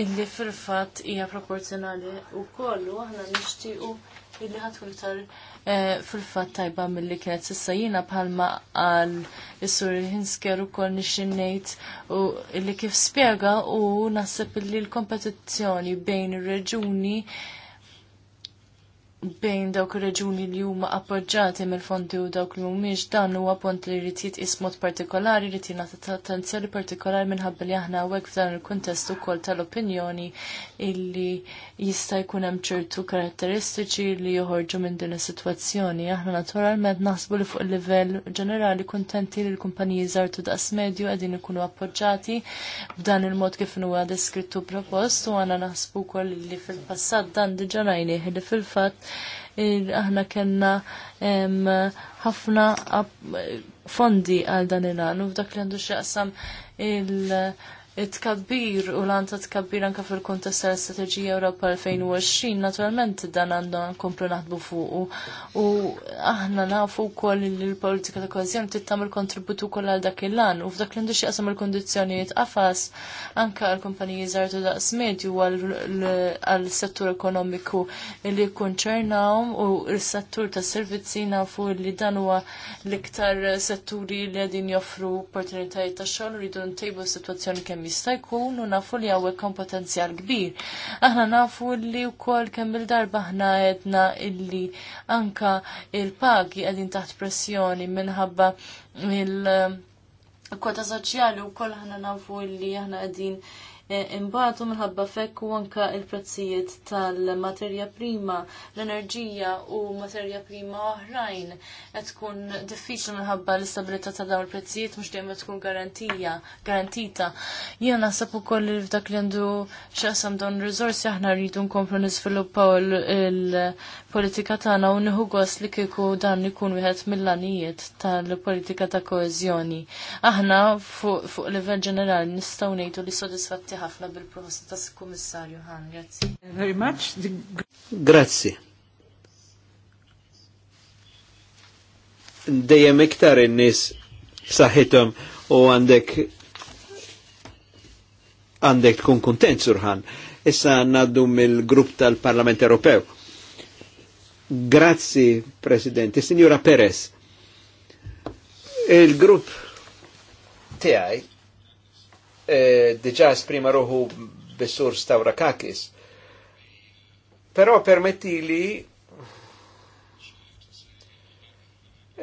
illi fil-fatt hija proporzjonali u kollu aħna nixtiequ illi ħatkun iktar eh, fil-fatt tajba mill-li kienet sissa jina bħalma għal is-sur Hinsker u koll nixinnejt u illi kif spiega u nasib illi l-kompetizzjoni bejn ir-reġuni bejn dawk ir li huma appoġġjati mill-fondi u dawk li mhumiex dan huwa pont li rrid jitqis mod partikolari li jingħata attenzjoni partikolari minħabba li aħna hawnhekk f'dan il-kuntest ukoll tal-opinjoni illi jista' jkun hemm ċertu karatteristiċi li joħorġu minn din is-sitwazzjoni. Aħna naturalment naħsbu li fuq il-livell ġenerali kuntenti li l-kumpaniji żartu daqs medju qegħdin ikunu appoġġjati b'dan il-mod kif huwa deskrittu propost u għana naħsbu wkoll li fil-passat dan diġa rajnieh li fil-fatt aħna kellna ħafna fondi għal dan il-għan u f'dak li għandu xaqsam il- it-kabbir u l t tkabbir anka fil-kontest tal-Strategija Ewropa 2020, naturalment dan għandu nkomplu naħdbu fuqu. U aħna nafu wkoll li l-politika ta' kohezjoni tittam il-kontributu koll għal dak il-lan u f'dak l-indux jaqsam il kondizjoniet għafas anka għal-kumpaniji żartu daqs u għal-settur ekonomiku li konċernawhom u l-settur ta' servizzi nafu li dan huwa l-iktar setturi li għadin joffru opportunitajiet ta' xogħol u rridu ntejbu s-sitwazzjoni kemm jista' jkun u nafu li hawnhekk hemm potenzjal kbir. Aħna nafu li wkoll kemm il-darba aħna għedna illi anka il-pagi qegħdin taħt pressjoni minħabba il- Kota soċjali u koll ħana nafu li aħna qegħdin. E, imbagħtu minħabba fekk u anke il-prezzijiet tal-materja prima, l-enerġija u materja prima oħrajn qed tkun diffiċli minħabba l-istabilità ta' dawn il-prezzijiet mhux dejjem tkun garantija, garantita. Jiena naħseb ukoll li f'dak li għandu x'qasam dawn ir riżorsi aħna rridu nkomplu nisviluppaw il-politika tagħna u nieħu gost li kieku dan ikun wieħed mill-għanijiet tal-politika ta' koeżjoni. Aħna fuq livell ġenerali nistgħu ngħidu li sodisfatti Kuntenti ħafna bil-proposta tas kummissarju Han, grazzi. Very much. Grazzi. Dejjem iktar in-nies saħħithom u għandek għandek tkun kuntent surħan. Issa għandu mill-grupp tal-Parlament Ewropew. Grazzi, Presidente. Signora Perez, il-grupp tiegħi Eh, diġa esprima ruħu bis stawra kakis. Però permetti li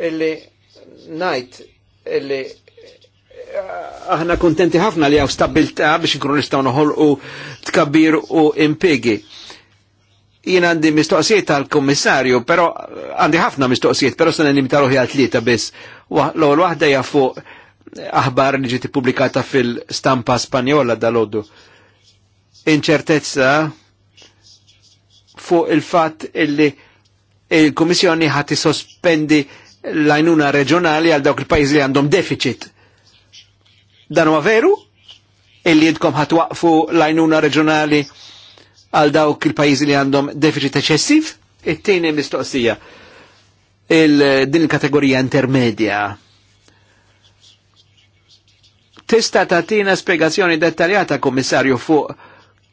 illi najt illi eh, aħna kontenti ħafna li għaw stabilta biex nkunu nistaw noħolqu tkabbir u impigi. Jien għandi mistoqsijiet tal-kommissarju, però għandi ħafna mistoqsijiet, però s-sena nimta ruħi għal-tlieta biss. l għol waħda jaffu fuq aħbar li ġiet pubblikata fil-stampa spanjola dal-oddu. Inċertezza fuq il-fatt illi il-Komissjoni ħati sospendi l-għajnuna reġjonali għal dawk il-pajjiż li għandhom deficit. Dan huwa veru? Illi jidkom ħatwaqfu l-għajnuna reġjonali għal dawk il-pajjiżi li għandhom deficit eċessiv? It-tieni mistoqsija. Il din il-kategorija intermedja Tista tatina spiegazzjoni dettaljata, Kommissarju, fuq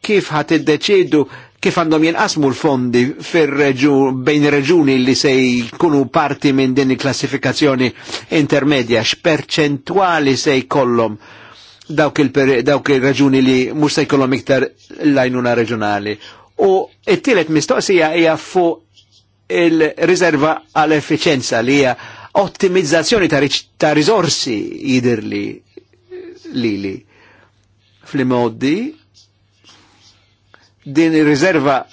kif ħat id-deċidu kif għandhom jenqasmu l-fondi bejn reġuni li se jkunu parti minn din il-klassifikazzjoni intermedja, x'perċentwali se jkollhom dawk il-raġuni li mhux se jkollhom iktar l-għajnuna reġunali. U it-tielet mistoqsija hija fuq il-riserva għall efficienza li hija ottimizzazzjoni ta' risorsi jidirli lili. Fl-modi din il riserva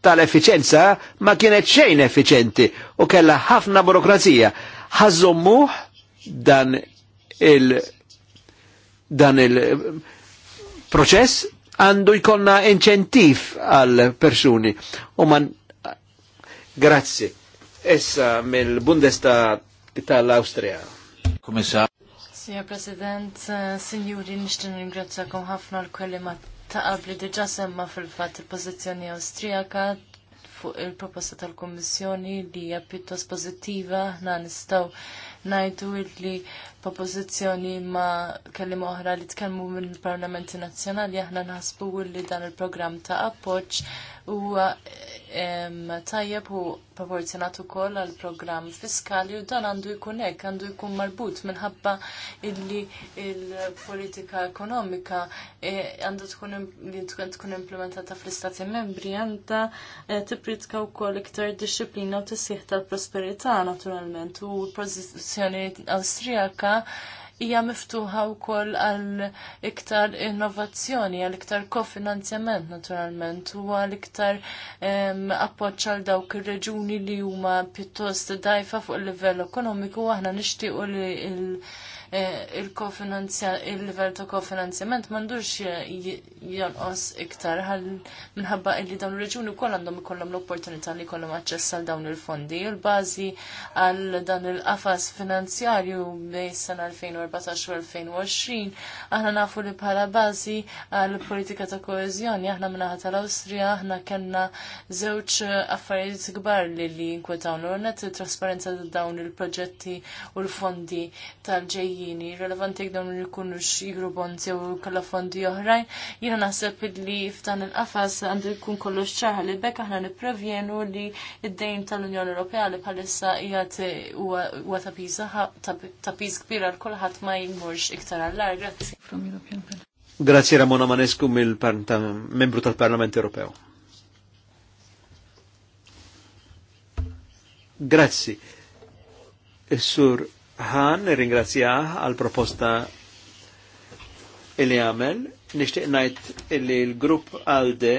tal-efficienza ma kienet xejn efficienti u kella ħafna burokrazija. Ħażommuh dan il- dan il-proċess għandu jkonna inċentif għal persuni. U man, grazzi, essa mill bundesta tal-Austria. Komissar. Sija President, eh, Sinjuri, nishtin kum ħafna l ma ta' qabli diġa semma fil-fat il-pozizjoni Awstrijaka fuq il-proposta tal-Kommissjoni li hija pjuttost pożittiva, ħna nistgħu ngħidu li propożizzjoni ma' kellim oħra li tkellmu mill-Parlamenti Nazzjonali aħna naħsbu li dan il-programm ta' appoġġ huwa tajjeb hu proporzjonat ukoll għal programm fiskali u dan għandu jkun hekk, għandu jkun marbut minħabba illi il-politika ekonomika e, għandu tkun implementata fl-istati membri għandha e, tipritka wkoll iktar disċiplina u tisjih tal-prosperità naturalment u l-pożizzjoni Awstrijaka hija miftuħa wkoll għal iktar innovazzjoni, għal iktar kofinanzjament naturalment u għal iktar appoġġ għal dawk ir-reġuni li huma pjuttost dajfa fuq il-livell ekonomiku aħna nixtiequ li il- Eh, il-level ta' kofinanzjament mandux jonqos iktar minħabba illi dawn il-reġuni kol għandhom ikollhom l-opportunità li kollhom aċċess għal dawn il-fondi. Il-bażi għal dan il-qafas finanzjarju bej sena 2014 u 2020 aħna nafu li bħala bażi għal politika ta' koeżjoni aħna minnaħa tal-Awstrija aħna kellna żewġ affarijiet kbar li li nkwetawnu net il-trasparenza ta' dawn il-proġetti u l-fondi tal-ġej jini, relevanti jek dawn kunu x-eurobonds jew kalla fondi oħrajn, jiena naħseb li f'dan il-qafas għandu jkun kollox ċaħ li bekk aħna niprevjenu li id-dejn tal-Unjoni Ewropea li bħalissa jgħat huwa ta' tapiz kbir għal kulħadd ma jimmurx iktar għallar. Grazie. Grazie Ramona Manescu, membru tal-Parlament Ewropew. Grazzi. il sur ħan ringrazzjah għal proposta li għamel, nishtiq najt li l-grupp għalde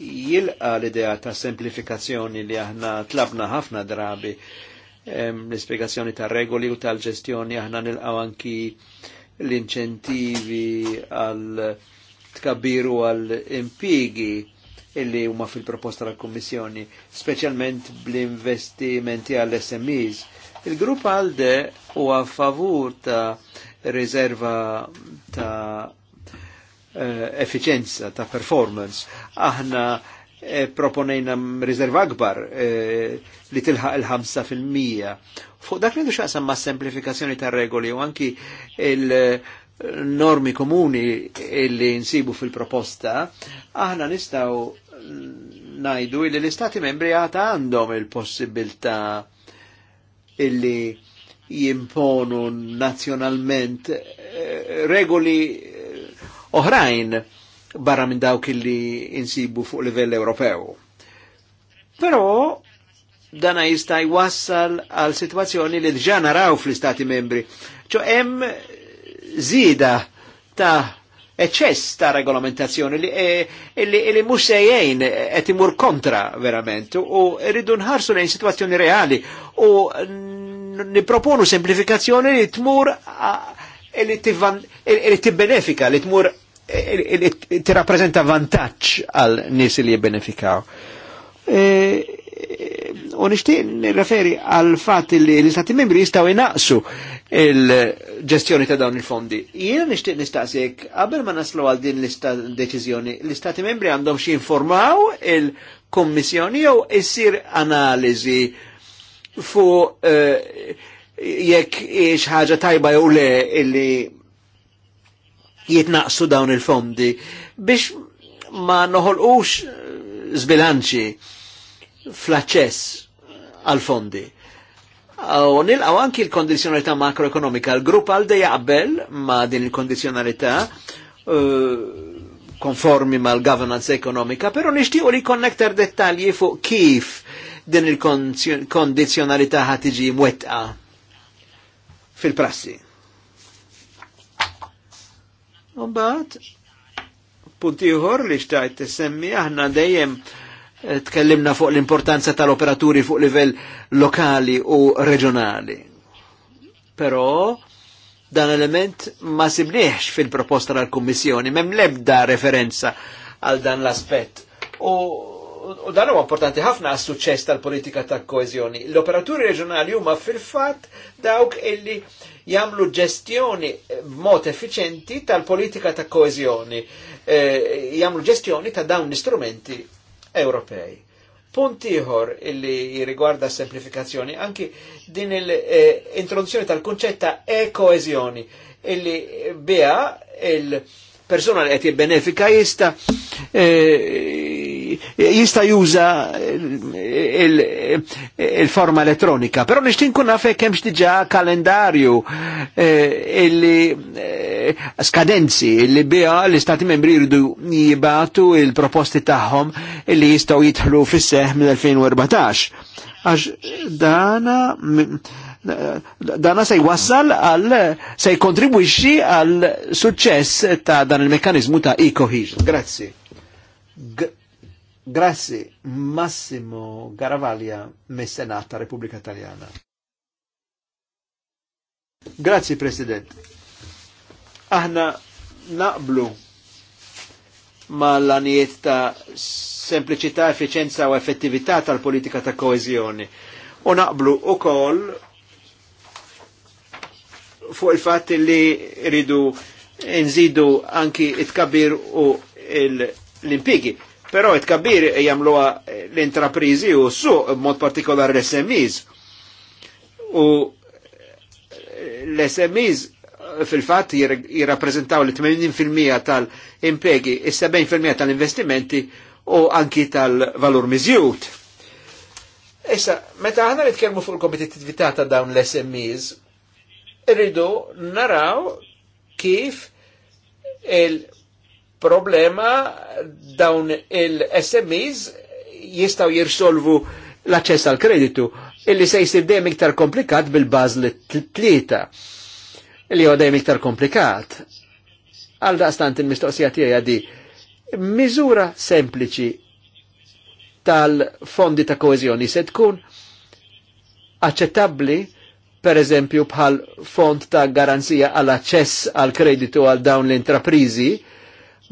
jilqa l-idea ta' semplifikazzjoni li aħna tlabna ħafna drabi l-ispiegazzjoni ta' regoli u tal-ġestjoni aħna nilqaw anki l-inċentivi għal tkabbiru għal impigi illi huma fil-proposta tal kummissjoni speċjalment bl-investimenti għall smes Il-grupp ALDE huwa favur ta' riserva ta' eh, efficienza, ta' performance. Aħna E proponejna riserva akbar e, li tilħaq il-5%. Fuq dak li xaqsam ma' semplifikazzjoni ta' regoli u anki il-normi komuni li nsibu fil-proposta, aħna nistaw najdu li l-istati membri għata għandhom il-possibilta illi jimponu nazjonalment eh, regoli eh, oħrajn barra minn dawk illi insibu fuq livell Ewropew. Però dana jista' jwassal għal situazzjoni li diġà naraw fl-Istati membri. ċo hemm zida ta' eċess ta' regolamentazzjoni li, e, li, li mux sejjajn et imur kontra verament u rridu nħarsu lejn situazzjoni reali u niproponu semplifikazzjoni li tmur li tibbenefika, li tmur li tirrapprezenta vantaġġ għal nies li jibbenefikaw. E, u nishtiq nirreferi għal fat li l-Istati membri jistaw jnaqsu il-ġestjoni ta' dawn il-fondi. Jiena nishtiq nistaqsik, qabel ma naslu għal din l-deċizjoni, l-Istati membri għandhom xie informaw il-Kommissjoni jew issir analizi fu e, jekk ix ħaġa tajba jew le illi jitnaqsu dawn il-fondi biex ma noħolqux zbilanċi fl-aċċess għal fondi. U nilqaw anki l-kondizjonalità makroekonomika. L-grupp għaldej jaqbel ma' din il-kondizjonalità uh, konformi mal governance ekonomika, pero nixtiequ li konnektar dettalji fuq kif din il-kondizjonalità ħatiġi mwetqa fil-prassi. Umbat, uħor li xtajt t-semmi, aħna dejjem Eh, tkellimna fuq l-importanza tal-operaturi fuq livell lokali u reġjonali. Però dan element ma sibniex fil-proposta tal-Kummissjoni, mem lebda referenza għal dan l-aspett. U, u dan huwa importanti ħafna għas suċċess tal-politika ta' koezjoni. L-operaturi reġjonali huma fil-fatt dawk illi jagħmlu ġestjoni b'mod effiċenti tal-politika ta' koezjoni. E, eh, jamlu ġestjoni ta' dawn l-istrumenti Ewropej. Punt ieħor illi jirrigwarda semplifikazzjoni, anki din l-introduzzjoni eh, tal-kunċett ta' e-koezjoni, illi bija il-persona li qed jibbenefika jista' eh, jista juża il-forma elettronika. Però nixtin kun nafek hemm diġà kalendarju eh, illi eh, skadenzi illi biha l-Istati membri jridu jibatu il-proposti tagħhom illi jistgħu jitħlu fis mill-2014. Għax dana dana se jwassal għal se jkontribwixxi għal suċċess ta' dan il-mekkanizmu ta' e-cohesion. Grazzi. Grassi Massimo Garavaglia Messenata Repubblica Italiana. Grazie Italjana. Grazzi President. Aħna naqblu ma l-anijiet ta' sempliċità, efficienza u effettività tal-politika ta' koezjoni. U naqblu u koll fuq il-fat li ridu nżidu anki it-kabir u l-impigi. Però it kabir jamluwa l-intraprizi u su mod partikolar l-SMEs. U l-SMEs fil-fat jirrapprezentaw l-80% tal-impegi, il-70% tal-investimenti u anki tal-valur mizjut. Issa, meta ħana li nitkellmu fuq il kompetitività ta' dawn l-SMEs, rridu naraw kif il- problema dawn il-SMEs jistaw jirsolvu l-aċċess għal kreditu illi se jisir dejjem iktar komplikat bil-baż li tlieta li huwa dejjem iktar komplikat. Għal daqstant il-mistoqsija tiegħi di miżura sempliċi tal-fondi ta' koezjoni se tkun aċċettabbli per eżempju bħal fond ta' garanzija għal aċċess għal kreditu għal dawn l-intraprizi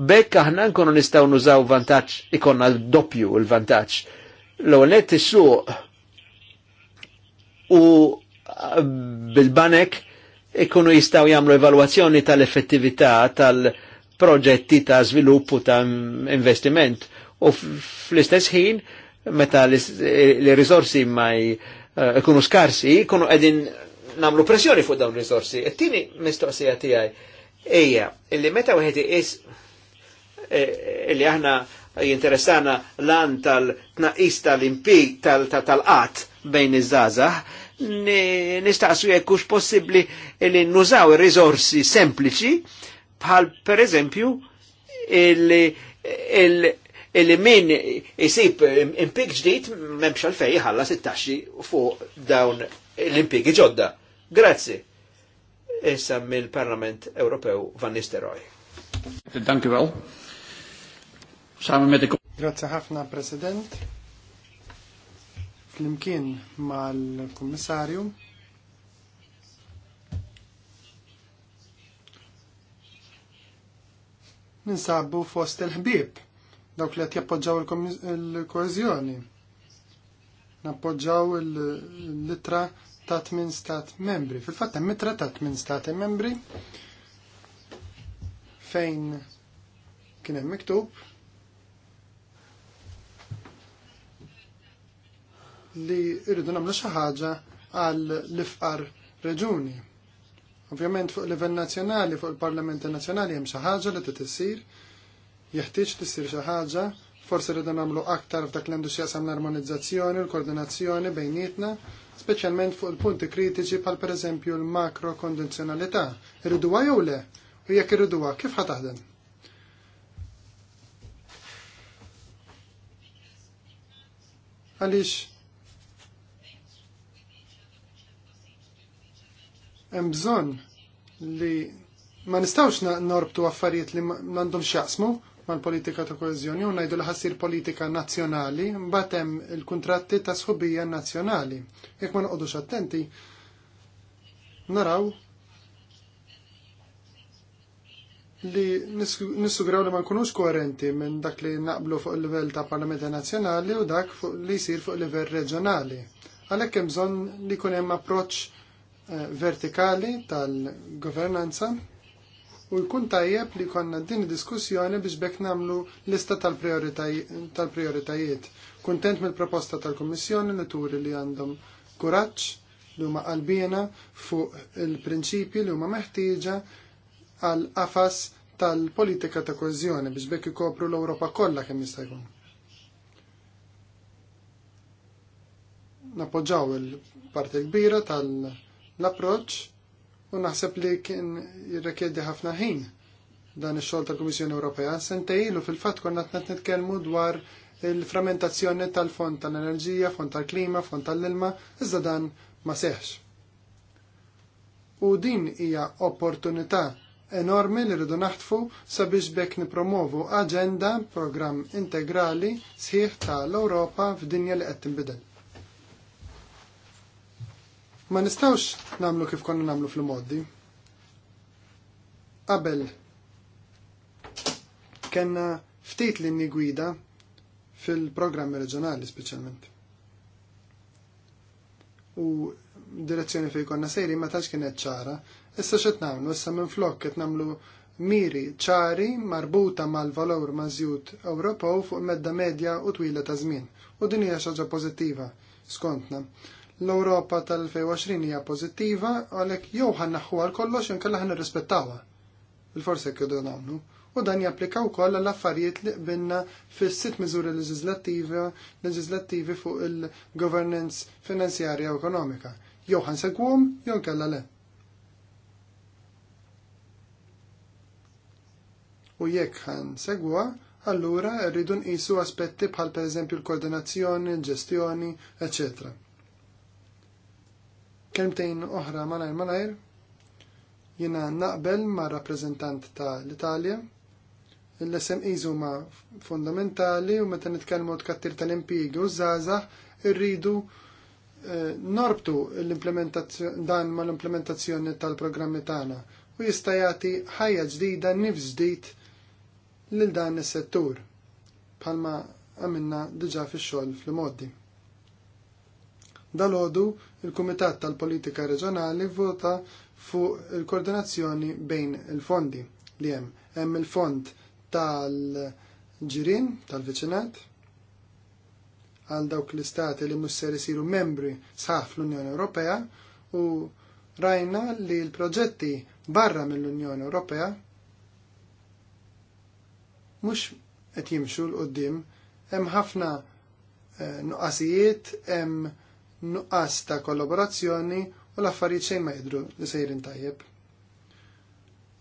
Bekk aħna nkunu nistgħu nużaw vantaġġ ikonna doppju l-vantaġġ. l għonet net is-suq u eh, bil-banek ikunu jistaw jamlu evaluazzjoni tal-effettività tal-proġetti ta' sviluppu ta' investiment u fl-istess ħin meta l-risorsi ma jkunu eh, skarsi, jkunu qegħdin namlu pressjoni fuq dawn l-risorsi. Et-tieni mistoqsija tiegħi Ejja, illi meta wieħed iqis E, e, li aħna jinteressana lan tal-tnaqis tal-impik tal-qat bejn iż-żazax, nistaqsu jekk hux possibbli li nużaw risorsi sempliċi bħal per eżempju illi min jisib impik ġdid memx għalfej jħalla 16 fuq dawn l-impik ġodda. Grazzi. Issa mill-Parlament Ewropew Van Nisteroj. Danki well. Grazie ħafna, President. Flimkien mal-Kummissarju. Ninsabu fost il-ħbib, dawk li jappoġġaw il-koezjoni. Nappoġġaw il-litra ta' tmin stat membri. Fil-fatt hemm mitra ta' tmin stat membri fejn kien hemm miktub li rridu nagħmlu xi ħaġa għal l-ifqar reġuni. Ovvjament fuq livell nazzjonali, fuq il-Parlamenti Nazzjonali hemm xi ħaġa li trid issir, jeħtieġ tissir xi ħaġa, forsi rridu nagħmlu aktar f'dak l-għandu x'jaqsam l-armonizzazzjoni, l-koordinazzjoni bejnietna, speċjalment fuq il-punti kritiċi bħal pereżempju l-makro kondizjonalità. Irriduha jew le? U jekk irriduha, kif ħa taħdem? Għaliex hemm bżonn li ma nistgħux norbtu affarijiet li m'għandhom x'jaqsmu mal-politika ta' koeżjoni u ngħidu li ħassir politika nazzjonali mbagħad hemm il-kuntratti ta' sħubija nazzjonali. Jekk ma noqogħdux attenti, naraw li nissugraw li ma nkunux koerenti minn dak li naqblu fuq il-livell ta' Parlamenti Nazzjonali u dak li jsir fuq il-livell reġjonali. Għalhekk hemm bżonn li jkun hemm approċċ vertikali tal-governanza u jkun tajjeb li konna din diskussjoni biex bekk namlu lista tal-prioritajiet. Kuntent mill-proposta tal-Kommissjoni li turi li għandhom kuraġġ li huma qalbina fuq il-prinċipji li huma meħtieġa għal qafas tal-politika ta' koeżjoni biex bekk ikopru l-Ewropa kollha kemm jista' jkun. Napoġġaw il-parti kbira tal- l-approċ u naħseb li kien jirrekjedi ħafna ħin dan ix-xogħol tal-Kummissjoni Ewropea. sentejlu ilu fil-fatt konna qed nitkellmu dwar il-frammentazzjoni tal-fond tal-enerġija, fond tal-klima, fond tal-ilma, iżda dan ma seħx. U din hija opportunità enormi li rridu naħtfu sabiex bekk nipromovu aġenda, programm integrali sħiħ tal-Ewropa f'dinja li qed tinbidel. Ma nistawx namlu kif konna namlu fil-moddi. Qabel kenna ftit li gwida fil-programmi reġjonali speċjalment. U direzzjoni fej konna sejri ma tax kienet ċara. Issa xet namlu, issa minn flok ket namlu miri ċari marbuta mal-valur mażjut Ewropew fuq medda medja u twila ta' żmien. U din hija xaġa pożittiva skontna l-Ewropa tal-2020 hija pożittiva għalhekk jew ħannaħħu għal kollox inkella ħan nirrispettawha. Il-forsi kidu nagħmlu. U dan japplika wkoll għall affarijiet li qbilna fis-sitt miżuri leġislattivi fuq il-governance finanzjarja u ekonomika. Jew ħansegwhom jew nkella le. u jekk ħan segwa, allura rridu nqisu aspetti bħal pereżempju l-koordinazzjoni, l-ġestjoni, eċetera. Kelmtejn oħra malajr malajr, jina naqbel ma' rappresentant ta' l-Italja, l-SMEs huma fundamentali u meta nitkellmu tkattir tal-impjiegi u żgħażagħ irridu eh, norbtu dan ma' l-implementazzjoni tal-programmi tagħna u jista' jagħti ħajja ġdida nifs ġdid lil dan is-settur bħalma għamilna diġà fix-xogħol fl-modi. Dalodu, il-Kumitat tal-Politika Reġjonali vota fuq il-koordinazzjoni bejn il-fondi li hemm. Hemm il-fond tal-ġirin, tal-viċinat, għal dawk l-istati li mhux ser isiru membri sħaħ fl-Unjoni Ewropea u rajna li l-proġetti barra mill-Unjoni Ewropea mhux qed jimxu l qudiem hemm ħafna eh, nuqqasijiet, hemm nuqqas ta' kollaborazzjoni u l-affarijiet xejn ma jidru li sejrin tajjeb.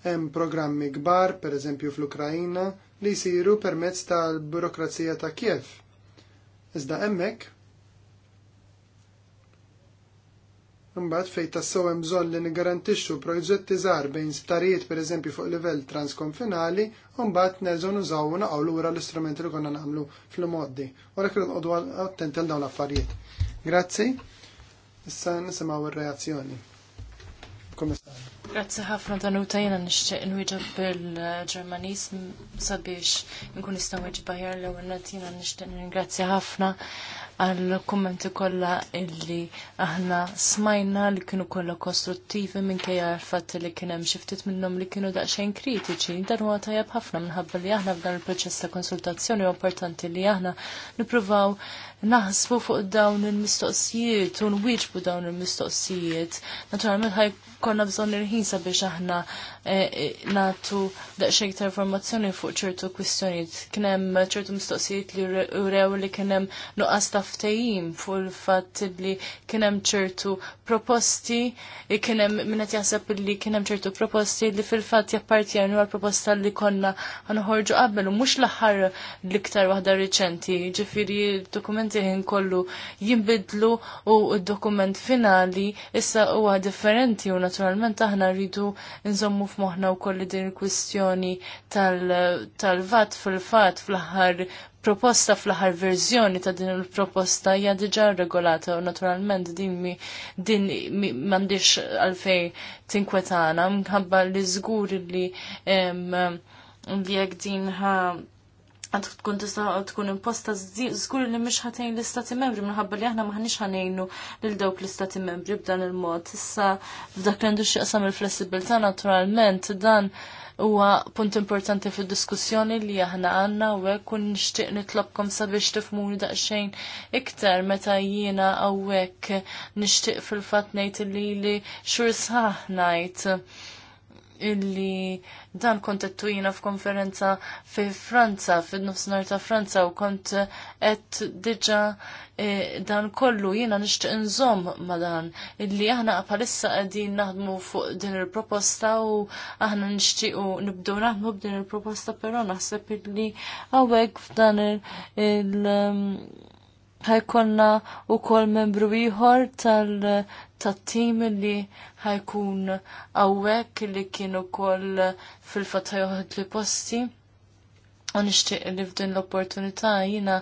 Hemm programmi kbar, pereżempju fl ukrajina li jsiru permezz tal-burokrazija ta' Kiev. Iżda hemmhekk Imbagħad fejn tassew hemm bżonn li niggarantixxu proġetti żgħar bejn sptarijiet pereżempju fuq livell transkonfinali, u mbagħad nerġgħu nużaw u naqgħu lura l-istrumenti li konna nagħmlu fl-modi. Wara kien nqogħdu attenti għal dawn l-affarijiet. Grazzi. Issa nisimgħu ir-reazzjoni. Komissarju. Grazzi ħafna dan u tajna nishtiq nwieġeb bil-Ġermanis sabiex nkun nista' nwieġeb aħjar l ewwel tina nixtieq ningrazzja ħafna għal-kommenti kollha illi aħna smajna li kienu kolla kostruttivi minkejja l-fatt li kien hemm xi ftit minnhom li kienu daqsxejn kritiċi. Dan huwa tajjeb ħafna minħabba li aħna f'dan il-proċess ta' konsultazzjoni importanti li aħna nippruvaw naħsbu fuq dawn il-mistoqsijiet u nwieġbu dawn il-mistoqsijiet. Naturalment ħaj konna bżon il sabiex biex aħna eh, eh, natu daqxejn ta' informazzjoni fuq ċertu kwistjonijiet. Kien hemm ċertu mistoqsijiet li urew li kien hemm nuqqas ta' ftehim fuq il-fatt li kien hemm ċertu proposti, kien hemm min qed jaħseb li kien hemm ċertu proposti li fil-fatt jappartjenu għal proposta li konna ħanħorġu qabel u mhux l-aħħar l-iktar waħda riċenti, ġifieri d-dokumenti ħin kollu jinbidlu u d-dokument finali issa huwa differenti u naturalment aħna rridu nżommu f'moħħna wkoll din il-kwistjoni tal-vat fil-fatt fl-aħħar proposta fl-aħħar verżjoni ta' din il-proposta hija diġà regolata u naturalment din mi din m'għandix għalfej tinkwetana minħabba li żgur li li jekk din ha għad tkun tista' tkun imposta żgur li mhix ħatejn l-istati membri minħabba li aħna maħniex ħanejnu lil dawk l-istati membri b'dan il-mod. Issa f'dak l-endu xieqsam il flessibilta naturalment dan huwa punt importanti fid-diskussjoni li aħna għandna u hekk u nixtieq nitlobkom sabiex tifmuni daqsxejn iktar meta jiena hawnhekk nixtieq fil-fatt ngħid li li xhur sħaħ ngħid illi dan kont jina f'konferenza fi Franza, fil-nofsinar ta' Franza u kont et diġa e, dan kollu jina nishtiq nżom ma dan illi aħna palissa għadin naħdmu fuq din il-proposta u aħna nishtiq u nibdu naħdmu b'din il-proposta pero naħseb illi għawek f'dan il ħajkonna u kol membru ieħor tal-tim li ħajkun għawek li kienu kol fil-fatħajuħet li posti. U nixtieq li f'din l-opportunità jiena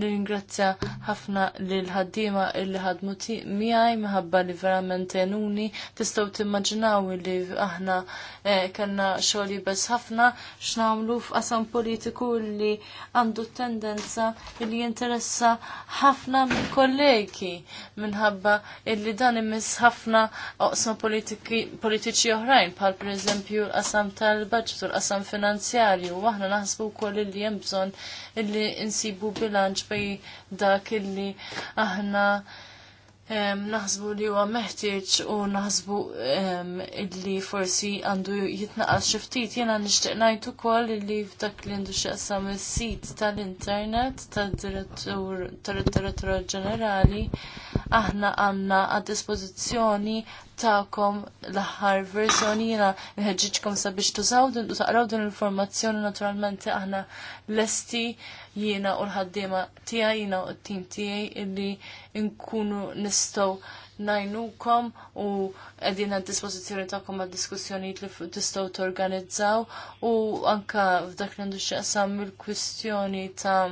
nirringrazzja ħafna lil ħaddiema li ħadmu miegħi minħabba li verament tenuni tistgħu timmaġinaw li aħna eh, kellna xogħol jibes ħafna x'nagħmlu f'qasam politiku li għandu tendenza li jinteressa ħafna minn kollegi minħabba illi dan imiss ħafna oqsma politiċi oħrajn bħal pereżempju l-qasam tal-budget u l-qasam finanzjarju u aħna naħsbu wkoll li li jemżon illi insibu bilanċ bej dak illi aħna naħsbu li huwa meħtieġ u naħsbu illi forsi għandu jitnaqas xi ftit jiena nixtieq ngħid ukoll li f'dak li għandu qasam is-sit tal-internet tad-direttur tal-direttura ġenerali aħna għandna għad-dispożizzjoni ta'kom l aħħar verżjoni jiena nħeġġiġkom sabiex tużaw din u taqraw din l-informazzjoni naturalment aħna lesti jiena u l-ħaddiema tiegħi jiena u t-tim tiegħi illi nkunu nistgħu najnukom u għedin għad dispozizjoni ta'kom għad diskussjoni li tistaw t-organizzaw u anka f'dak li għandu xaqsam il-kwistjoni ta'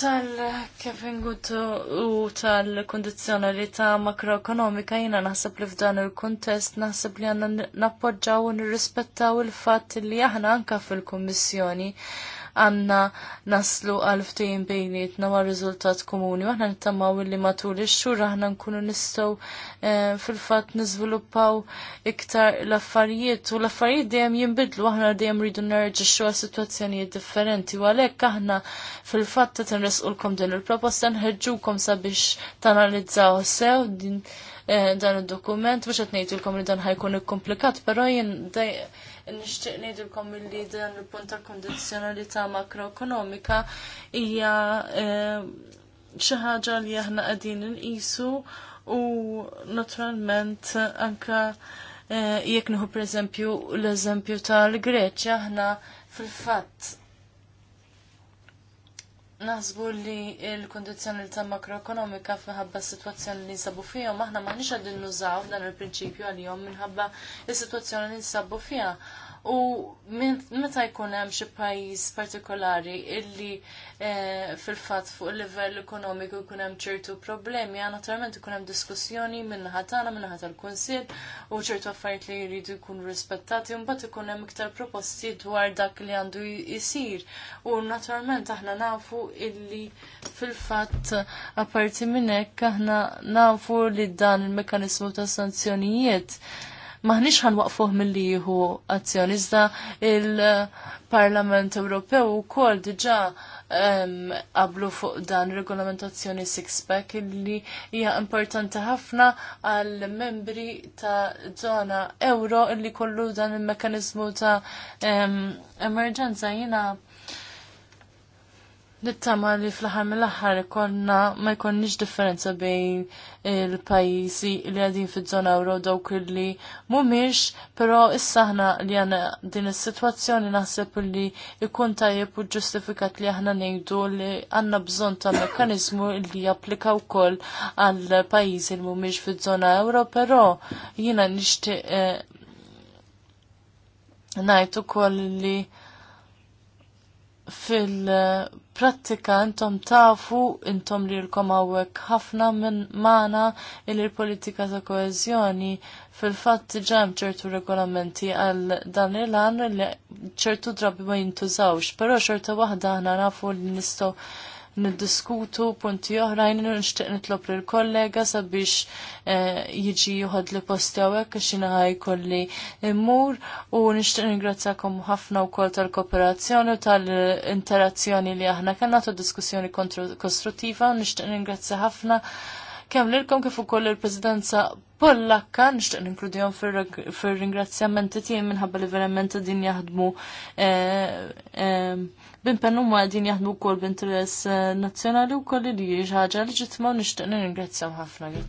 Tal-Kevin Gutu u tal-kondizjonalità makroekonomika jina naħseb li f'dan il-kontest naħseb li għanna nappoġġaw u nirrispettaw il-fat li aħna anka fil-Kommissjoni għanna naslu għal ftejn bejnietna ma' riżultat komuni. Aħna nittamaw li matul ix-xhur aħna nkunu nistgħu eh, fil-fatt niżviluppaw iktar l-affarijiet u l-affarijiet dejjem jinbidlu aħna dejjem rridu nerġixxu għal sitwazzjonijiet differenti u għalhekk aħna fil-fatt qed inresqulkom din il-proposta nħeġġukom sabiex tanalizzaw sew din eh, dan id-dokument biex qed ngħidulkom li dan ħajkun ikkomplikat, però jien nixtieq ngħidilkom milli dan il-punt ta' kondizzjonalità makroekonomika hija eh, xi ħaġa li aħna qegħdin inqisu u naturalment anke eh, jekk nieħu pereżempju l-eżempju tal-Greċja aħna fil-fatt naħsbu li l-kondizjoni ta' makroekonomika minħabba s-situazzjoni li nsabu fihom, aħna maħniex għadin nużaw dan il-prinċipju għalihom minħabba s-situazzjoni li nsabu fija u meta jkun hemm xi pajjiż partikolari illi eh, fil-fatt fuq il-livell ekonomiku jkun hemm ċertu problemi, għandna naturalment ikun hemm diskussjoni min-naħa tagħna minnaħa tal-Kunsill u ċertu affarijiet li jridu jkunu rispettati u mbagħad ikun hemm iktar proposti dwar dak li għandu jsir. U naturalment aħna nafu illi fil-fatt apparti minn hekk aħna nafu li dan il-mekkaniżmu ta' sanzjonijiet maħniex ħanwaqfuh milli jieħu jihu iżda il-Parlament Ewropew ukoll diġa għablu fuq dan regolamentazzjoni six-pack illi hija importanti ħafna għal membri ta' zona euro illi kollu dan il-mekanizmu ta' emerġenza jina Nittama li fl-ħar mill-ħar konna ma jkonniġ differenza bejn eh, il-pajjiżi li għadin fil-żona euro dawk li mumiex, però issa li għana din is-sitwazzjoni naħseb li jkun tajjeb u ġustifikat li aħna ngħidu li għandna bżonn ta' mekkaniżmu li japplika wkoll għal pajjiżi li mumiex fil-żona euro, però jiena nixtieq eh, ngħid ukoll li fil-prattika intom tafu intom li l-kom għawek ħafna minn mana il-politika ta' koezjoni fil-fat ġem ċertu regolamenti għal dan il-għan li ċertu drabi ma jintużawx, pero ċerta wahda ħna nafu li nistow niddiskutu punti oħrajn u nixtieq nitlob lill kollega sabiex eh, jiġi joħod li posti hawnhekk għax jiena kolli immur u nixtieq ningrazzakom ħafna wkoll tal-kooperazzjoni u tal-interazzjoni li aħna kellna ta' diskussjoni kostruttiva u nixtieq ningrazzja ħafna kemm lilkom kif ukoll il-Presidenza Pollakka nixtieq ninkludihom fir-ringrazzjamenti tiegħi minħabba li verament din jaħdmu eh, eh, Bin huma qegħdin jaħdmu wkoll b'interess eh, nazzjonali wkoll li ġaġa ħaġa leġitma u nixtieq ringrazzjaw ħafna.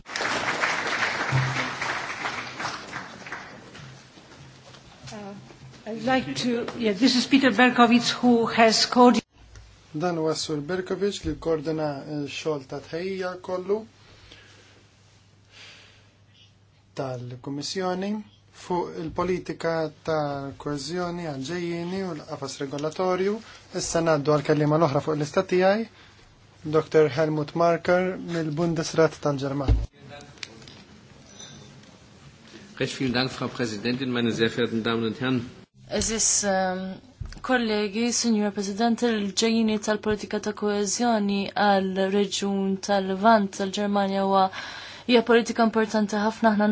Uh, I'd like to, yeah, this is Peter who has Dan huwa Sur Berkovic li koordina eh, xogħol ta' tħejja kollu tal-Kummissjoni fuq il-politika ta' kohezjoni għalġejjini u l-qafas regolatorju. Issa naddu għal-kellima l-oħra fuq l għaj, Dr. Helmut Marker mill-Bundesrat tal ġermani Recht vielen Dank, Frau Präsidentin, meine sehr verehrten Damen und Herren. Es ist ähm, kollegi, Signor President, il-ġejjini tal-politika ta' koezjoni għal reġun tal-Vant tal-Ġermanja huwa hija politika importanti ħafna aħna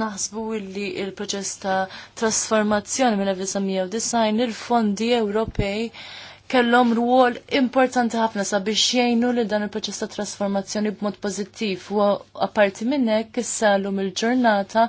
naħsbu illi il-proċess ta' trasformazzjoni minn 1990 il-fondi Ewropej kellhom rwol importanti ħafna sabiex jgħinu li dan il-proċess ta' trasformazzjoni b'mod pożittiv u apparti minn hekk issa il-ġurnata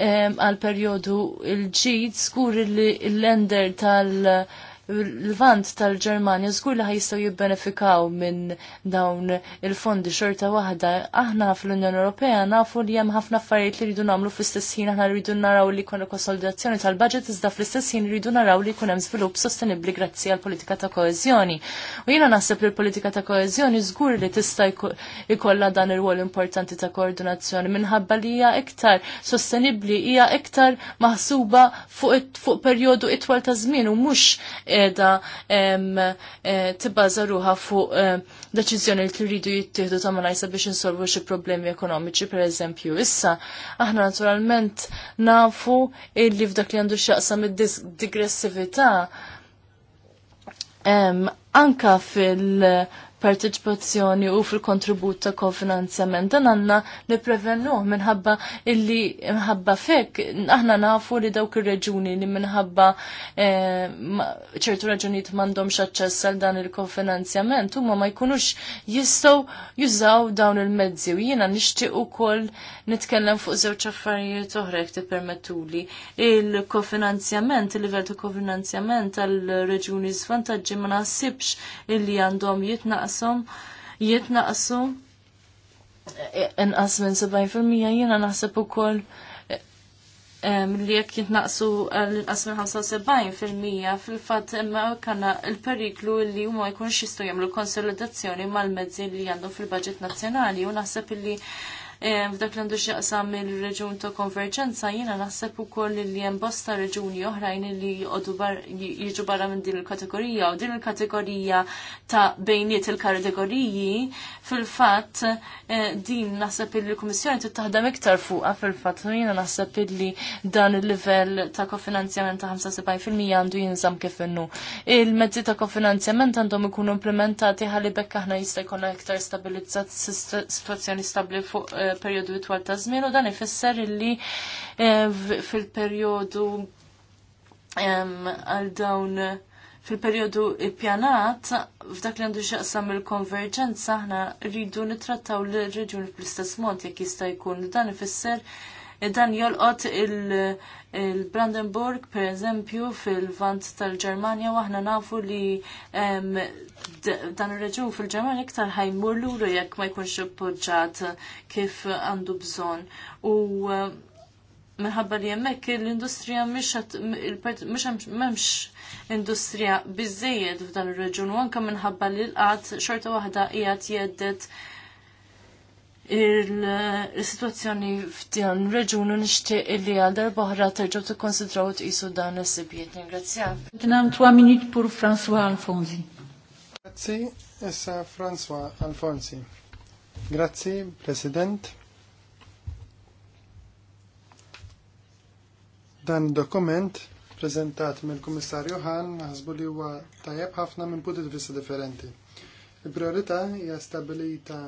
għal perjodu il-ġid skur li l-lender tal- l-vant tal-Ġermanja żgur li ħajistaw jibbenefikaw minn dawn il-fondi xorta waħda. Aħna fl-Unjoni Ewropea nafu li hemm ħafna affarijiet li rridu nagħmlu fl-istess ħin aħna rridu naraw li jkun konsolidazzjoni tal-budget iżda fl-istess ħin rridu naraw li jkun hemm żvilupp sostenibbli grazzi għall politika ta' koeżjoni. U jiena naħseb li l-politika ta' koeżjoni żgur li tista' jkollha dan ir-rwol importanti ta' koordinazzjoni minħabba li hija iktar sostenibbli hija iktar maħsuba fuq, fuq perjodu itwal ta' żmien u mhux e, edha eh, tibbaza ruha fuq eh, deċiżjoni li rridu jittieħdu ta' malajsa biex insolvu xi problemi ekonomiċi pereżempju. Issa aħna naturalment nafu illi f'dak li għandu x'jaqsam id-digressività anka fil- partiċipazzjoni u fil-kontribut ta' kofinanzjament. Dan għanna niprevennuh minħabba illi minħabba fek, aħna nafu li dawk ir-reġuni li minħabba eh, ċertu eh, raġunijiet m'għandhomx aċċess għal dan il-kofinanzjament huma ma jkunux jistgħu jużaw dawn il-mezzi u jiena nixtieq ukoll nitkellem fuq żewġ affarijiet oħra jekk tippermettuli. Il-kofinanzjament, il-livell ta' kofinanzjament tal-reġuni żvantaġġi ma naħsibx illi għandhom jitnaq jinqasom jitnaqsu e, inqas minn 70% jiena naħseb ukoll e, li jekk jitnaqsu għall inqas minn 75% fil-fatt imma kanna il-periklu li huma jkunx jistgħu jagħmlu konsolidazzjoni mal-mezzi li għandhom fil-baġġett nazzjonali u naħseb illi Eh, f'dak li għandu xieqsam il-reġun ta' konverġenza jiena naħseb ukoll li hemm bosta reġuni oħrajn li jiġu barra minn din il-kategorija u din il-kategorija ta' bejniet il-kategoriji fil-fatt eh, din naħseb il-Kummissjoni tittaħdem iktar fuqha fil-fatt jiena naħseb illi dan il-livell ta' kofinanzjament ta' 75% għandu jinżam kif innu. Il-mezzi ta' kofinanzjament għandhom ikunu implementati għalli bekk aħna jista' jkollna iktar stabilizzat situazzjoni stabbli fuq eh, perjodu twal ta' żmien u dan ifisser illi eh, fil-perjodu għal dawn fil-perjodu ippjanat f'dak li għandu xaqsam il-konverġenza aħna rridu nittrattaw l-reġjuni fl-istess mod jekk jista' jkun dan ifisser eh, dan jolqot il- il-Brandenburg, per eżempju, fil-vant tal-Germania, waħna nafu li em, dan il-reġun fil-Germania iktar ħajmur l jekk ma jkunx poġġat kif għandu bżon. U minħabba li jemmek l-industrija memx industrija bizzejed f'dan il-reġun, u anka minħabba li l-qat xorta waħda jgħat jeddet il-situazzjoni f'dan reġunu nixtieq li għal darbohra konsidraw t isu dan is sibiet Ningrazzjak. Tinam tua minit pur François Alfonsi. Grazzi, essa François Alfonsi. Grazzi, President. Dan dokument prezentat mill-Kummissarju Hahn naħsbu li huwa tajjeb ħafna minn punti vista differenti. Il-priorità hija stabilita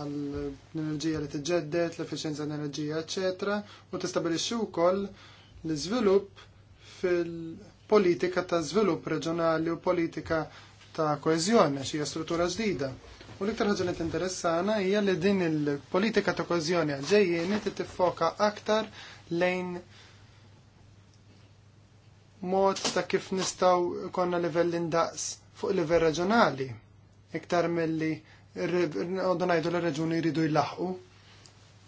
għal l-enerġija li tiġġedded, l-efficienza enerġija, eċetera, u tistabilixxi wkoll l-iżvilupp fil-politika ta' żvilupp reġjonali u politika ta' koeżjoni xi hija struttura ġdida. U l-iktar ħaġa li tinteressana hija li din il-politika ta' koeżjoni ġejjieni tifoka aktar lejn mod ta' kif nistgħu konna livell indaqs fuq livell reġjonali iktar mill-li donajdu l reġuni jridu jlaħqu.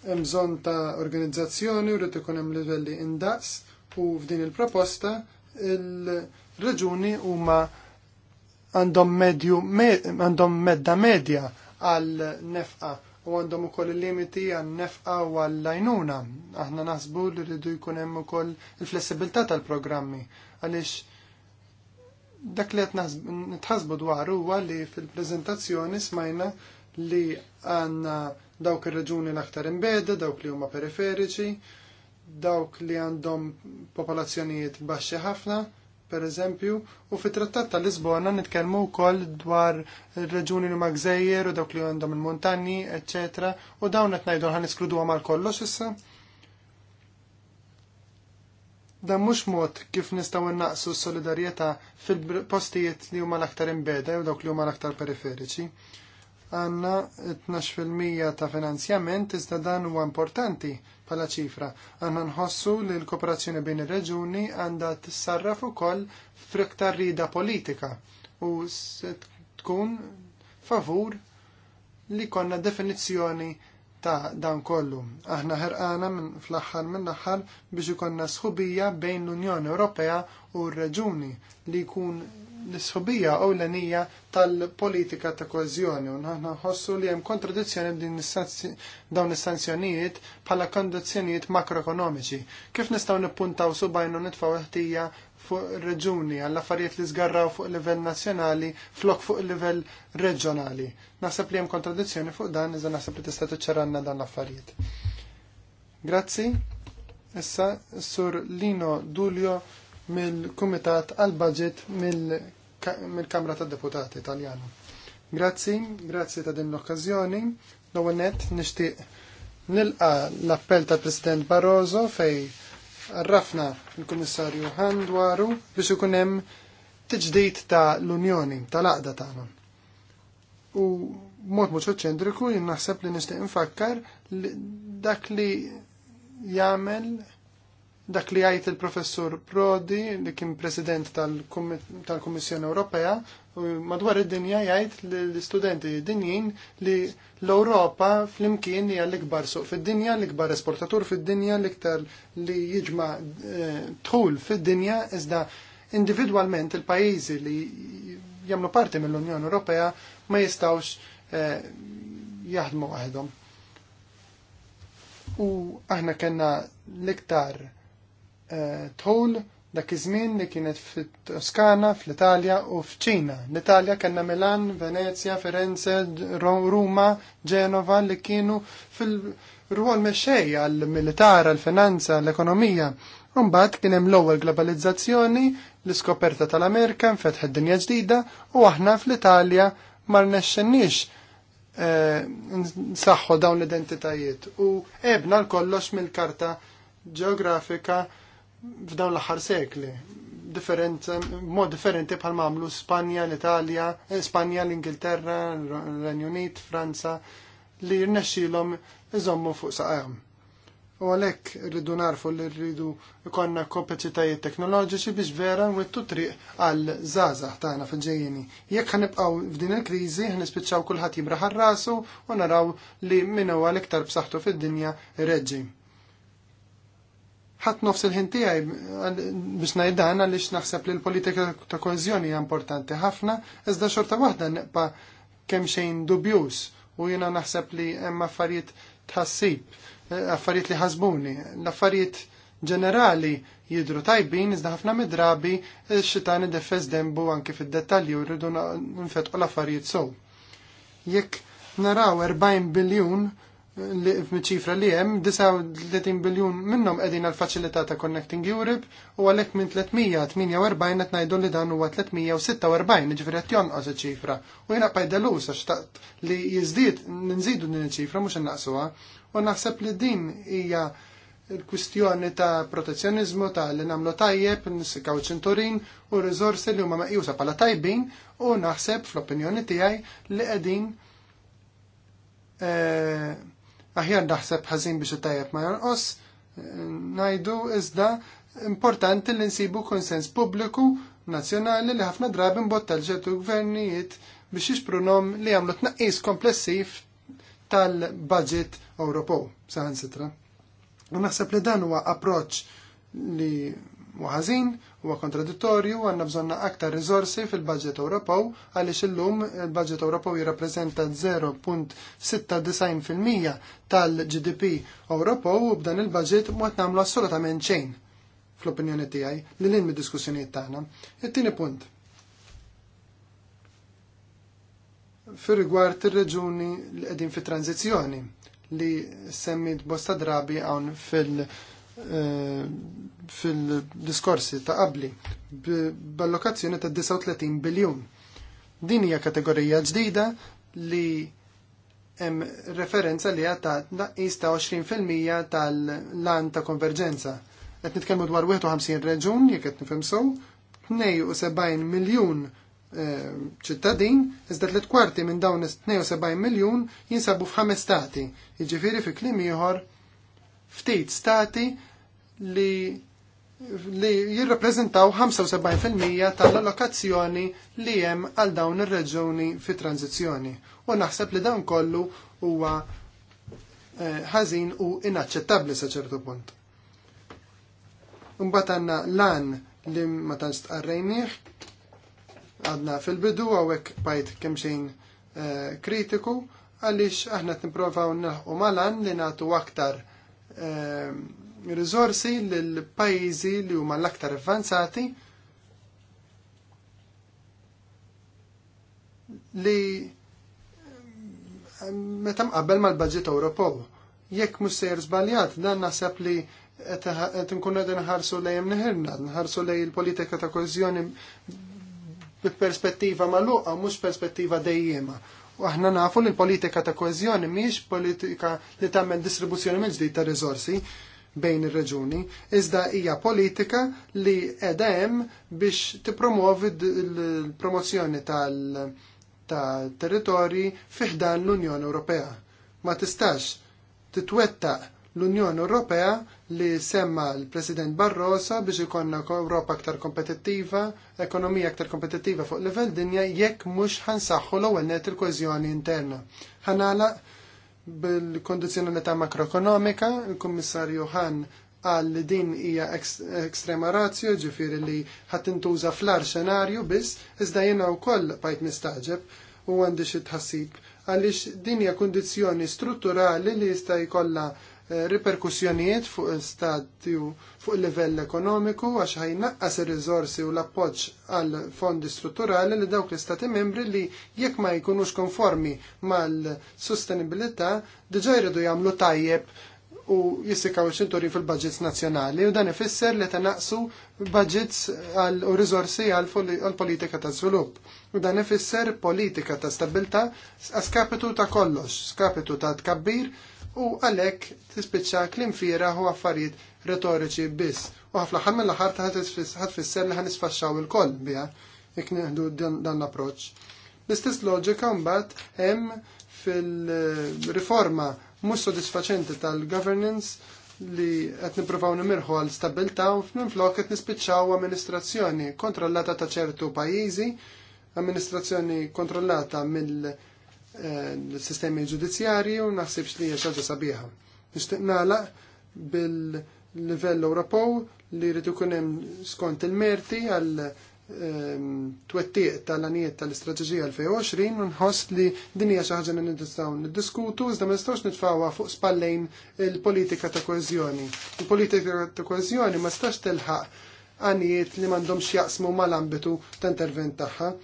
Hemm bżonn ta' organizzazzjoni u rritu kunem hemm livelli indaqs u f'din il-proposta il-reġuni huma għandhom medju għandhom medda medja għal nefqa u għandhom ukoll il-limiti għan nefqa u għall-lajnuna. Aħna naħsbu li rridu jkun hemm ukoll il-flessibilità tal-programmi għaliex Dak li qed nitħasbu dwar huwa li fil-preżentazzjoni smajna li għandna dawk ir-reġuni l-aktar imbeda, dawk li huma periferiċi, dawk li għandhom popolazzjonijiet baxxi ħafna, per eżempju, u fit-trattat tal Lisbona nitkellmu wkoll dwar ir-reġuni li magżejjer u dawk li għandhom il-muntanni, eċċetera, u dawn qed ngħidu ħan iskludu għal kollox issa. Dan mhux mod kif nistgħu innaqsu s-solidarjetà fil-postijiet li huma l-aktar imbeda u dawk li huma l-aktar periferiċi. Għanna 12% ta' finanzjament iżda dan huwa importanti bħala ċifra. Għanna nħossu li l-kooperazzjoni bejn ir-reġuni għandha tissarraf ukoll friktar rida politika u tkun favur li konna definizzjoni ta' dan kollu. Aħna ħerqana minn fl-aħħar minn aħħar biex ikonna sħubija bejn l-Unjoni Ewropea u r-Reġuni li jkun l-sħubija u l enija tal-politika ta' kozjoni. U aħna nħossu li hemm kontradizzjoni dawn is-sanzjonijiet bħala kondizzjonijiet makroekonomiċi. Kif nistgħu nippuntaw subajnu nitfgħu ħtija fuq reġuni għall affarijiet li żgarraw fuq livell nazzjonali flok fuq livell reġjonali. Naħseb li hemm kontradizzjoni fuq dan iżda naħseb li tista' tiċċaranna dan l-affarijiet. Grazzi. Issa sur Lino Dulio mill-Kumitat għal budget mill-Kamra tad Deputati Italjana. Grazzi, grazzi ta' din l-okkażjoni. l għonet nett nixtieq nilqa l-appell tal President Barroso fej Rafna il-Kummissarju Han dwaru biex ikun hemm tiġdid ta' l-Unjoni tal-aqda tagħna. U mod mhux ċentriku jien naħseb li nixtieq infakkar dak li jagħmel dak li għajt il-professur Prodi li kien president tal-Kommissjoni Ewropea madwar id-dinja jgħid l-istudenti dinjin li l-Ewropa fl-imkien hija l-ikbar suq fid-dinja, l-ikbar esportatur fid-dinja, l-iktar li jiġma eh, tħul fid-dinja iżda individwalment il-pajjiżi li jagħmlu parti mill-Unjoni Ewropea ma jistgħux eh, jaħdmu waħedhom. U aħna kellna l-iktar tħul dak iż-żmien li kienet fit-Toskana, fl-Italja u f'Ċina. L-Italja kellna Milan, Venezia, Firenze, Ruma, Genova li kienu fil-rwol mexxej għall-militar, għall-finanza, l-ekonomija. Mbagħad kien hemm l-ewwel globalizzazzjoni, l-iskoperta tal-Amerika id dinja ġdida u aħna fl-Italja ma rnexxenniex eh, nsaħħu dawn l-identitajiet u ebna l-kollox mill-karta ġeografika f'dawn l-aħħar sekli, differenza, mod differenti bħal mamlu Spanja, l-Italja, eh, Spanja, l-Ingilterra, l-Renju Unit, Franza, li jirnexxilhom iżommu fuq saqajhom. U għalhekk rridu narfu li rridu jkollna kompetitajiet teknoloġiċi biex vera nwittu triq għal żgħażagħ tagħna fil-ġejjeni. Jekk ħanibqgħu f'din il-kriżi ħnispiċċaw kulħadd jibraħ rasu u naraw li min huwa l-iktar b'saħħtu fid-dinja reġġi ħat nofs il-ħin tiegħi biex ngħid dan għaliex naħseb li l-politika ta' koeżjoni hija importanti ħafna, iżda xorta waħda neqpa kemm xejn dubjuż u jiena naħseb li hemm affarijiet tħassib, eh, affarijiet li ħasbuni, l-affarijiet ġenerali jidru tajbin iżda ħafna midrabi x-xitan id defez dembu anki fid-dettalji u rridu nfetqu l-affarijiet sow. Jekk naraw 40 biljun ċifra li hemm 39 biljun minnhom qegħdin għal faċilità ta' Connecting Europe u għalhekk minn 348 qed ngħidu li dan huwa 346 ġifieri qed jonqos ċifra U jiena pajdalus sa' x'taqt li jiżdied nżidu din iċ-ċifra mhux innaqsuha u naħseb li din hija il-kwistjoni ta' protezzjonizmu ta' li namlu tajjeb, nisikaw ċinturin u rizorsi li huma meqjusa pala tajbin u naħseb fl-opinjoni tiegħi li qegħdin eh, aħjar daħseb ħażin biex tajjeb ma jonqos, ngħidu iżda importanti li nsibu konsens pubbliku nazzjonali li ħafna drabi mbottal ġetu gvernijiet biex jisprunom li jagħmlu tnaqqis komplessiv tal-budget Ewropew sitra. U naħseb li dan huwa approċċ li ħażin Huwa kontradittorju għandna bżonna aktar rizorsi fil-budget Ewropew għaliex illum il-budget Ewropew jirrappreżenta 0.69% tal-GDP Ewropew u b'dan il-budget mod nagħmlu assolutament xejn fl-opinjoni tiegħi li lin mid-diskussjonijiet tagħna. It-tieni punt. fir rigward ir-reġuni li qegħdin fit-tranzizzjoni li semmit bosta drabi hawn fil- E, fil-diskorsi ta' qabli b'allokazzjoni ta' 39 biljun. Din hija kategorija ġdida li hemm referenza li għata naqis ta' 20% tal-lan ta' konverġenza. Qed nitkellmu dwar 51 reġun jekk qed nifhem 72 miljun e, ċittadin, iżda tliet kwarti minn dawn 72 miljun jinsabu f'ħames stati, jiġifieri fi klim ieħor ftit stati li li jirrappreżentaw 75% tal-allokazzjoni li hemm għal dawn ir-reġuni fi tranzizzjoni. U naħseb li dawn kollu huwa eh, ħażin u inaċċettabbli sa ċertu punt. Imbagħad għandna lan li ma tantx tqarrejnieh, għadna fil-bidu għawek bajt xejn eh, kritiku għaliex aħna t-niprofaw naħu malan li nagħtu aktar Ehm, risorsi l-pajjiżi li huma l-aktar avvanzati li ehm, meta mqabbel mal-budget Ewropew. Jekk mhux se żbaljat, dan naħseb li qed inkunu qegħdin nħarsu lejn niħirna, nħarsu lejn il-politika ta' koeżjoni b'perspettiva magħluqa, mhux perspettiva dejjema. U aħna nafu li l-politika ta' koezjoni miex politika li tagħmel distribuzzjoni mill-ġdid ta' riżorsi bejn ir-reġuni, iżda hija politika li qiegħda hemm biex tippromovi l-promozzjoni tal-territorji fiħdan l-Unjoni Ewropea. Ma tistax titwettaq l-Unjoni Ewropea li semma l-President Barrosa biex ikonna Europa aktar kompetittiva, ekonomija aktar kompetittiva fuq livell dinja jekk mhux ħansaħħu l-ewwel net il-koeżjoni interna. Ħanala bil-kondizjonalità makroekonomika, il-Kummissarju Han għal li din hija ekstrema razzju, ġifiri li ħattintuża flar xenarju biss, iżda jena u koll pajt mistaġeb u għandi xi tħassib għaliex din hija kundizzjoni strutturali li jista' jkollha riperkussjonijiet fuq il-stadju fuq il-livell ekonomiku għax ħajnaqqas ir rizorsi u l-appoġġ għal fondi strutturali li dawk l-istati membri li jekk ma jkunux konformi mal-sostenibilità diġà jridu jagħmlu tajjeb u jissikaw xinturi fil-budgets nazjonali u dan ifisser li tanaqsu budgets għal u rizorsi għal politika ta' svilupp. U dan ifisser politika ta' stabilta skapitu ta' kollox, skapitu ta' tkabbir, u għalhekk tispiċċa klim fiera u affarijiet retoriċi biss. U ħafna ħan mill-aħħar ħatfisser li ħanisfaxxaw il-koll biha jekk nieħdu dan l-approċċ. L-istess loġika mbagħad hemm fil-riforma mhux sodisfaċenti tal-governance li qed nippruvaw nimirħu għal stabilta u f'minflok qed nispiċċaw amministrazzjoni kontrollata ta' ċertu pajjiżi, amministrazzjoni kontrollata mill- l-sistemi eh, ġudizzjarji u naħsibx li hija xaġa sabiħa. Nixtieq nagħlaq bil-livell Ewropew li jrid ikun hemm skont il-merti għal ehm, twettiq tal-anijiet tal-istrateġija 2020 u nħoss li din hija xi ħaġa li nistgħu niddiskutu iżda ma nistgħux nitfawha fuq spallejn il-politika ta' koeżjoni. Il-politika ta' koeżjoni ma stax tilħaq għanijiet li m'għandhomx jaqsmu mal-ambitu ta' intervent tagħha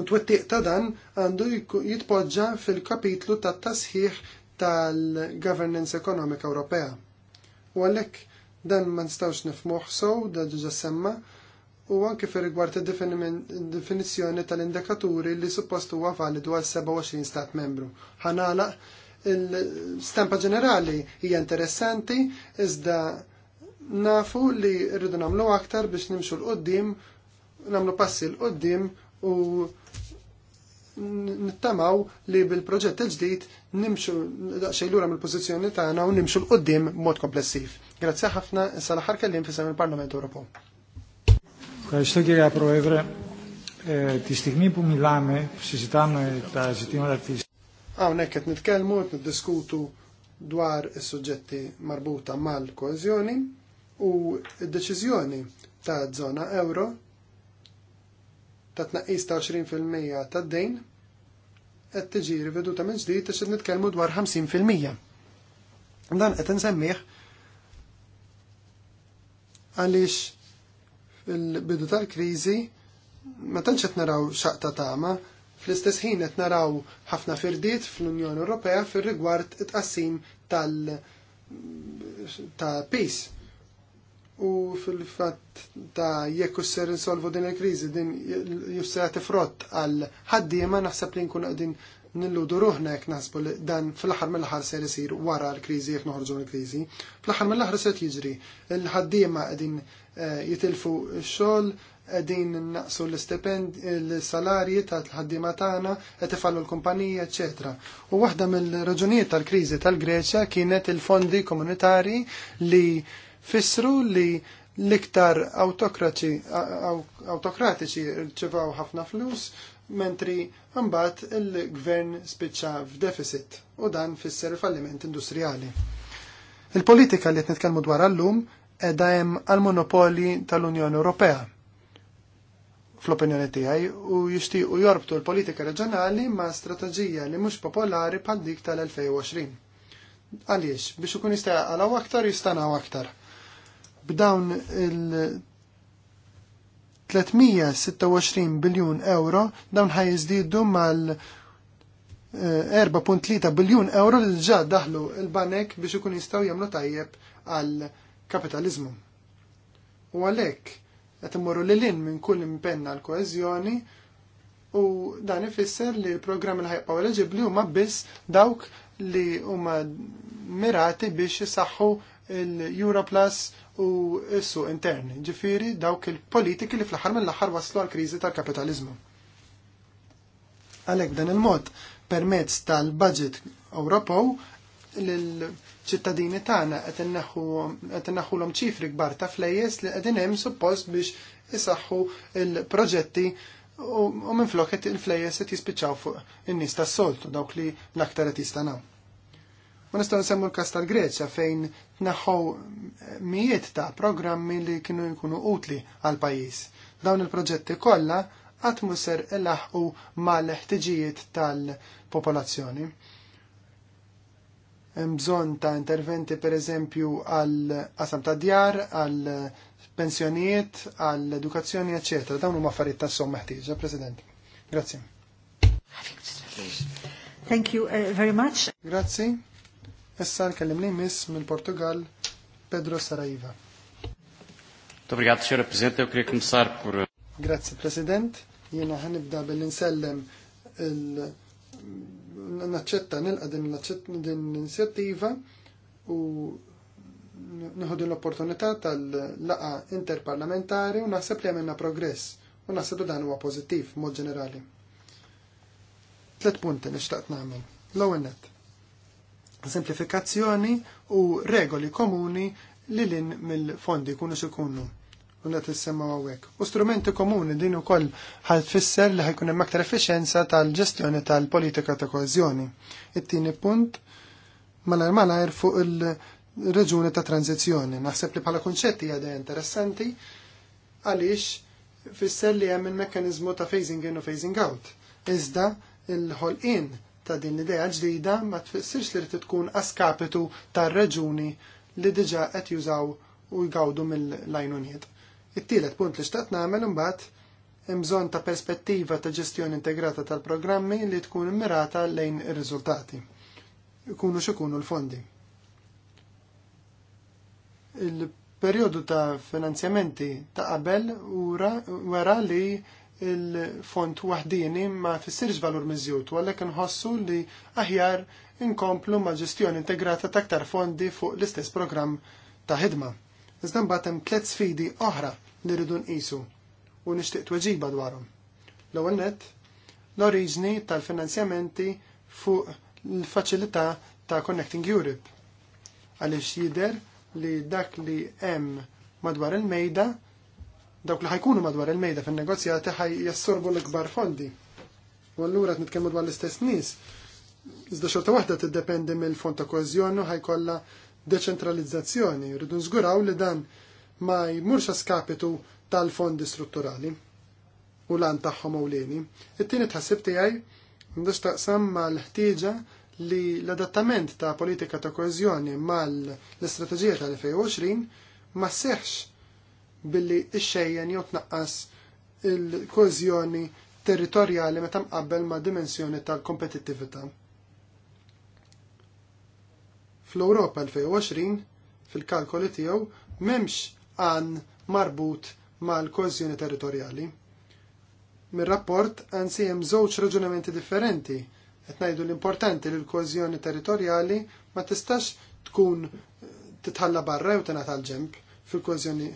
U twettiq ta' dan għandu jitpoġġa fil-kapitlu ta' tasħiħ tal-Governance Ekonomika Ewropea. U għalhekk dan ma nistawx nifmuħ sow, da ġuġa semma, u anke fir rigward id-definizzjoni tal-indikaturi li suppost huwa validu għal 27 stat membru. Ħanala il-stampa ġenerali hija interessanti, iżda nafu li rridu nagħmlu aktar biex nimxu l-qoddim, nagħmlu passi l-qoddim u nittamaw li bil-proġett il ġdijt nimxu daċxaj l lura mill pozizjoni taħna u nimxu l-qoddim mod komplessiv. Grazie ħafna ħarka l-aħħar fissam il-Parlament Europo. Ευχαριστώ κύριε Πρόεδρε. Ε, τη στιγμή που μιλάμε, συζητάμε τα ζητήματα της... Għawnek qed nitkellmu qed niddiskutu dwar is-suġġetti marbuta mal-koeżjoni u d-deċiżjoni ta' żona euro ta' tnaqqis ta' 20% ta' dejn qed tiġi riveduta minn ġdid biex nitkellmu dwar 50%. Dan qed insemmih għaliex fil-bidu tal-kriżi ma tantx qed naraw xaqta tama, fl-istess ħin qed naraw ħafna firdiet fl-Unjoni Ewropea fir-rigward it-qassim tal- ta' peace u fil-fatt ta' jekk ser insolvu din il-kriżi din jifsera tifrott għal ħaddiema naħseb li nkun qegħdin nilludu ruħna jekk naħsbu li dan fl-aħħar mill ħar ser isir wara l-kriżi jekk noħorġu l kriżi Fl-aħħar mill-aħħar se jiġri. l-ħaddi ħaddiema qegħdin eh, jitilfu x-xogħol, qegħdin naqsu l stipend l-salarji tal-ħaddiema tagħna, qed ifallu l-kumpanija, eċetera. U waħda mill-raġunijiet tal-kriżi tal-Greċja kienet il-fondi komunitari li fissru li l-iktar autokratiċi rċivaw ħafna flus, mentri mbagħad il-gvern spiċċa f'deficit u dan fisser falliment industrijali. Il-politika li qed nitkellmu dwar allum qiegħda hemm għall-monopoli tal-Unjoni Ewropea fl-opinjoni tiegħi u jixtiequ jorbtu l-politika reġjonali ma' strateġija li mhux popolari bħal dik tal-2020. Għaliex, biex ikun jista' jaqalaw aktar jistanaw aktar b'dawn il- 326 biljun euro dawn ħaj jizdiddu mal 4.3 eh, biljun euro li ġa daħlu il-banek biex ikun jistaw jamlu tajjeb għal kapitalizmu. U għalek, għet immorru li lin minn kull impenna l koezjoni u dan ifisser li l-programm li ħajqaw eleġibli huma biss dawk li huma mirati biex jisaxħu il-Europlus u issu su intern, ġifiri dawk il-politiki li fl-ħar mill-ħar waslu għal-krizi tal-kapitalizmu. Għalek dan il-mod, permezz tal-budget Ewropew, l-ċittadini tagħna qed inneħħulhom ċifri kbar ta' flejjes li qegħdin hemm suppost biex isaħħu il-proġetti u minflok qed il-flejjes qed jispiċċaw fuq in-nies tas-soltu dawk li l-aktar qed jistanaw. Ma nistgħu nsemmu l kas tal-Greċja fejn tneħħu mijiet ta' programmi li kienu jkunu utli għal pajjiż. Dawn il-proġetti kollha qatt muser ilaħqu mal-ħtiġijiet tal-popolazzjoni. Hemm bżonn ta' interventi pereżempju għal qasam ta' djar, għal pensjonijiet, għal edukazzjoni, ecc. Dawn huma affarijiet tas somma meħtieġa, President. Grazie. Thank you uh, very much. Grazie. Issa nkellim miss mill-Portugal Pedro Saraiva. Eh, Grazie, President. Jena ħanibda bil-insellem naċċetta nilqa din l-inizjattiva u nħodu l-opportunità tal-laqa interparlamentari u naħseb li għamilna progress u naħseb li dan huwa pożittiv mod ġenerali. Tlet punti nixtaqt nagħmel. L-ewwel nett semplifikazzjoni u regoli komuni li l-in mill-fondi kunu xikunu. Unna t-semma għawek. U strumenti komuni din ukoll ħal tfisser li ħajkun hemm aktar efficienza tal-ġestjoni tal-politika ta' koeżjoni. It-tieni punt malar malajr fuq il-reġuni ta' tranzizjoni. Naħseb li bħala kunċetti għadha interessanti għaliex fisser li hemm il-mekkaniżmu ta' phasing in u phasing out. Iżda il-ħolqien ta' din l-idea ġdida ma tfissirx li rrid tkun askapitu tar-reġuni li diġa' qed jużaw u jgawdu mill-lajnuniet. It-tielet punt li xtaqt nagħmel imbagħad hemm bżonn ta' perspettiva ta' ġestjoni integrata tal-programmi li tkun immirata lejn ir-riżultati. Ikunu x'ikunu l-fondi. Il-perjodu ta' finanzjamenti ta' qabel wara li il-font wahdini ma fissirx valur mizzjut, u għalhekk nħossu li aħjar inkomplu ma' ġestjoni integrata ta' fondi fuq l-istess programm ta' ħidma. Iżda mbagħad hemm tliet sfidi oħra li rridu nqisu u nixtieq tweġiba dwarhom. L-ewwel nett l-oriġni tal-finanzjamenti fuq l-faċilità ta' Connecting Europe. Għaliex jidher li dak li hemm madwar il-mejda dawk li ħajkunu madwar il-mejda fin-negozjati ħaj jassorbu l-ikbar fondi. U allura qed nitkellmu dwar l-istess nies. Iżda xorta waħda tiddependi mill-fond ta' ħaj ħajkollha deċentralizzazzjoni. Rridu nżguraw li dan ma jmurx skapitu tal-fondi strutturali u lan tagħhom ewlieni. It-tieni tħassib tiegħi ndax taqsam mal-ħtieġa li l-adattament ta' politika ta' kożjoni mal-istrateġija tal-2020 ma seħx billi xejjen jew tnaqqas il-kozjoni territorjali meta mqabbel ma' dimensjoni tal-kompetittività. Fl-Ewropa 2020 fil-kalkoli tiegħu m'hemmx għan marbut mal-kozjoni territorjali. Mir-rapport anzi hemm żewġ raġunamenti differenti qed ngħidu l-importanti li l-kozjoni territorjali ma tistax tkun titħalla barra jew tingħata l-ġemp fil-kozjoni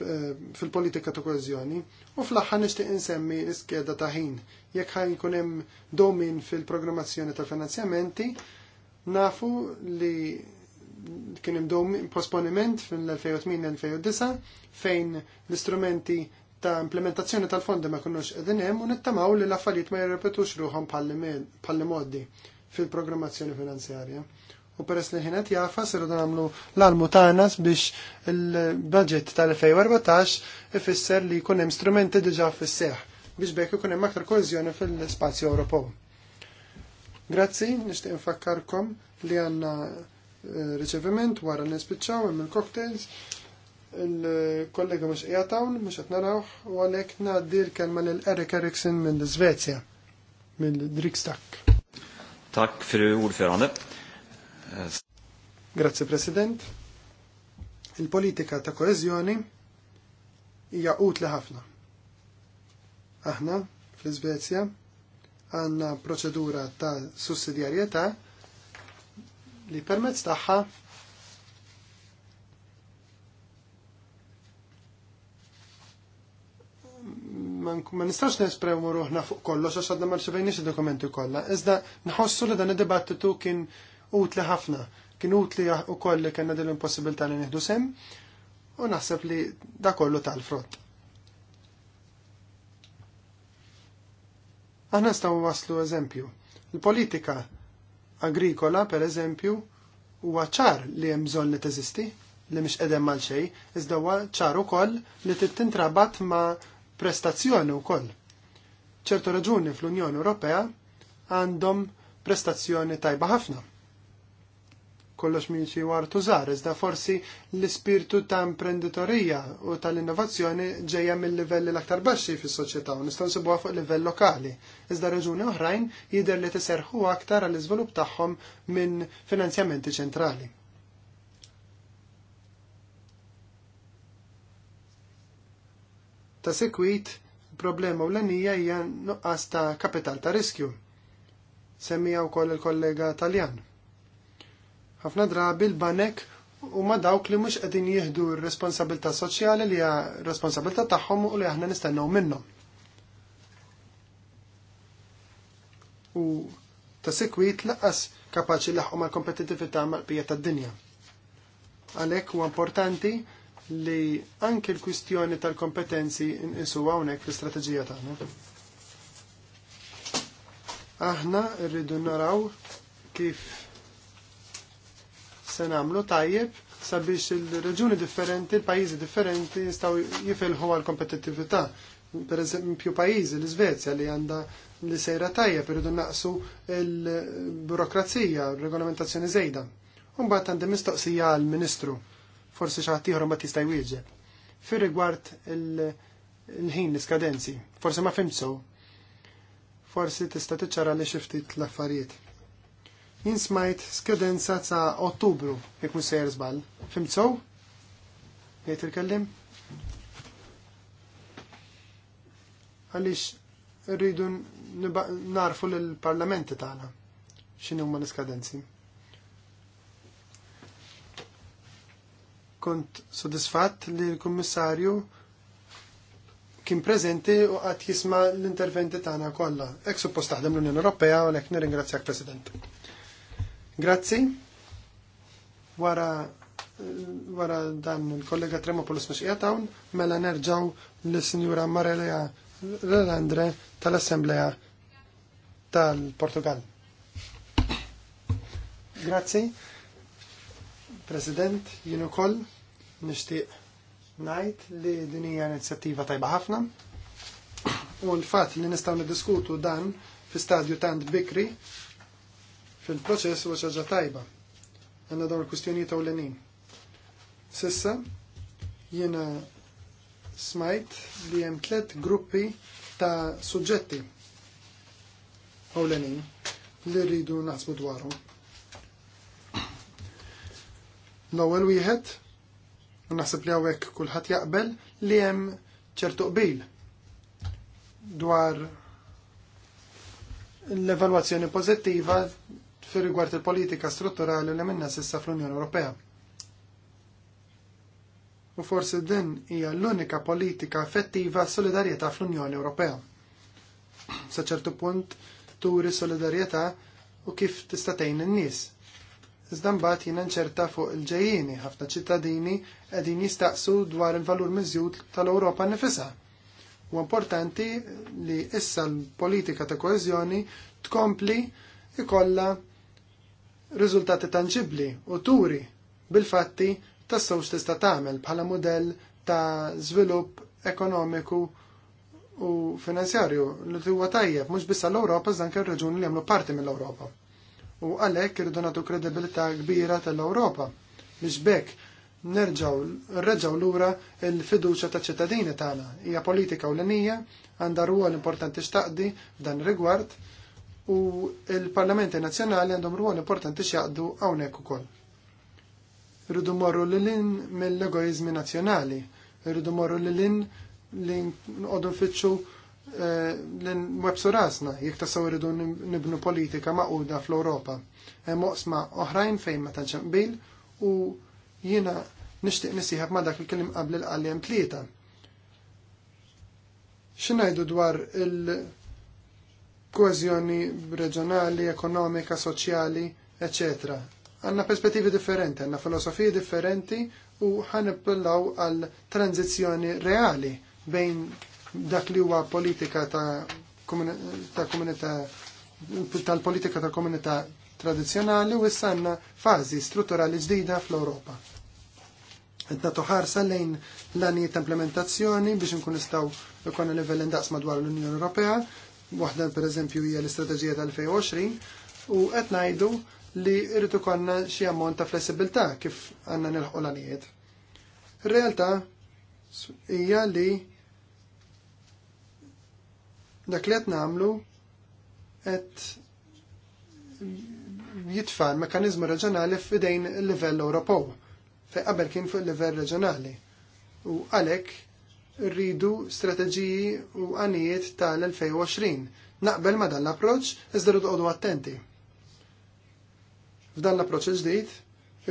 Eh, fil-politika ta' kohezjoni u fl-aħħar nixtieq insemmi l-iskeda ta' ħin. Jekk ħajn jkun hemm domin fil-programmazzjoni tal-finanzjamenti, nafu li kien hemm domin posponiment fil-2008-2009 fejn l-istrumenti ta' implementazzjoni tal-fondi ma kunux qegħdin hemm u nittamaw li l-affarijiet ma jirrepetux ruhom bħalli modi fil-programmazzjoni finanzjarja u peress li ħinet jafa siru għamlu l-almu tanas biex il-budget tal-2014 ifisser li jkun hemm strumenti diġà fis biex bekk ikun hemm aktar koeżjoni fil-spazju Ewropew. Grazzi, nixtieq infakkarkom li għandna eh, riċeviment wara nispiċċaw hemm il-cocktails il-kollega mux ijatawn, mux għatnarawħ, u għalek naddi l-kelma l-Erik Eriksson minn Svezja, minn Drikstak. Tak, fru ordförande. Grazie President. Il-politika ta' koezjoni hija utli ħafna. Aħna fl-Iżvezja għandna proċedura ta' sussidjarjetà li permezz tagħha ma nistax nespremu ruħna fuq kollox għax għadna ma rċevejniex id-dokumenti kollha, iżda nħossu li dan id-dibattitu kien utli ħafna. Kien utli wkoll li kena dil impossibilta li nieħdu sem u naħseb li da kollu tal-frott. Aħna staw waslu eżempju. Il-politika agrikola, per eżempju, huwa ċar li hemm bżonn li teżisti, li mhix qedem mal xejn, iżda huwa ċar ukoll li tintrabat ma' prestazzjoni wkoll. ċertu raġuni fl-Unjoni Ewropea għandhom prestazzjoni tajba ħafna kollox miexi wartu tużar, iżda forsi l-ispirtu ta' imprenditorija u tal-innovazzjoni ġejja mill-livelli l-aktar baxxi fis-soċjetà u nistgħu nsibuha fuq livell lokali. Iżda raġuni oħrajn jidher li tiserħu aktar għall iżvilupp tagħhom minn finanzjamenti ċentrali. Ta' sekwit, problema u l anija hija nuqqas ta' kapital ta' riskju. Semmija wkoll il-kollega Taljan ħafna drabi l-banek u ma dawk li mhux qegħdin jieħdu r-responsabilità soċjali li hija responsabilità tagħhom u li aħna nistennew minnhom. U ta' sekwit laqas kapaċi laħqu mal kompetitività mal bija tad-dinja. Għalhekk huwa importanti li anke l-kwistjoni tal-kompetenzi nqisu hawnhekk fl-istrateġija tagħna. Aħna rridu naraw kif se nagħmlu tajjeb sabiex il-reġuni differenti, il-pajjiżi differenti jistgħu jifilħu għal kompetittività. Per eżempju pajjiżi l-Iżvezja li għandha li sejra tajjeb irridu naqsu l-burokrazija, regolamentazzjoni żejda. Umbagħad għandi mistoqsija għall ministru forsi xaħtiħru ħadd ma jwieġeb. Fir-rigward il-ħin l-iskadenzi, forsi ma fimtsu, Forsi tista' tiċċara li xi ftit l-affarijiet jinsmajt skedenza ta' ottubru, jek mu sejr zbal. Fimtsow? Jgħet il-kellim? Għalix rridu narfu l-parlamenti tagħna x'inhu huma l-iskadenzi. Kont sodisfatt li l-Kummissarju kien prezenti u għat jisma l-interventi tagħna kollha. Ek suppost taħdem l-Unjoni Ewropea u lek nirringrazzjak President. Grazzi. Wara eh, wara dan il-kollega Tremopoulos mux jgħatawn, mela nerġaw l signora Marelia Relandre tal-Assembleja tal-Portugal. Grazzi, President, jien ukoll nixtieq ngħid li din hija inizjattiva tajba ħafna. U l fat li nistgħu nidiskutu dan fi stadju tant bikri fil-proċess u ċaġa tajba. Għanna dawn il-kustjoni ta' l-enin. Sissa, jena smajt li jem tlet gruppi ta' suġġetti u l li rridu naħsbu dwaru. L-ewwel wieħed, u naħseb li hawnhekk kulħadd jaqbel li hemm ċertu qbil dwar l-evalwazzjoni pożittiva fir rigward il-politika strutturali li minna sissa fl-Unjoni Ewropea. U forsi din hija l-unika politika effettiva solidarjetà fl-Unjoni Ewropea. Sa ċertu punt turi solidarjetà u kif tista' tgħin in-nies. Iżda mbagħad jiena nċerta fuq il-ġejjieni ħafna ċittadini qegħdin jistaqsu dwar il-valur miżjud tal-Ewropa nifisha. U importanti li issa l-politika ta' koeżjoni tkompli ikolla riżultati tangibli u turi bil-fatti tassawx tista' tagħmel bħala mudell ta' żvilupp ekonomiku u finanzjarju li huwa tajjeb mhux biss l ewropa żanke r-reġuni li jagħmlu parti mill-Ewropa. U għalhekk irridu nagħtu kredibilità kbira tal-Ewropa biex bekk nerġaw nreġgħu lura l-fiduċja taċ ċittadini tagħna. Hija politika u l għandha rwol importanti xtaqdi f'dan ir-rigward u il-Parlamenti Nazzjonali għandhom rwol importanti x'jaqdu hawnhekk ukoll. Irridu morru lilin mill-egoizmi nazzjonali, irridu morru lilin li nqogħdu nfittxu eh, l-websu rasna, jek tasaw irridu nibnu politika maquda fl-Europa. Hemm oqsma oħrajn fejn ma tantx qbil u jiena nixtieq nisiħab ma dak il-kelim qabel il-qaljem tlieta. Xinajdu dwar il- koezjoni reġjonali, ekonomika, soċjali, ecc. Għanna perspettivi differenti, għanna filosofiji differenti u ħanippillaw għal tranzizjoni reali bejn dak li huwa politika ta' ta' komunità tal-politika ta' komunità tradizjonali u issa għandna fażi strutturali ġdida fl-Ewropa. Qed nagħtu ħarsa lejn l-għanijiet implementazzjoni biex nkun nistgħu ikon livell indaqs madwar l-Unjoni Ewropea Waħda pereżempju hija l-istrateġija tal-2020 u qed ngħidu li rrid ikollna xi ammont ta' flessibilità kif għandna nilħqu l-għanijiet. Ir-realtà hija li dak li qed nagħmlu qed jitfal mekkaniżmu reġjonali f'idejn il-livell Ewropew fejn qabel kien fuq il-livell reġjonali. U għalhekk rridu strateġiji u għanijiet tal-2020. Naqbel ma dan l-approċ, iżda rridu għodu attenti. F'dan l-approċ ġdid,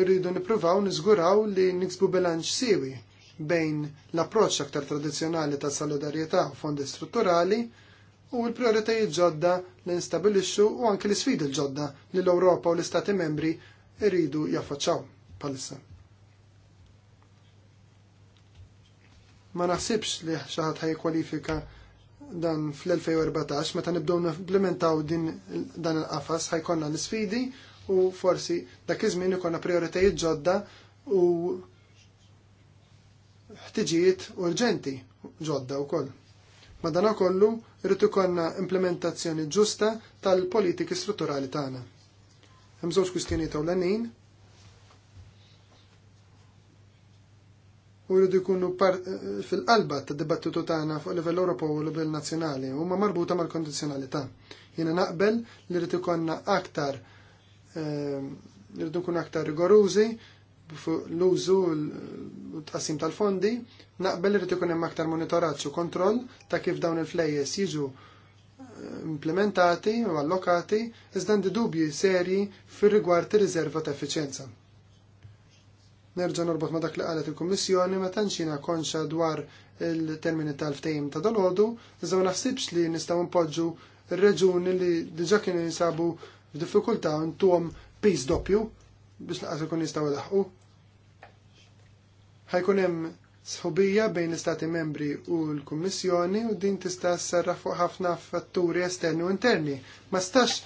rridu nipruvaw niżguraw li niksbu bilanċ siwi bejn l-approċ aktar tradizjonali ta' solidarjetà u fondi strutturali u l-prioritajiet ġodda li instabilixxu u anke l-isfidi ġodda li l-Ewropa u l-Istati membri rridu jaffaċċaw palissa. ma naħsibx li xi ħadd kwalifika dan fl-2014 meta nibdow implementaw din dan il-qafas ħajkonna l sfidi u forsi dak iż-żmien prioritajiet ġodda u ħtiġijiet urġenti ġodda wkoll. kollu rritu ikollna implementazzjoni ġusta tal-politiki strutturali tagħna. Hemm żewġ kwistjonijiet ewlenin u jridu jkunu fil-qalba ta' dibattitu tagħna fuq livell Ewropew u livell nazzjonali huma marbuta mal-kondizzjonalità. Jiena naqbel li rid ikonna aktar rridu ehm, nkunu aktar rigorużi fuq l-użu u tqassim tal-fondi, naqbel li ikun hemm aktar monitoraġġ u kontroll ta' kif dawn il-flejjes jiġu eh, implementati u allokati, iżda dubji serji fir rigward ir-riserva ta' effiċjenza. Nerġa' norbot ma' dak li qalet il-Kummissjoni ma tanċina konxa dwar il-termini tal-ftehim ta' dolodu iżda ma naħsibx li nistgħu npoġġu r-reġuni li diġà kienu jinsabu f'diffikultà ntuhom pis doppju biex laqas kun jistgħu daħu. Ħajkun hemm sħubija bejn l-Istati membri u l-Kummissjoni u din tista' serra fuq ħafna fatturi esterni u interni. Ma stax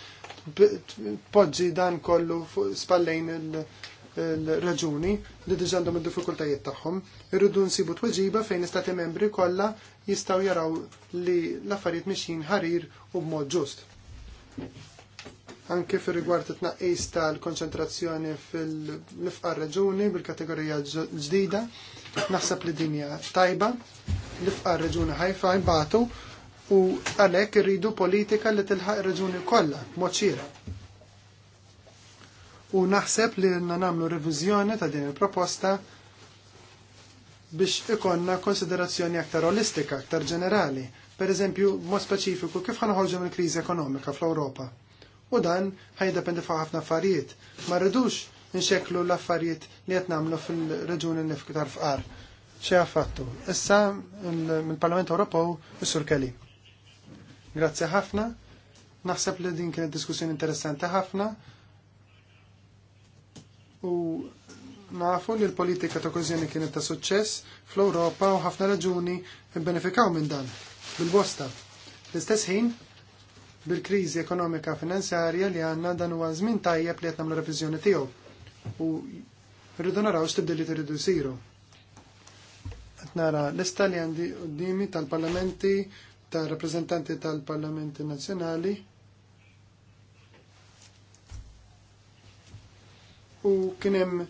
poġġi dan kollu fuq spallejn raġuni li diġa għandhom id-diffikultajiet tagħhom. Irridu nsibu tweġiba fejn istati membri kollha jistgħu jaraw li l-affarijiet mixin ħarir u b'mod ġust. Anke fir rigward it-tnaqqis tal-konċentrazzjoni fil lifqar reġuni bil-kategorija ġdida, naħseb li dinja tajba, l-ifqa reġuni ħajfa jbatu u għalhekk irridu politika li tilħaq reġuni kollha b'mod u naħseb li għanna namlu revizjoni ta' din il-proposta biex ikonna konsiderazzjoni aktar olistika, aktar ġenerali, per eżempju, mod speċifiku kif ħanħolġu mill-kriżi ekonomika fl-Ewropa. U dan ħajdependi fuq ħafna affarijiet, ma rridux nxeklu l-affarijiet li qed nagħmlu fil-reġuni nifktar fqar. Xi għaffattu? Issa mill-Parlament Ewropew is-Sur Kelly. Grazzi ħafna. Naħseb li din kienet diskussjoni interessanti ħafna u nafu li l-politika ta' kozjoni kienet ta' suċċess fl-Ewropa u ħafna raġuni benefikaw minn dan bil-bosta. L-istess ħin, bil-kriżi ekonomika finanzjarja li għanna dan huwa żmien tajjeb li qed nagħmlu reviżjoni tiegħu. U rridu naraw x'tibdil li tiridu jsiru. Qed nara lista li għandi qudiemi tal-parlamenti tal-rappreżentanti tal-parlamenti nazzjonali u kien hemm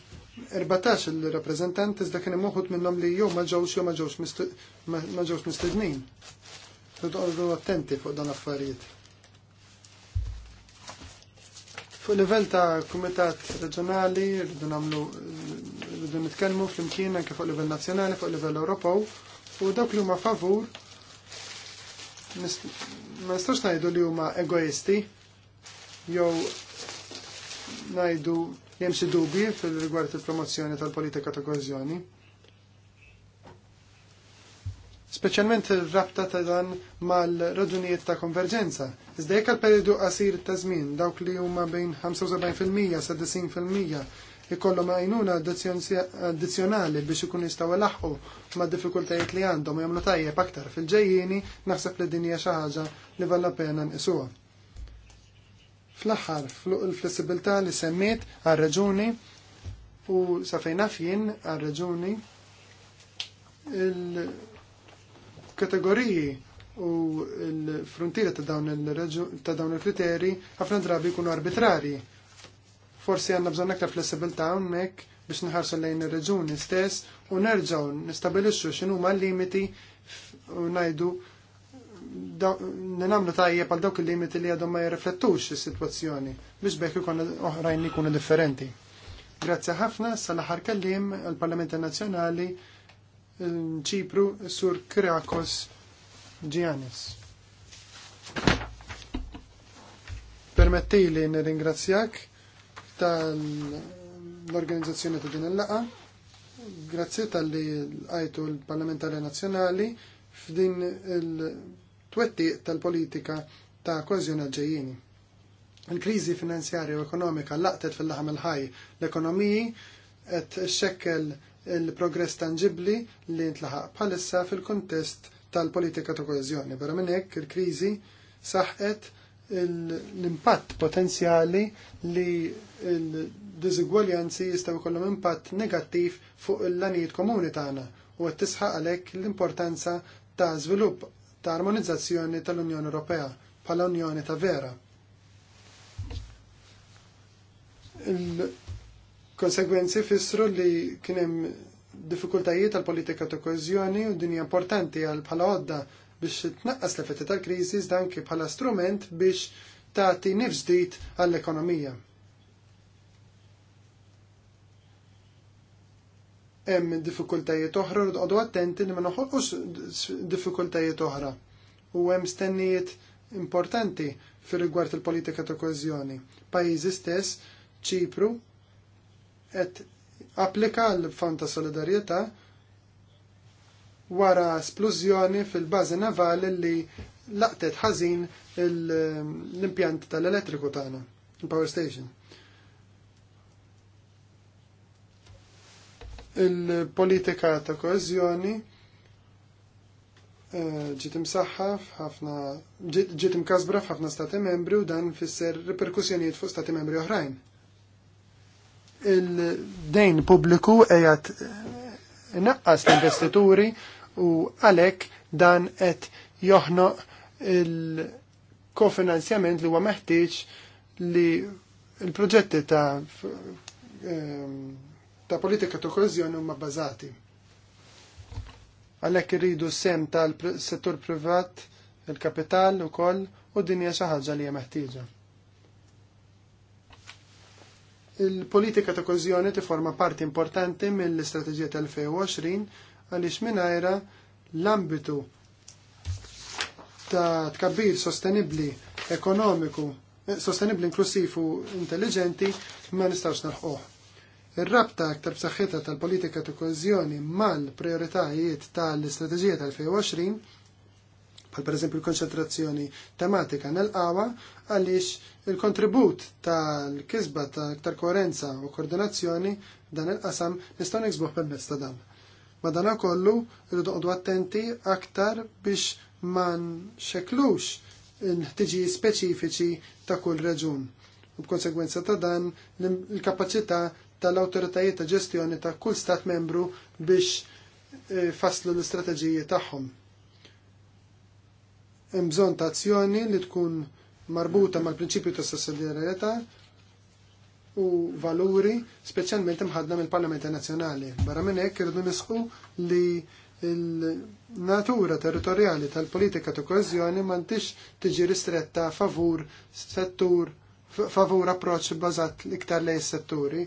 14 il-rappreżentant iżda kien hemm uħud minnhom li jew ma ġewx jew ma ġewx mistednin. Tqogħdu attenti fuq dan l-affarijiet. Fuq livell ta' kumitat reġjonali rridu nagħmlu rridu nitkellmu flimkien anke fuq livell nazzjonali, fuq livell Ewropew u dawk li huma favur ma nistax ngħidu li huma egoisti jew ngħidu Hemm xi dubji fil-rigward il-promozzjoni tal-politika ta' kohezjoni. Speċjalment il rabta ta' dan mal-raġunijiet ta' konverġenza. Iżda jekk għal-periodu qasir ta' żmien dawk li huma bejn 75% sa 90% ikollhom għajnuna addizzjonali biex ikun jistgħu laħqu ma' diffikultajiet li għandhom jagħmlu tajjeb aktar fil-ġejjieni naħseb li din hija xi ħaġa li valla pena nqisuha. Fl-aħħar, fluq il-flessibilità li semmiet għal-raġuni u safejna fejn jien għal-raġuni il-kategoriji u l-frontiera ta' dawn il-kriteri ħafna drabi jkunu arbitrari. Forsi għanna bżon aktar flessibilta hawnhekk biex nħarsu lejn ir-reġuni stess u nerġgħu nistabilixxu xinu ma' limiti u ngħidu nagħmlu tajjeb għal dawk il-limiti li għadhom ma jirriflettux is-sitwazzjoni biex bekk ikun oħrajn li jkunu differenti. Grazzi ħafna sal-aħħar kellim għall-Parlament Nazzjonali ċipru Sur Kriakos Giannis. Permetti li nirringrazzjak tal-organizzazzjoni ta' din il-laqa. Grazzi tal-li għajtu l-Parlamentari Nazzjonali f'din il- twettiq tal-politika ta' kozjoni ġejjini. Il-kriżi finanzjarja u ekonomika laqtet fil-laħam il-ħaj l-ekonomiji qed xekkel il-progress tangibli li ntlaħaq bħalissa fil-kontest tal-politika ta' koezjoni. Barra minn hekk il-kriżi saħqet l-impatt potenzjali li l-diżigwaljanzi jistaw kollum impatt negattiv fuq il-lanijiet komuni tagħna u qed tisħaq għalhekk l-importanza ta' żvilupp ta' armonizzazzjoni tal-Unjoni Ewropea bħala Unjoni ta' vera. Il-konsegwenzi fissru li kien hemm diffikultajiet tal-politika ta' koeżjoni u dinja importanti għal bħala għodda biex tnaqqas l-effetti tal-kriżi danki anke bħala strument biex tagħti nifs ġdid għall-ekonomija. hemm diffikultajiet oħra u għadu attenti li ma noħolqux diffikultajiet oħra. U hemm stennijiet importanti fir rigward il-politika ta' koeżjoni. Pajjiżi stess, Ċipru, qed applika l-Fond ta' Solidarjetà wara splużjoni fil-bażi navali li laqtet ħażin l-impjant tal-elettriku tagħna, il-power station Il-politika ta' koezjoni eh, ġiet imsaħħa f'ħafna ġiet imkasbra f'ħafna stati membri u dan fisser reperkussjonijiet fuq stati membri oħrajn. Il-dejn pubbliku qiegħed eh, inaqqas l-investituri u għalhekk dan qed joħnoq il-kofinanzjament li huwa meħtieġ li l-proġetti ta' ehm, ta' politika ta' koeżjoni huma bbażati. Għalhekk irridu sem tal-settur privat, il-kapital ukoll u din hija xi ħaġa li hija meħtieġa. Il-politika ta' koeżjoni tiforma parti importanti mill-istrateġija tal-2020 għaliex mingħajra l-ambitu ta' tkabbir sostenibli ekonomiku, eh, sostenibli inklusiv u intelligenti ma nistax naħquh. Ir-rabta aktar b'saħħitha tal-politika ta' koeżjoni mal-prioritajiet tal-istrateġija tal-2020 bħal pereżempju l-konċentrazzjoni tematika nel-qawa għaliex il-kontribut tal-kisba ta' aktar koerenza u koordinazzjoni dan il-qasam nistgħu niksbuh permezz ta' dan. Madana kollu irridu qogħdu attenti aktar biex ma nxeklux il-ħtiġi speċifiċi ta' kull reġun u b'konsegwenza ta' dan l-kapacità tal-awtoritajiet ta' ġestjoni ta' kull stat membru biex e, faslu l-istrateġiji tagħhom. Hemm bżonn ta' azzjoni li tkun marbuta mal-prinċipju ta' sussidjarjetà u valuri speċjalment imħadna mill-Parlamenti Nazzjonali. Barra minn hekk irdu nisqu li il-natura territorjali tal-politika ta' koeżjoni m'għandix tiġi ristretta favur settur favur approċċ bażat iktar lej setturi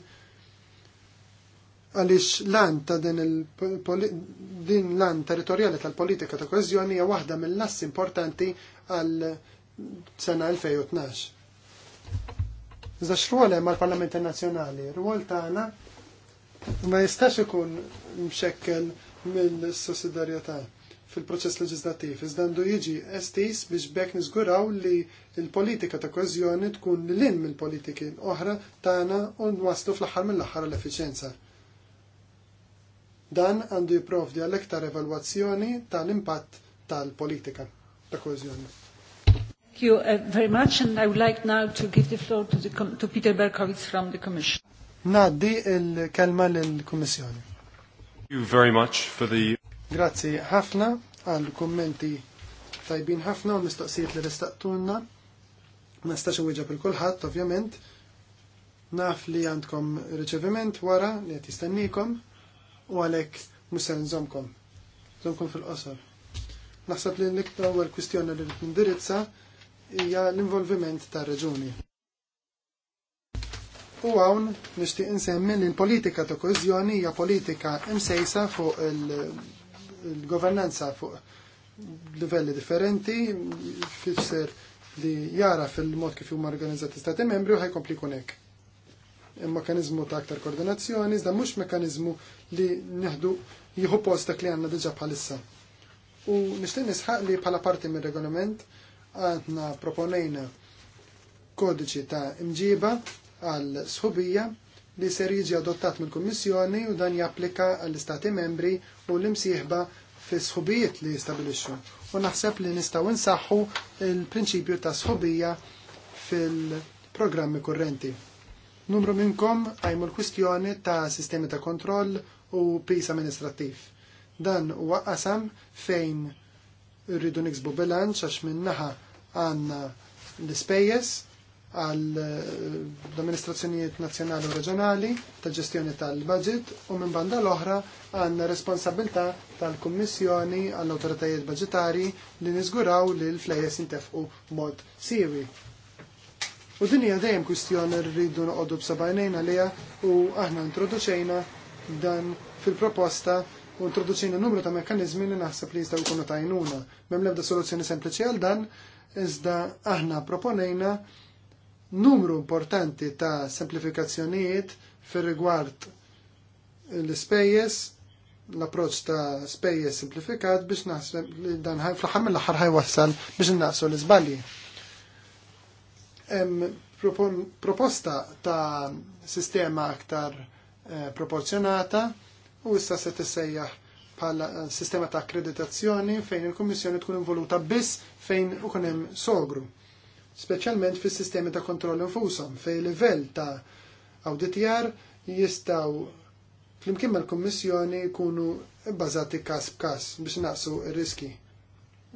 għaliex lan ta' din din lan territorjali tal-politika ta' kohezjoni hija waħda mill-lass importanti għal sena 2012. Iżda x'rwol hemm għall-Parlament Nazzjonali? Rwol tagħna ma jistax ikun mxekkel mill-sussidjarjetà fil-proċess leġislattiv, iżda għandu jiġi estis biex bekk niżguraw li l-politika ta' kohezjoni tkun l-in mill-politiki oħra tagħna u nwaslu fl-aħħar mill-aħħar l-effiċenza. Dan għandu jiprovdi għal ektar evalwazzjoni tal-impatt tal-politika ta' koeżjoni. Thank you uh, very much and I would like now to give the floor to, the to Peter Berkowitz from the Commission. Naddi il-kelma l kommissjoni Thank you very much for the... Grazie ħafna għal kommenti tajbin ħafna u mistoqsijiet li restaqtunna. Ma stax per il kulħadd ovvjament. Naf li għandkom riċeviment wara li qed jistennikom u għalek musen zomkom. Zomkom fil-qosor. Naħseb li l-iktar għal kwistjoni li l indirizza hija l-involviment ta' reġuni. U għawn nishtiq insemmi li l-politika ta' kwizjoni hija politika imsejsa fuq il-governanza fuq livelli differenti, fisser li jara fil-mod kif huma organizzati stati membri u ħajkompli kun hekk. mekanizmu ta' aktar koordinazzjoni, iżda mhux mekkanizmu li neħdu jieħu post dak li għandna diġà bħalissa. U nixtieq nisħaq li bħala parti mir-regolament għandna proponejna kodiċi ta' imġiba għal sħubija li ser jiġi adottat mill-Kummissjoni u dan japplika għall-Istati membri u l-imsieħba fi sħubijiet li jistabilixxu. U naħseb li nistgħu insaħħu il-prinċipju ta' sħubija fil-programmi kurrenti. Numru minnkom għajmu l-kwistjoni ta' sistemi ta' kontroll u pis amministrattiv. Dan huwa qasam fejn rridu niksbu bilanċ għax minnaħa għanna l-spejjes għal eh, l-amministrazzjonijiet nazzjonali u reġjonali ta' ġestjoni tal-budget u minn banda l-oħra għanna responsabilta tal-Kummissjoni għall autoritajiet budgetari li niżguraw li l-flejes jintefqu mod siwi. U din hija dejjem kwistjoni rridu noqogħdu b'sabajnejna għaliha u aħna introduċejna dan fil-proposta u introduċina numru ta' mekanizmi li naħseb li jistaw kunu tajnuna. Mem lebda soluzzjoni sempliċi għal dan, iżda aħna proponejna numru importanti ta' semplifikazzjonijiet fir rigward l-spejjes, l-approċ ta' spejjes simplifikat biex naħseb li dan fl-ħammel l ħar ħajwassal biex naqsu l-iżbalji. Proposta ta' sistema aktar Eh, proporzjonata u issa se tissejjaħ bħala eh, sistema ta' akkreditazzjoni fejn il-Kummissjoni tkun involuta biss fejn ukun hemm sogru. Speċjalment fis-sistemi ta' kontroll infushom fejn livell ta' awditjar jistgħu flimkien mal-Kummissjoni jkunu bbażati każ b'każ biex naqsu r-riski.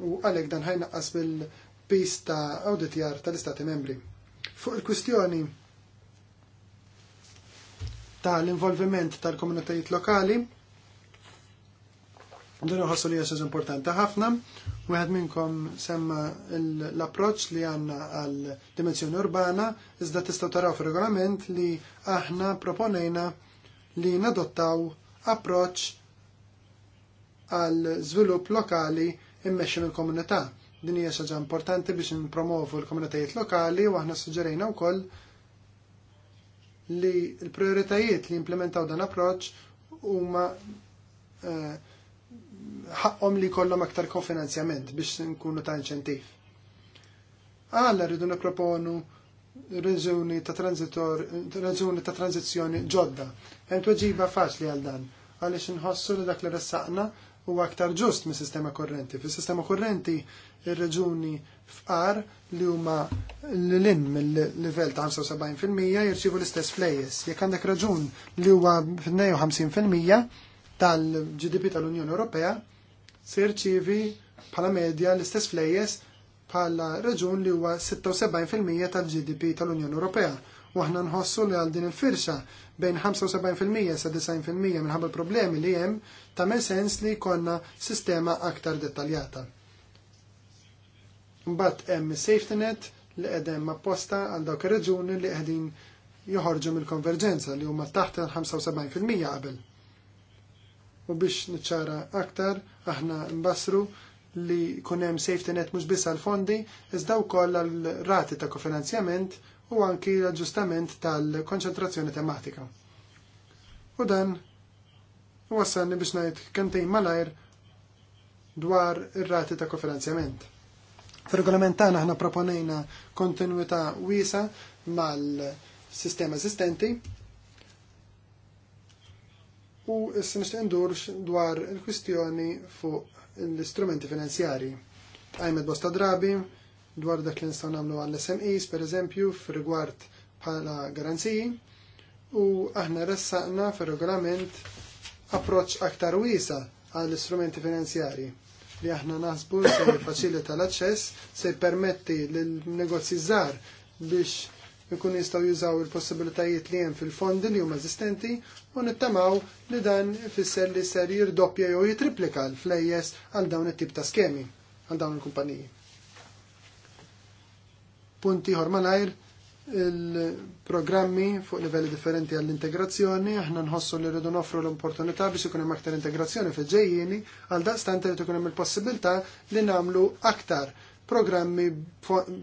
U għalhekk dan ħajnaqqas bil-pis ta' awditjar tal-Istati Membri. Fuq il-kwistjoni tal-involviment tal-komunitajiet lokali. Dan ħassu li jessu importanti ħafna. Wieħed minnkom semma l-approċċ li għandna għal dimensjoni urbana, iżda tistaw taraw fil regolament li aħna proponejna li nadottaw approċċ għal żvilupp lokali immexxi mill-komunità. Din hija xaġa importanti biex nippromovu l-komunitajiet lokali u aħna suġġerejna wkoll li l-prioritajiet li implementaw dan approċ huma eh, ħaqhom li kollhom aktar kofinanzjament biex nkunu ta' inċentiv. Għalla rridu nipproponu raġuni ta' tranzitor, ta' tranzizjoni ġodda. Hemm tweġiba faċli għal dan għaliex inħossu li dak li ressaqna huwa aktar ġust mis-sistema korrenti. Fis-sistema korrenti ir-reġuni fqar li huma l-lin mill-livell ta' 75% jirċivu l-istess flejjes. Jekk għandek raġun li huwa 52% tal-GDP tal-Unjoni Ewropea, se jirċivi bħala medja l-istess flejjes bħala raġun li huwa 76% tal-GDP tal-Unjoni Ewropea. U aħna nħossu li għal din il-firxa bejn 75% sa 90% minħabba l-problemi li hemm ta' sens li jkollna sistema aktar dettaljata. Mbagħad hemm safety net li qegħdem apposta għal dawk ir-reġuni li qegħdin joħorġu mill-konverġenza li huma taħt il-75% qabel. U biex niċċara aktar, aħna mbassru li kun hemm safety net mhux biss għall-fondi, iżda wkoll għall-rati ta' kofinanzjament u anki l-aġġustament tal-konċentrazzjoni tematika. U dan wassalni biex ngħid kemmtejn malajr dwar ir-rati ta' kofinanzjament. Fir-regolamentana aħna proponejna kontinuità wiesa mal-sistema esistenti u s-nishtiq ndurx dwar il-kwistjoni fuq l-istrumenti finanzjari. Għajmet bosta drabi dwar dak li nistgħu nagħmlu għall-SMEs, per eżempju, fil-rigward bħala garanziji u aħna ressaqna fir regolament approċ aktar wiesa għall istrumenti finanzjari li aħna naħsbu se jfaċilita l-aċċess, se permetti l-negozji żgħar biex ikun jistgħu jużaw il-possibilitajiet li hemm fil-fondi li huma eżistenti u nittamaw li dan ifisser li ser jirdoppja jew jitriplika l-flejjes għal dawn it-tip ta' skemi għal dawn il-kumpaniji. Punti ħor malajr il-programmi fuq livelli differenti għall-integrazzjoni, aħna nħossu li rridu noffru l-opportunità biex ikun hemm aktar integrazzjoni fil-ġejjieni, għal daqstant irid ikun hemm il-possibilità li nagħmlu aktar programmi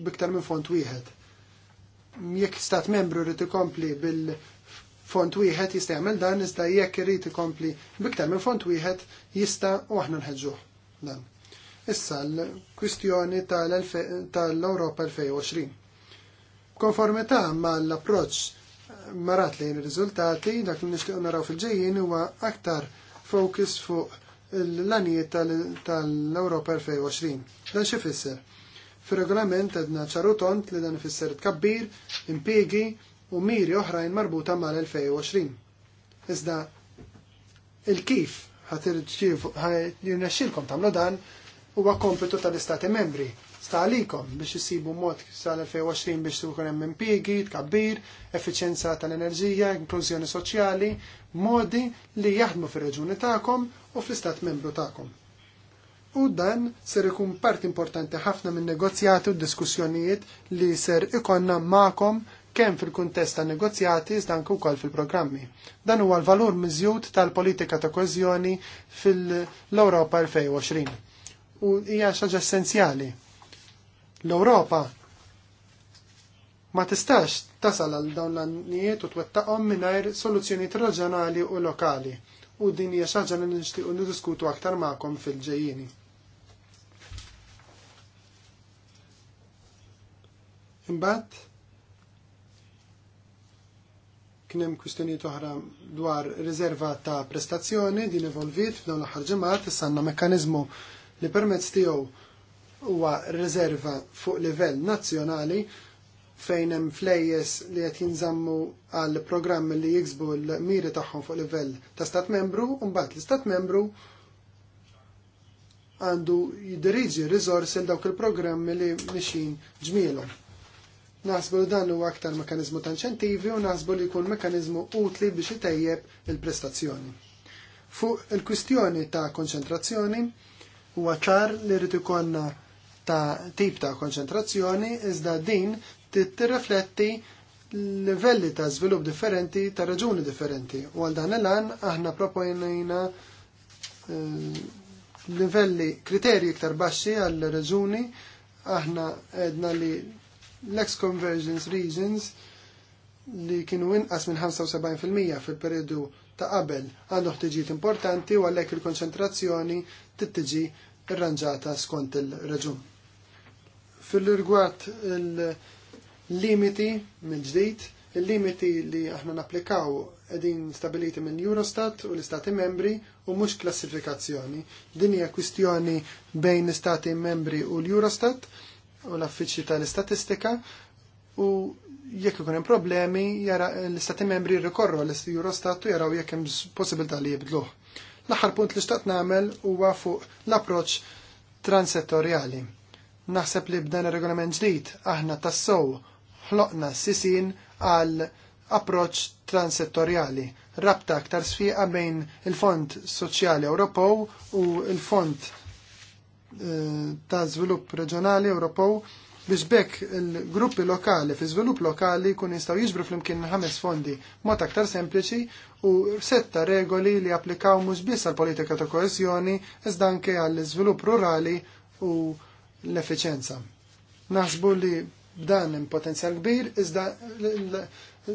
biktar minn font wieħed. Jekk stat membru rrid ikompli bil-font wieħed jista' jagħmel dan, iżda jekk irid ikompli biktar minn font wieħed jista' u aħna nħeġġuh dan. Issa l-kwistjoni tal-Ewropa 2020 Konformità mal-approċċ marat lejn ir-riżultati dak li nixtieq naraw fil-ġejjin huwa aktar fokus fuq l-lanijiet tal-Europa 2020. Dan xi fisser? Fir-regolament għedna ċarutont li dan ifisser tkabbir, impiegi u miri oħrajn marbuta mal-2020. Iżda il-kif ħatirċiv jirnexxilkom tagħmlu dan huwa kompitu tal-Istati membri sta' biex jisibu mod sal-2020 biex tukun hemm impjiegi, tkabbir, effiċjenza tal-enerġija, inklużjoni soċjali, modi li jaħdmu fir-reġuni tagħkom u fl-istat membru tagħkom. U dan ser ikun part importanti ħafna minn negozjati u diskussjonijiet li ser ikonna ma'kom kemm fil-kuntest ta' negozjati iżda anke wkoll fil-programmi. Dan huwa l-valur miżjud tal-politika ta' koeżjoni fil-Ewropa 2020. U hija xaġa essenzjali L-Ewropa ma tistax tasal għal dawn l-annijiet u twettaqhom mingħajr soluzzjonijiet reġjonali u lokali u din hija xi ħaġa li nixtiequ niddiskutu aktar magħkom fil ġejjini Imbagħad kien hemm kwistjonijiet oħra dwar riserva ta' prestazzjoni din evolvit f'dawn l-aħħar ġimgħat issa għandna mekkaniżmu li permezz tiegħu huwa riserva fuq livell nazzjonali fejn hemm flejjes li qed jinżammu għal programmi li jiksbu l-miri tagħhom fuq livell ta' stat membru u mbagħad l-istat membru għandu jidiriġi riżorsi l dawk il-programmi li mixin ġmielhom. Naħsbu li dan huwa aktar mekanizmu ta' inċentivi u naħsbu li jkun mekanizmu utli biex itejjeb il-prestazzjoni. Fuq il-kwistjoni ta' konċentrazzjoni huwa ċar li rrid ikollna ta' tip ta' konċentrazzjoni iżda din tirrifletti livelli ta' żvilupp differenti ta' raġuni differenti. U għal dan il-an aħna proponejna eh, livelli kriterji iktar baxxi għal raġuni aħna edna li l-ex convergence regions li kienu inqas minn 75% fil-periodu ta' qabel għandu ħtiġijiet importanti u għalhekk il-konċentrazzjoni tittiġi irranġata skont il-raġun. Fil-rigward il-limiti mill-ġdid, il-limiti li aħna napplikaw edin stabiliti minn Eurostat u l-Istati membri u mux klassifikazzjoni. Din hija kwistjoni bejn l-Istati membri u l-Eurostat u l affiċi tal-istatistika u jekk ikun hemm problemi jara l-Istati membri rikorru l-Eurostat u jaraw jekk hemm possibilità li jibdluh. L-aħħar punt li xtaqt nagħmel huwa fuq l-approċċ transettorjali Naħseb li b'dan ir-regolament ġdid aħna tassow ħloqna sisin għal approċ transettorjali, rabta aktar sfiqa bejn il-Fond Soċjali Ewropew u il-Fond eh, ta' Zvilupp Reġjonali Ewropew biex bekk il-gruppi lokali fi żvilupp lokali kun jistgħu jiġbru flimkien ħames fondi mod aktar sempliċi u setta regoli li applikaw mhux biss għall-politika ta' koesjoni iżda anke għall-iżvilupp rurali u l-efficienza. Naħsbu li b'dan hemm potenzjal kbir iżda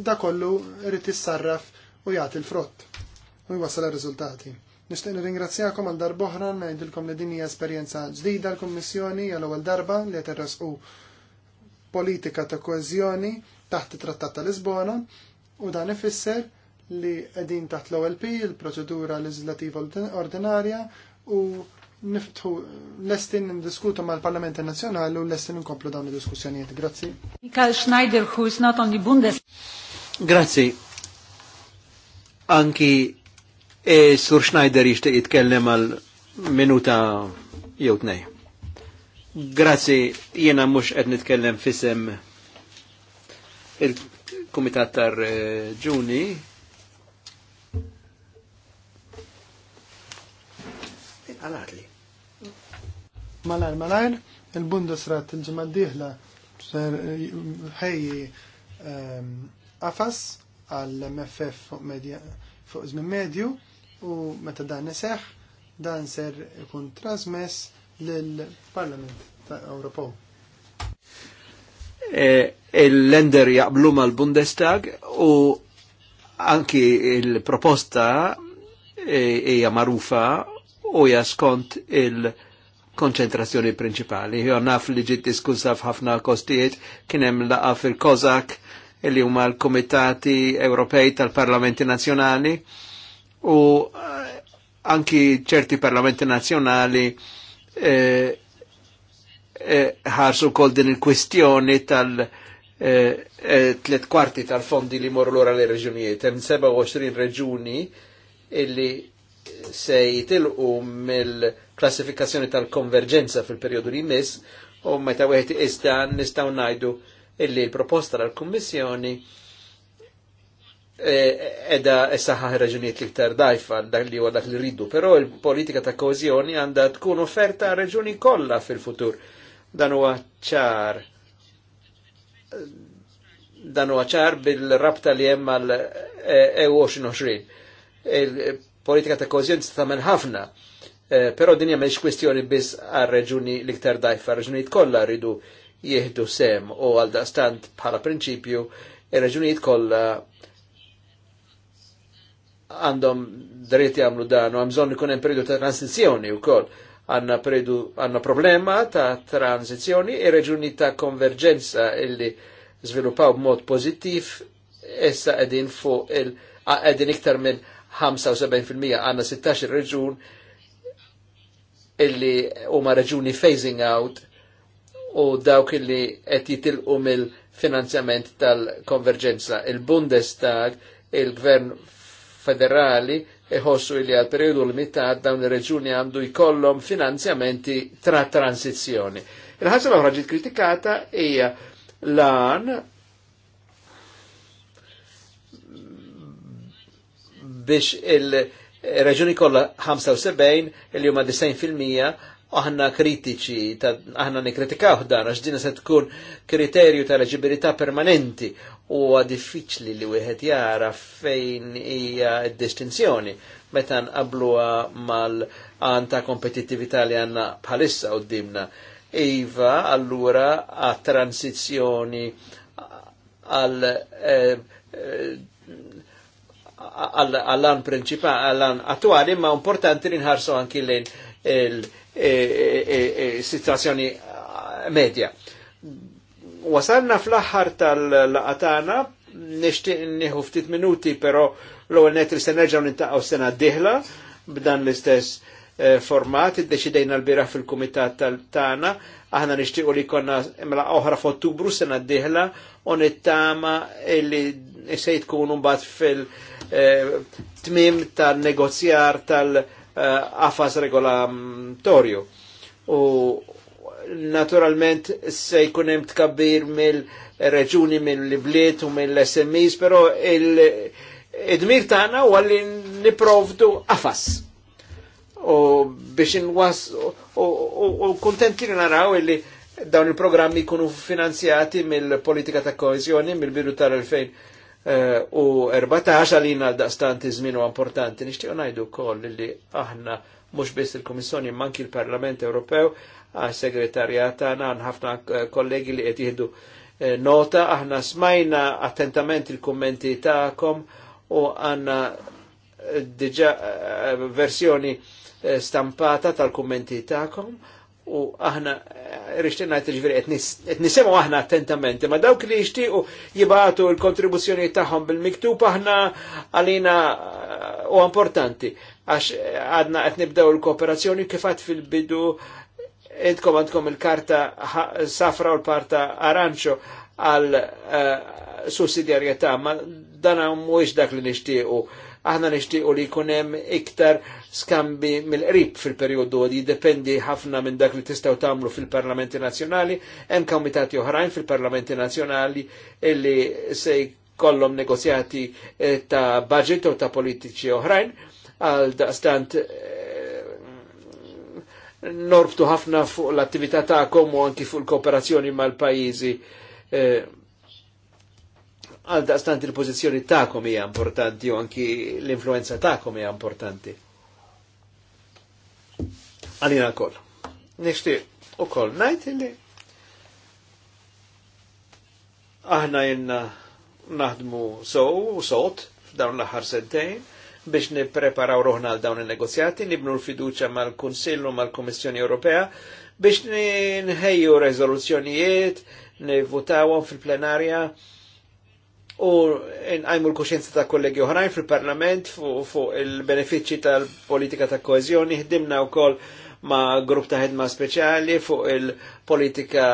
da kollu rrid jissarraf u jagħti l-frott u jwassal ir-riżultati. Nixtieq nirringrazzjakom għal darb'oħra ngħidilkom li din hija esperjenza ġdida l-Kummissjoni għal ewwel darba li qed irrasqu politika ta' koeżjoni taħt it-Trattat ta' Lisbona u dan ifisser li qegħdin taħt l-OLP, il-proċedura leġislativa ordinarja u niftħu lestin n ma l parlament Nazjonali u lestin nkomplu dawn il-diskussjonijiet. Grazzi. Mikael Schneider, who is not only Bundes. Grazzi. Anki e, Sur Schneider ixte jitkellem għal minuta jew tnej. Grazzi, jiena mhux qed nitkellem fisem il-Kumitat tar Ġuni, għalatli. Malajr, malajr, il-Bundesrat il-ġimma d-dihla ħejji għafas ehm, għal-MFF fuq medja medju u meta dan neseħ dan ser ikun trasmess lill-Parlament Ewropew. E, il-lender jaqblu mal-Bundestag u anki il-proposta e, hija marufa u jaskont skont il-, -proposta, il konċentrazzjoni principali. Jo naf li ġit diskussa f'ħafna kostijiet kienem laqa fil-Kozak li huma l-Komitati Ewropej tal-Parlamenti Nazzjonali u eh, anki ċerti Parlamenti Nazzjonali eh, eh, ħarsu kol din il-kwistjoni tal- tlet kwarti tal-fondi li morru l-ora l-reġunijiet. Hemm 27 reġuni illi se jitilqu mill- klassifikazzjoni tal-konverġenza fil-periodu li jmiss u meta wieħed iqista nistgħu ngħidu illi l-proposta tal-Kummissjoni eh, edha saħħaħ raġunijiet iktar dajfa dak li huwa dak li rridu, però l politika ta' kożjoni għandha tkun offerta reġuni kollha fil-futur. Dan huwa ċar dan huwa ċar bil-rabta li hemm għal EU eh, e 2020. Il-politika ta' kożjoni tista' tagħmel ħafna Eh, pero din hija kwestjoni biss għal reġuni l-iktar dajfa, reġunijiet kollha rridu jihdu sem u għal daqstant bħala prinċipju ir-reġunijiet kollha għandhom dritti għamlu dan u għamżon bżonn ikun periodu ta' transizjoni u wkoll. għanna periodu għanna problema ta' transizjoni e reġuni ta' konverġenza illi żviluppaw b'mod pożittiv issa qegħdin fuq il għedin iktar minn 75% għanna 16 reġun illi huma raġuni phasing out u dawk illi qed jitilqu mill-finanzjament tal-konverġenza. Il-Bundestag, il-Gvern federali iħossu illi għal periodu limitat dawn ir-reġuni għandu jkollhom finanzjamenti tra transizzjoni. Il-ħaġa l-oħra ġiet kritikata hija lan biex il- reġuni kollha 75 il huma 90% aħna kritiċi, aħna nikritikaw dan, għax dina se tkun kriterju ta' leġibilità permanenti u diffiċli li wieħed jara fejn hija d-distinzjoni meta nqabluha mal-għan ta' kompetittività li għandna bħalissa dimna. Iva allura għat transizjoni għal eh, eh, għall-an principali, għall attuali, ma importanti li nħarsu anki lejn il-situazzjoni e, e, e, medja. Wasalna fl-axħar tal-laqatana, nishtiq nieħu ftit minuti, pero l-ewwel net s se nintaqaw s sena diħla b'dan l-istess format, iddeċidejna l-bira fil-kumitat tal-tana, aħna nixtiequ li konna imla oħra f'Ottubru sena d-dieħla u illi sejt se bat fil- Eh, tmim tal-negozjar tal afas regolatorju. U naturalment se jkunem tkabbir mill-reġuni mill-bliet u mill smis pero il-dmir tagħna u għalli niprovdu qafas u biex inwas u kontenti li naraw illi dawn il-programmi kunu finanzjati mill-politika ta' koezjoni mill biru tal-2000 Eh, u 14 għalina għal-daqstanti zminu importanti. Nishtiju najdu kol li aħna mux biss il-Komissjoni manki il-Parlament Ewropew għal segretarjat għana ħafna eh, kollegi li jtihdu eh, nota aħna smajna attentament il-kommenti ta'kom u għanna diġa versjoni stampata tal-kommenti ta'kom u aħna eh, rixtinna t-ġviri qed nisimgħu aħna attentamente, ma dawk li u jibatu l-kontribuzzjoni tagħhom bil-miktub aħna għalina eh, u importanti għax eh, għadna qed nibdew l-kooperazzjoni kif fil-bidu idkom għandkom il-karta safra u l-parta aranċo għal sussidjarjetà, ma dan mhuwiex dak li nixtiequ aħna nixtiequ li jkun hemm iktar skambi mill-qrib fil-periodu għad jiddependi ħafna minn dak li tistaw tamlu fil-parlamenti nazjonali, hemm komitati oħrajn fil-parlamenti nazjonali illi se kollom negozjati eh, ta' budget u ta' politiċi oħrajn għal daqstant eh, norbtu ħafna fuq l-attività ta'kom u anki fuq l-kooperazzjoni mal-pajizi eh, għal daqstant il-pozizjoni ta'kom hija importanti u anki l-influenza ta'kom hija importanti għalina kol. Nishti u kol najt illi aħna jenna naħdmu sow u sot f'dawn l-aħħar sentejn biex nippreparaw roħna għal dawn il-negozjati, nibnu l-fiduċa mal-Kunsillu mal-Kommissjoni Ewropea biex nħejju rezoluzzjonijiet, nivvutawhom fil-plenarja u nqajmu l-kuxjenza ta' kollegi oħrajn fil-Parlament fuq fu il-benefiċċji tal-politika ta' Koezjoni ħdimna wkoll ma' grupp ta' ħedma speċjali fuq il-politika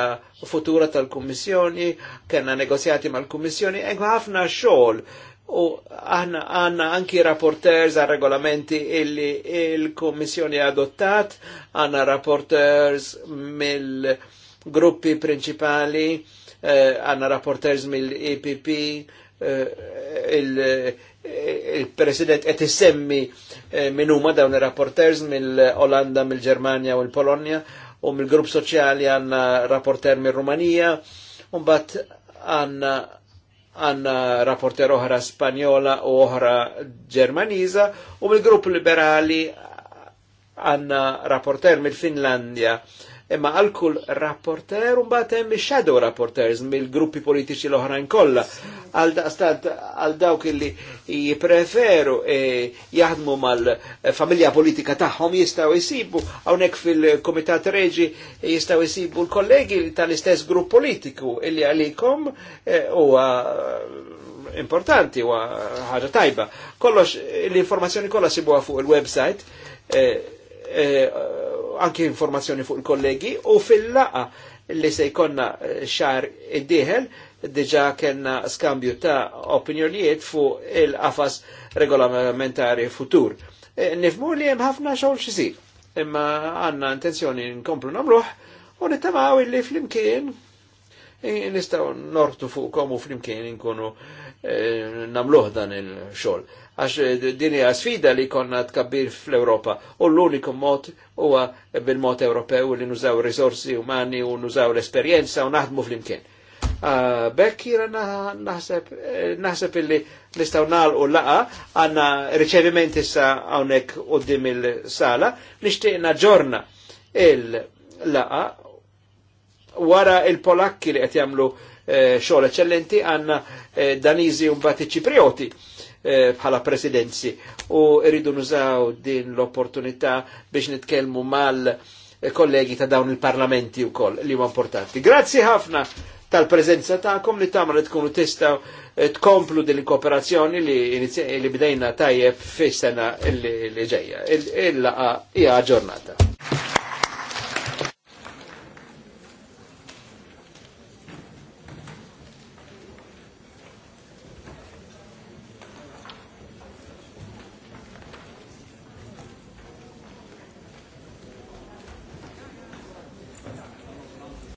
futura tal-Kummissjoni, kena negozjati mal-Kummissjoni, ekku ħafna xogħol u aħna għanna anki rapporters għal regolamenti illi il-Kommissjoni adottat, għanna rapporters mill-gruppi principali, eh, għanna rapporters mill-EPP, il-President qed isemmi eh, minn huma dawn ir-rapporters mill-Olanda, mill-Ġermanja u l-Polonja u mill-grupp soċjali għandna rapporter mir rumanija u mbagħad għandna għanna rapporter oħra Spanjola u oħra Ġermaniża u mill-grupp liberali għanna rapporter mill-Finlandja imma għal kull rapporter un hemm shadow rapporters mill-gruppi politiċi l-oħrajn kollha għal dawk illi jipreferu e, jaħdmu mal-familja politika tagħhom jistgħu jsibu hawnhekk fil-Kumitat Reġi jistgħu jsibu l-kollegi tal-istess grupp politiku illi għalikom e, huwa importanti u ħaġa tajba. Kollox l-informazzjoni kollha sibuha fuq il-website eh, Eh, anki informazzjoni fuq il-kollegi u fil-laqa li se jkonna eh, xar id-dieħel diġa kena skambju ta' opinjonijiet fuq il-qafas regolamentari futur. Eh, Nifmu li hemm ħafna xogħol xisir, imma għanna intenzjoni nkomplu namruħ u nittamaw li flimkien nistaw nortu komu fl flimkien nkunu namluħ dan il-xogħol għax eh, din hija sfida li konna tkabbir fl europa u l-uniku mod huwa bil-mod Ewropew li nużaw risorsi umani u nużaw l-esperjenza u naħdmu fl-imkien. Ah, Bekk jira eh, naħseb illi nistaw u laqa għanna riċeviment issa hawnhekk dim il-sala nixtieq naġġorna il-laqa wara il-Polakki li qed jagħmlu eh, xogħol eċċellenti għandna Danizi un bati Ċiprioti Eh, bħala presidenzi u rridu nużaw din l-opportunità biex nitkellmu mal eh, kollegi ta' dawn il-parlamenti u koll li huwa importanti. Grazzi ħafna tal-prezenza ta'kom li tamra tkunu tistaw eh, tkomplu din kooperazzjoni li, li bdejna tajjeb fis sena li ġejja. Illa laqa hija ġurnata.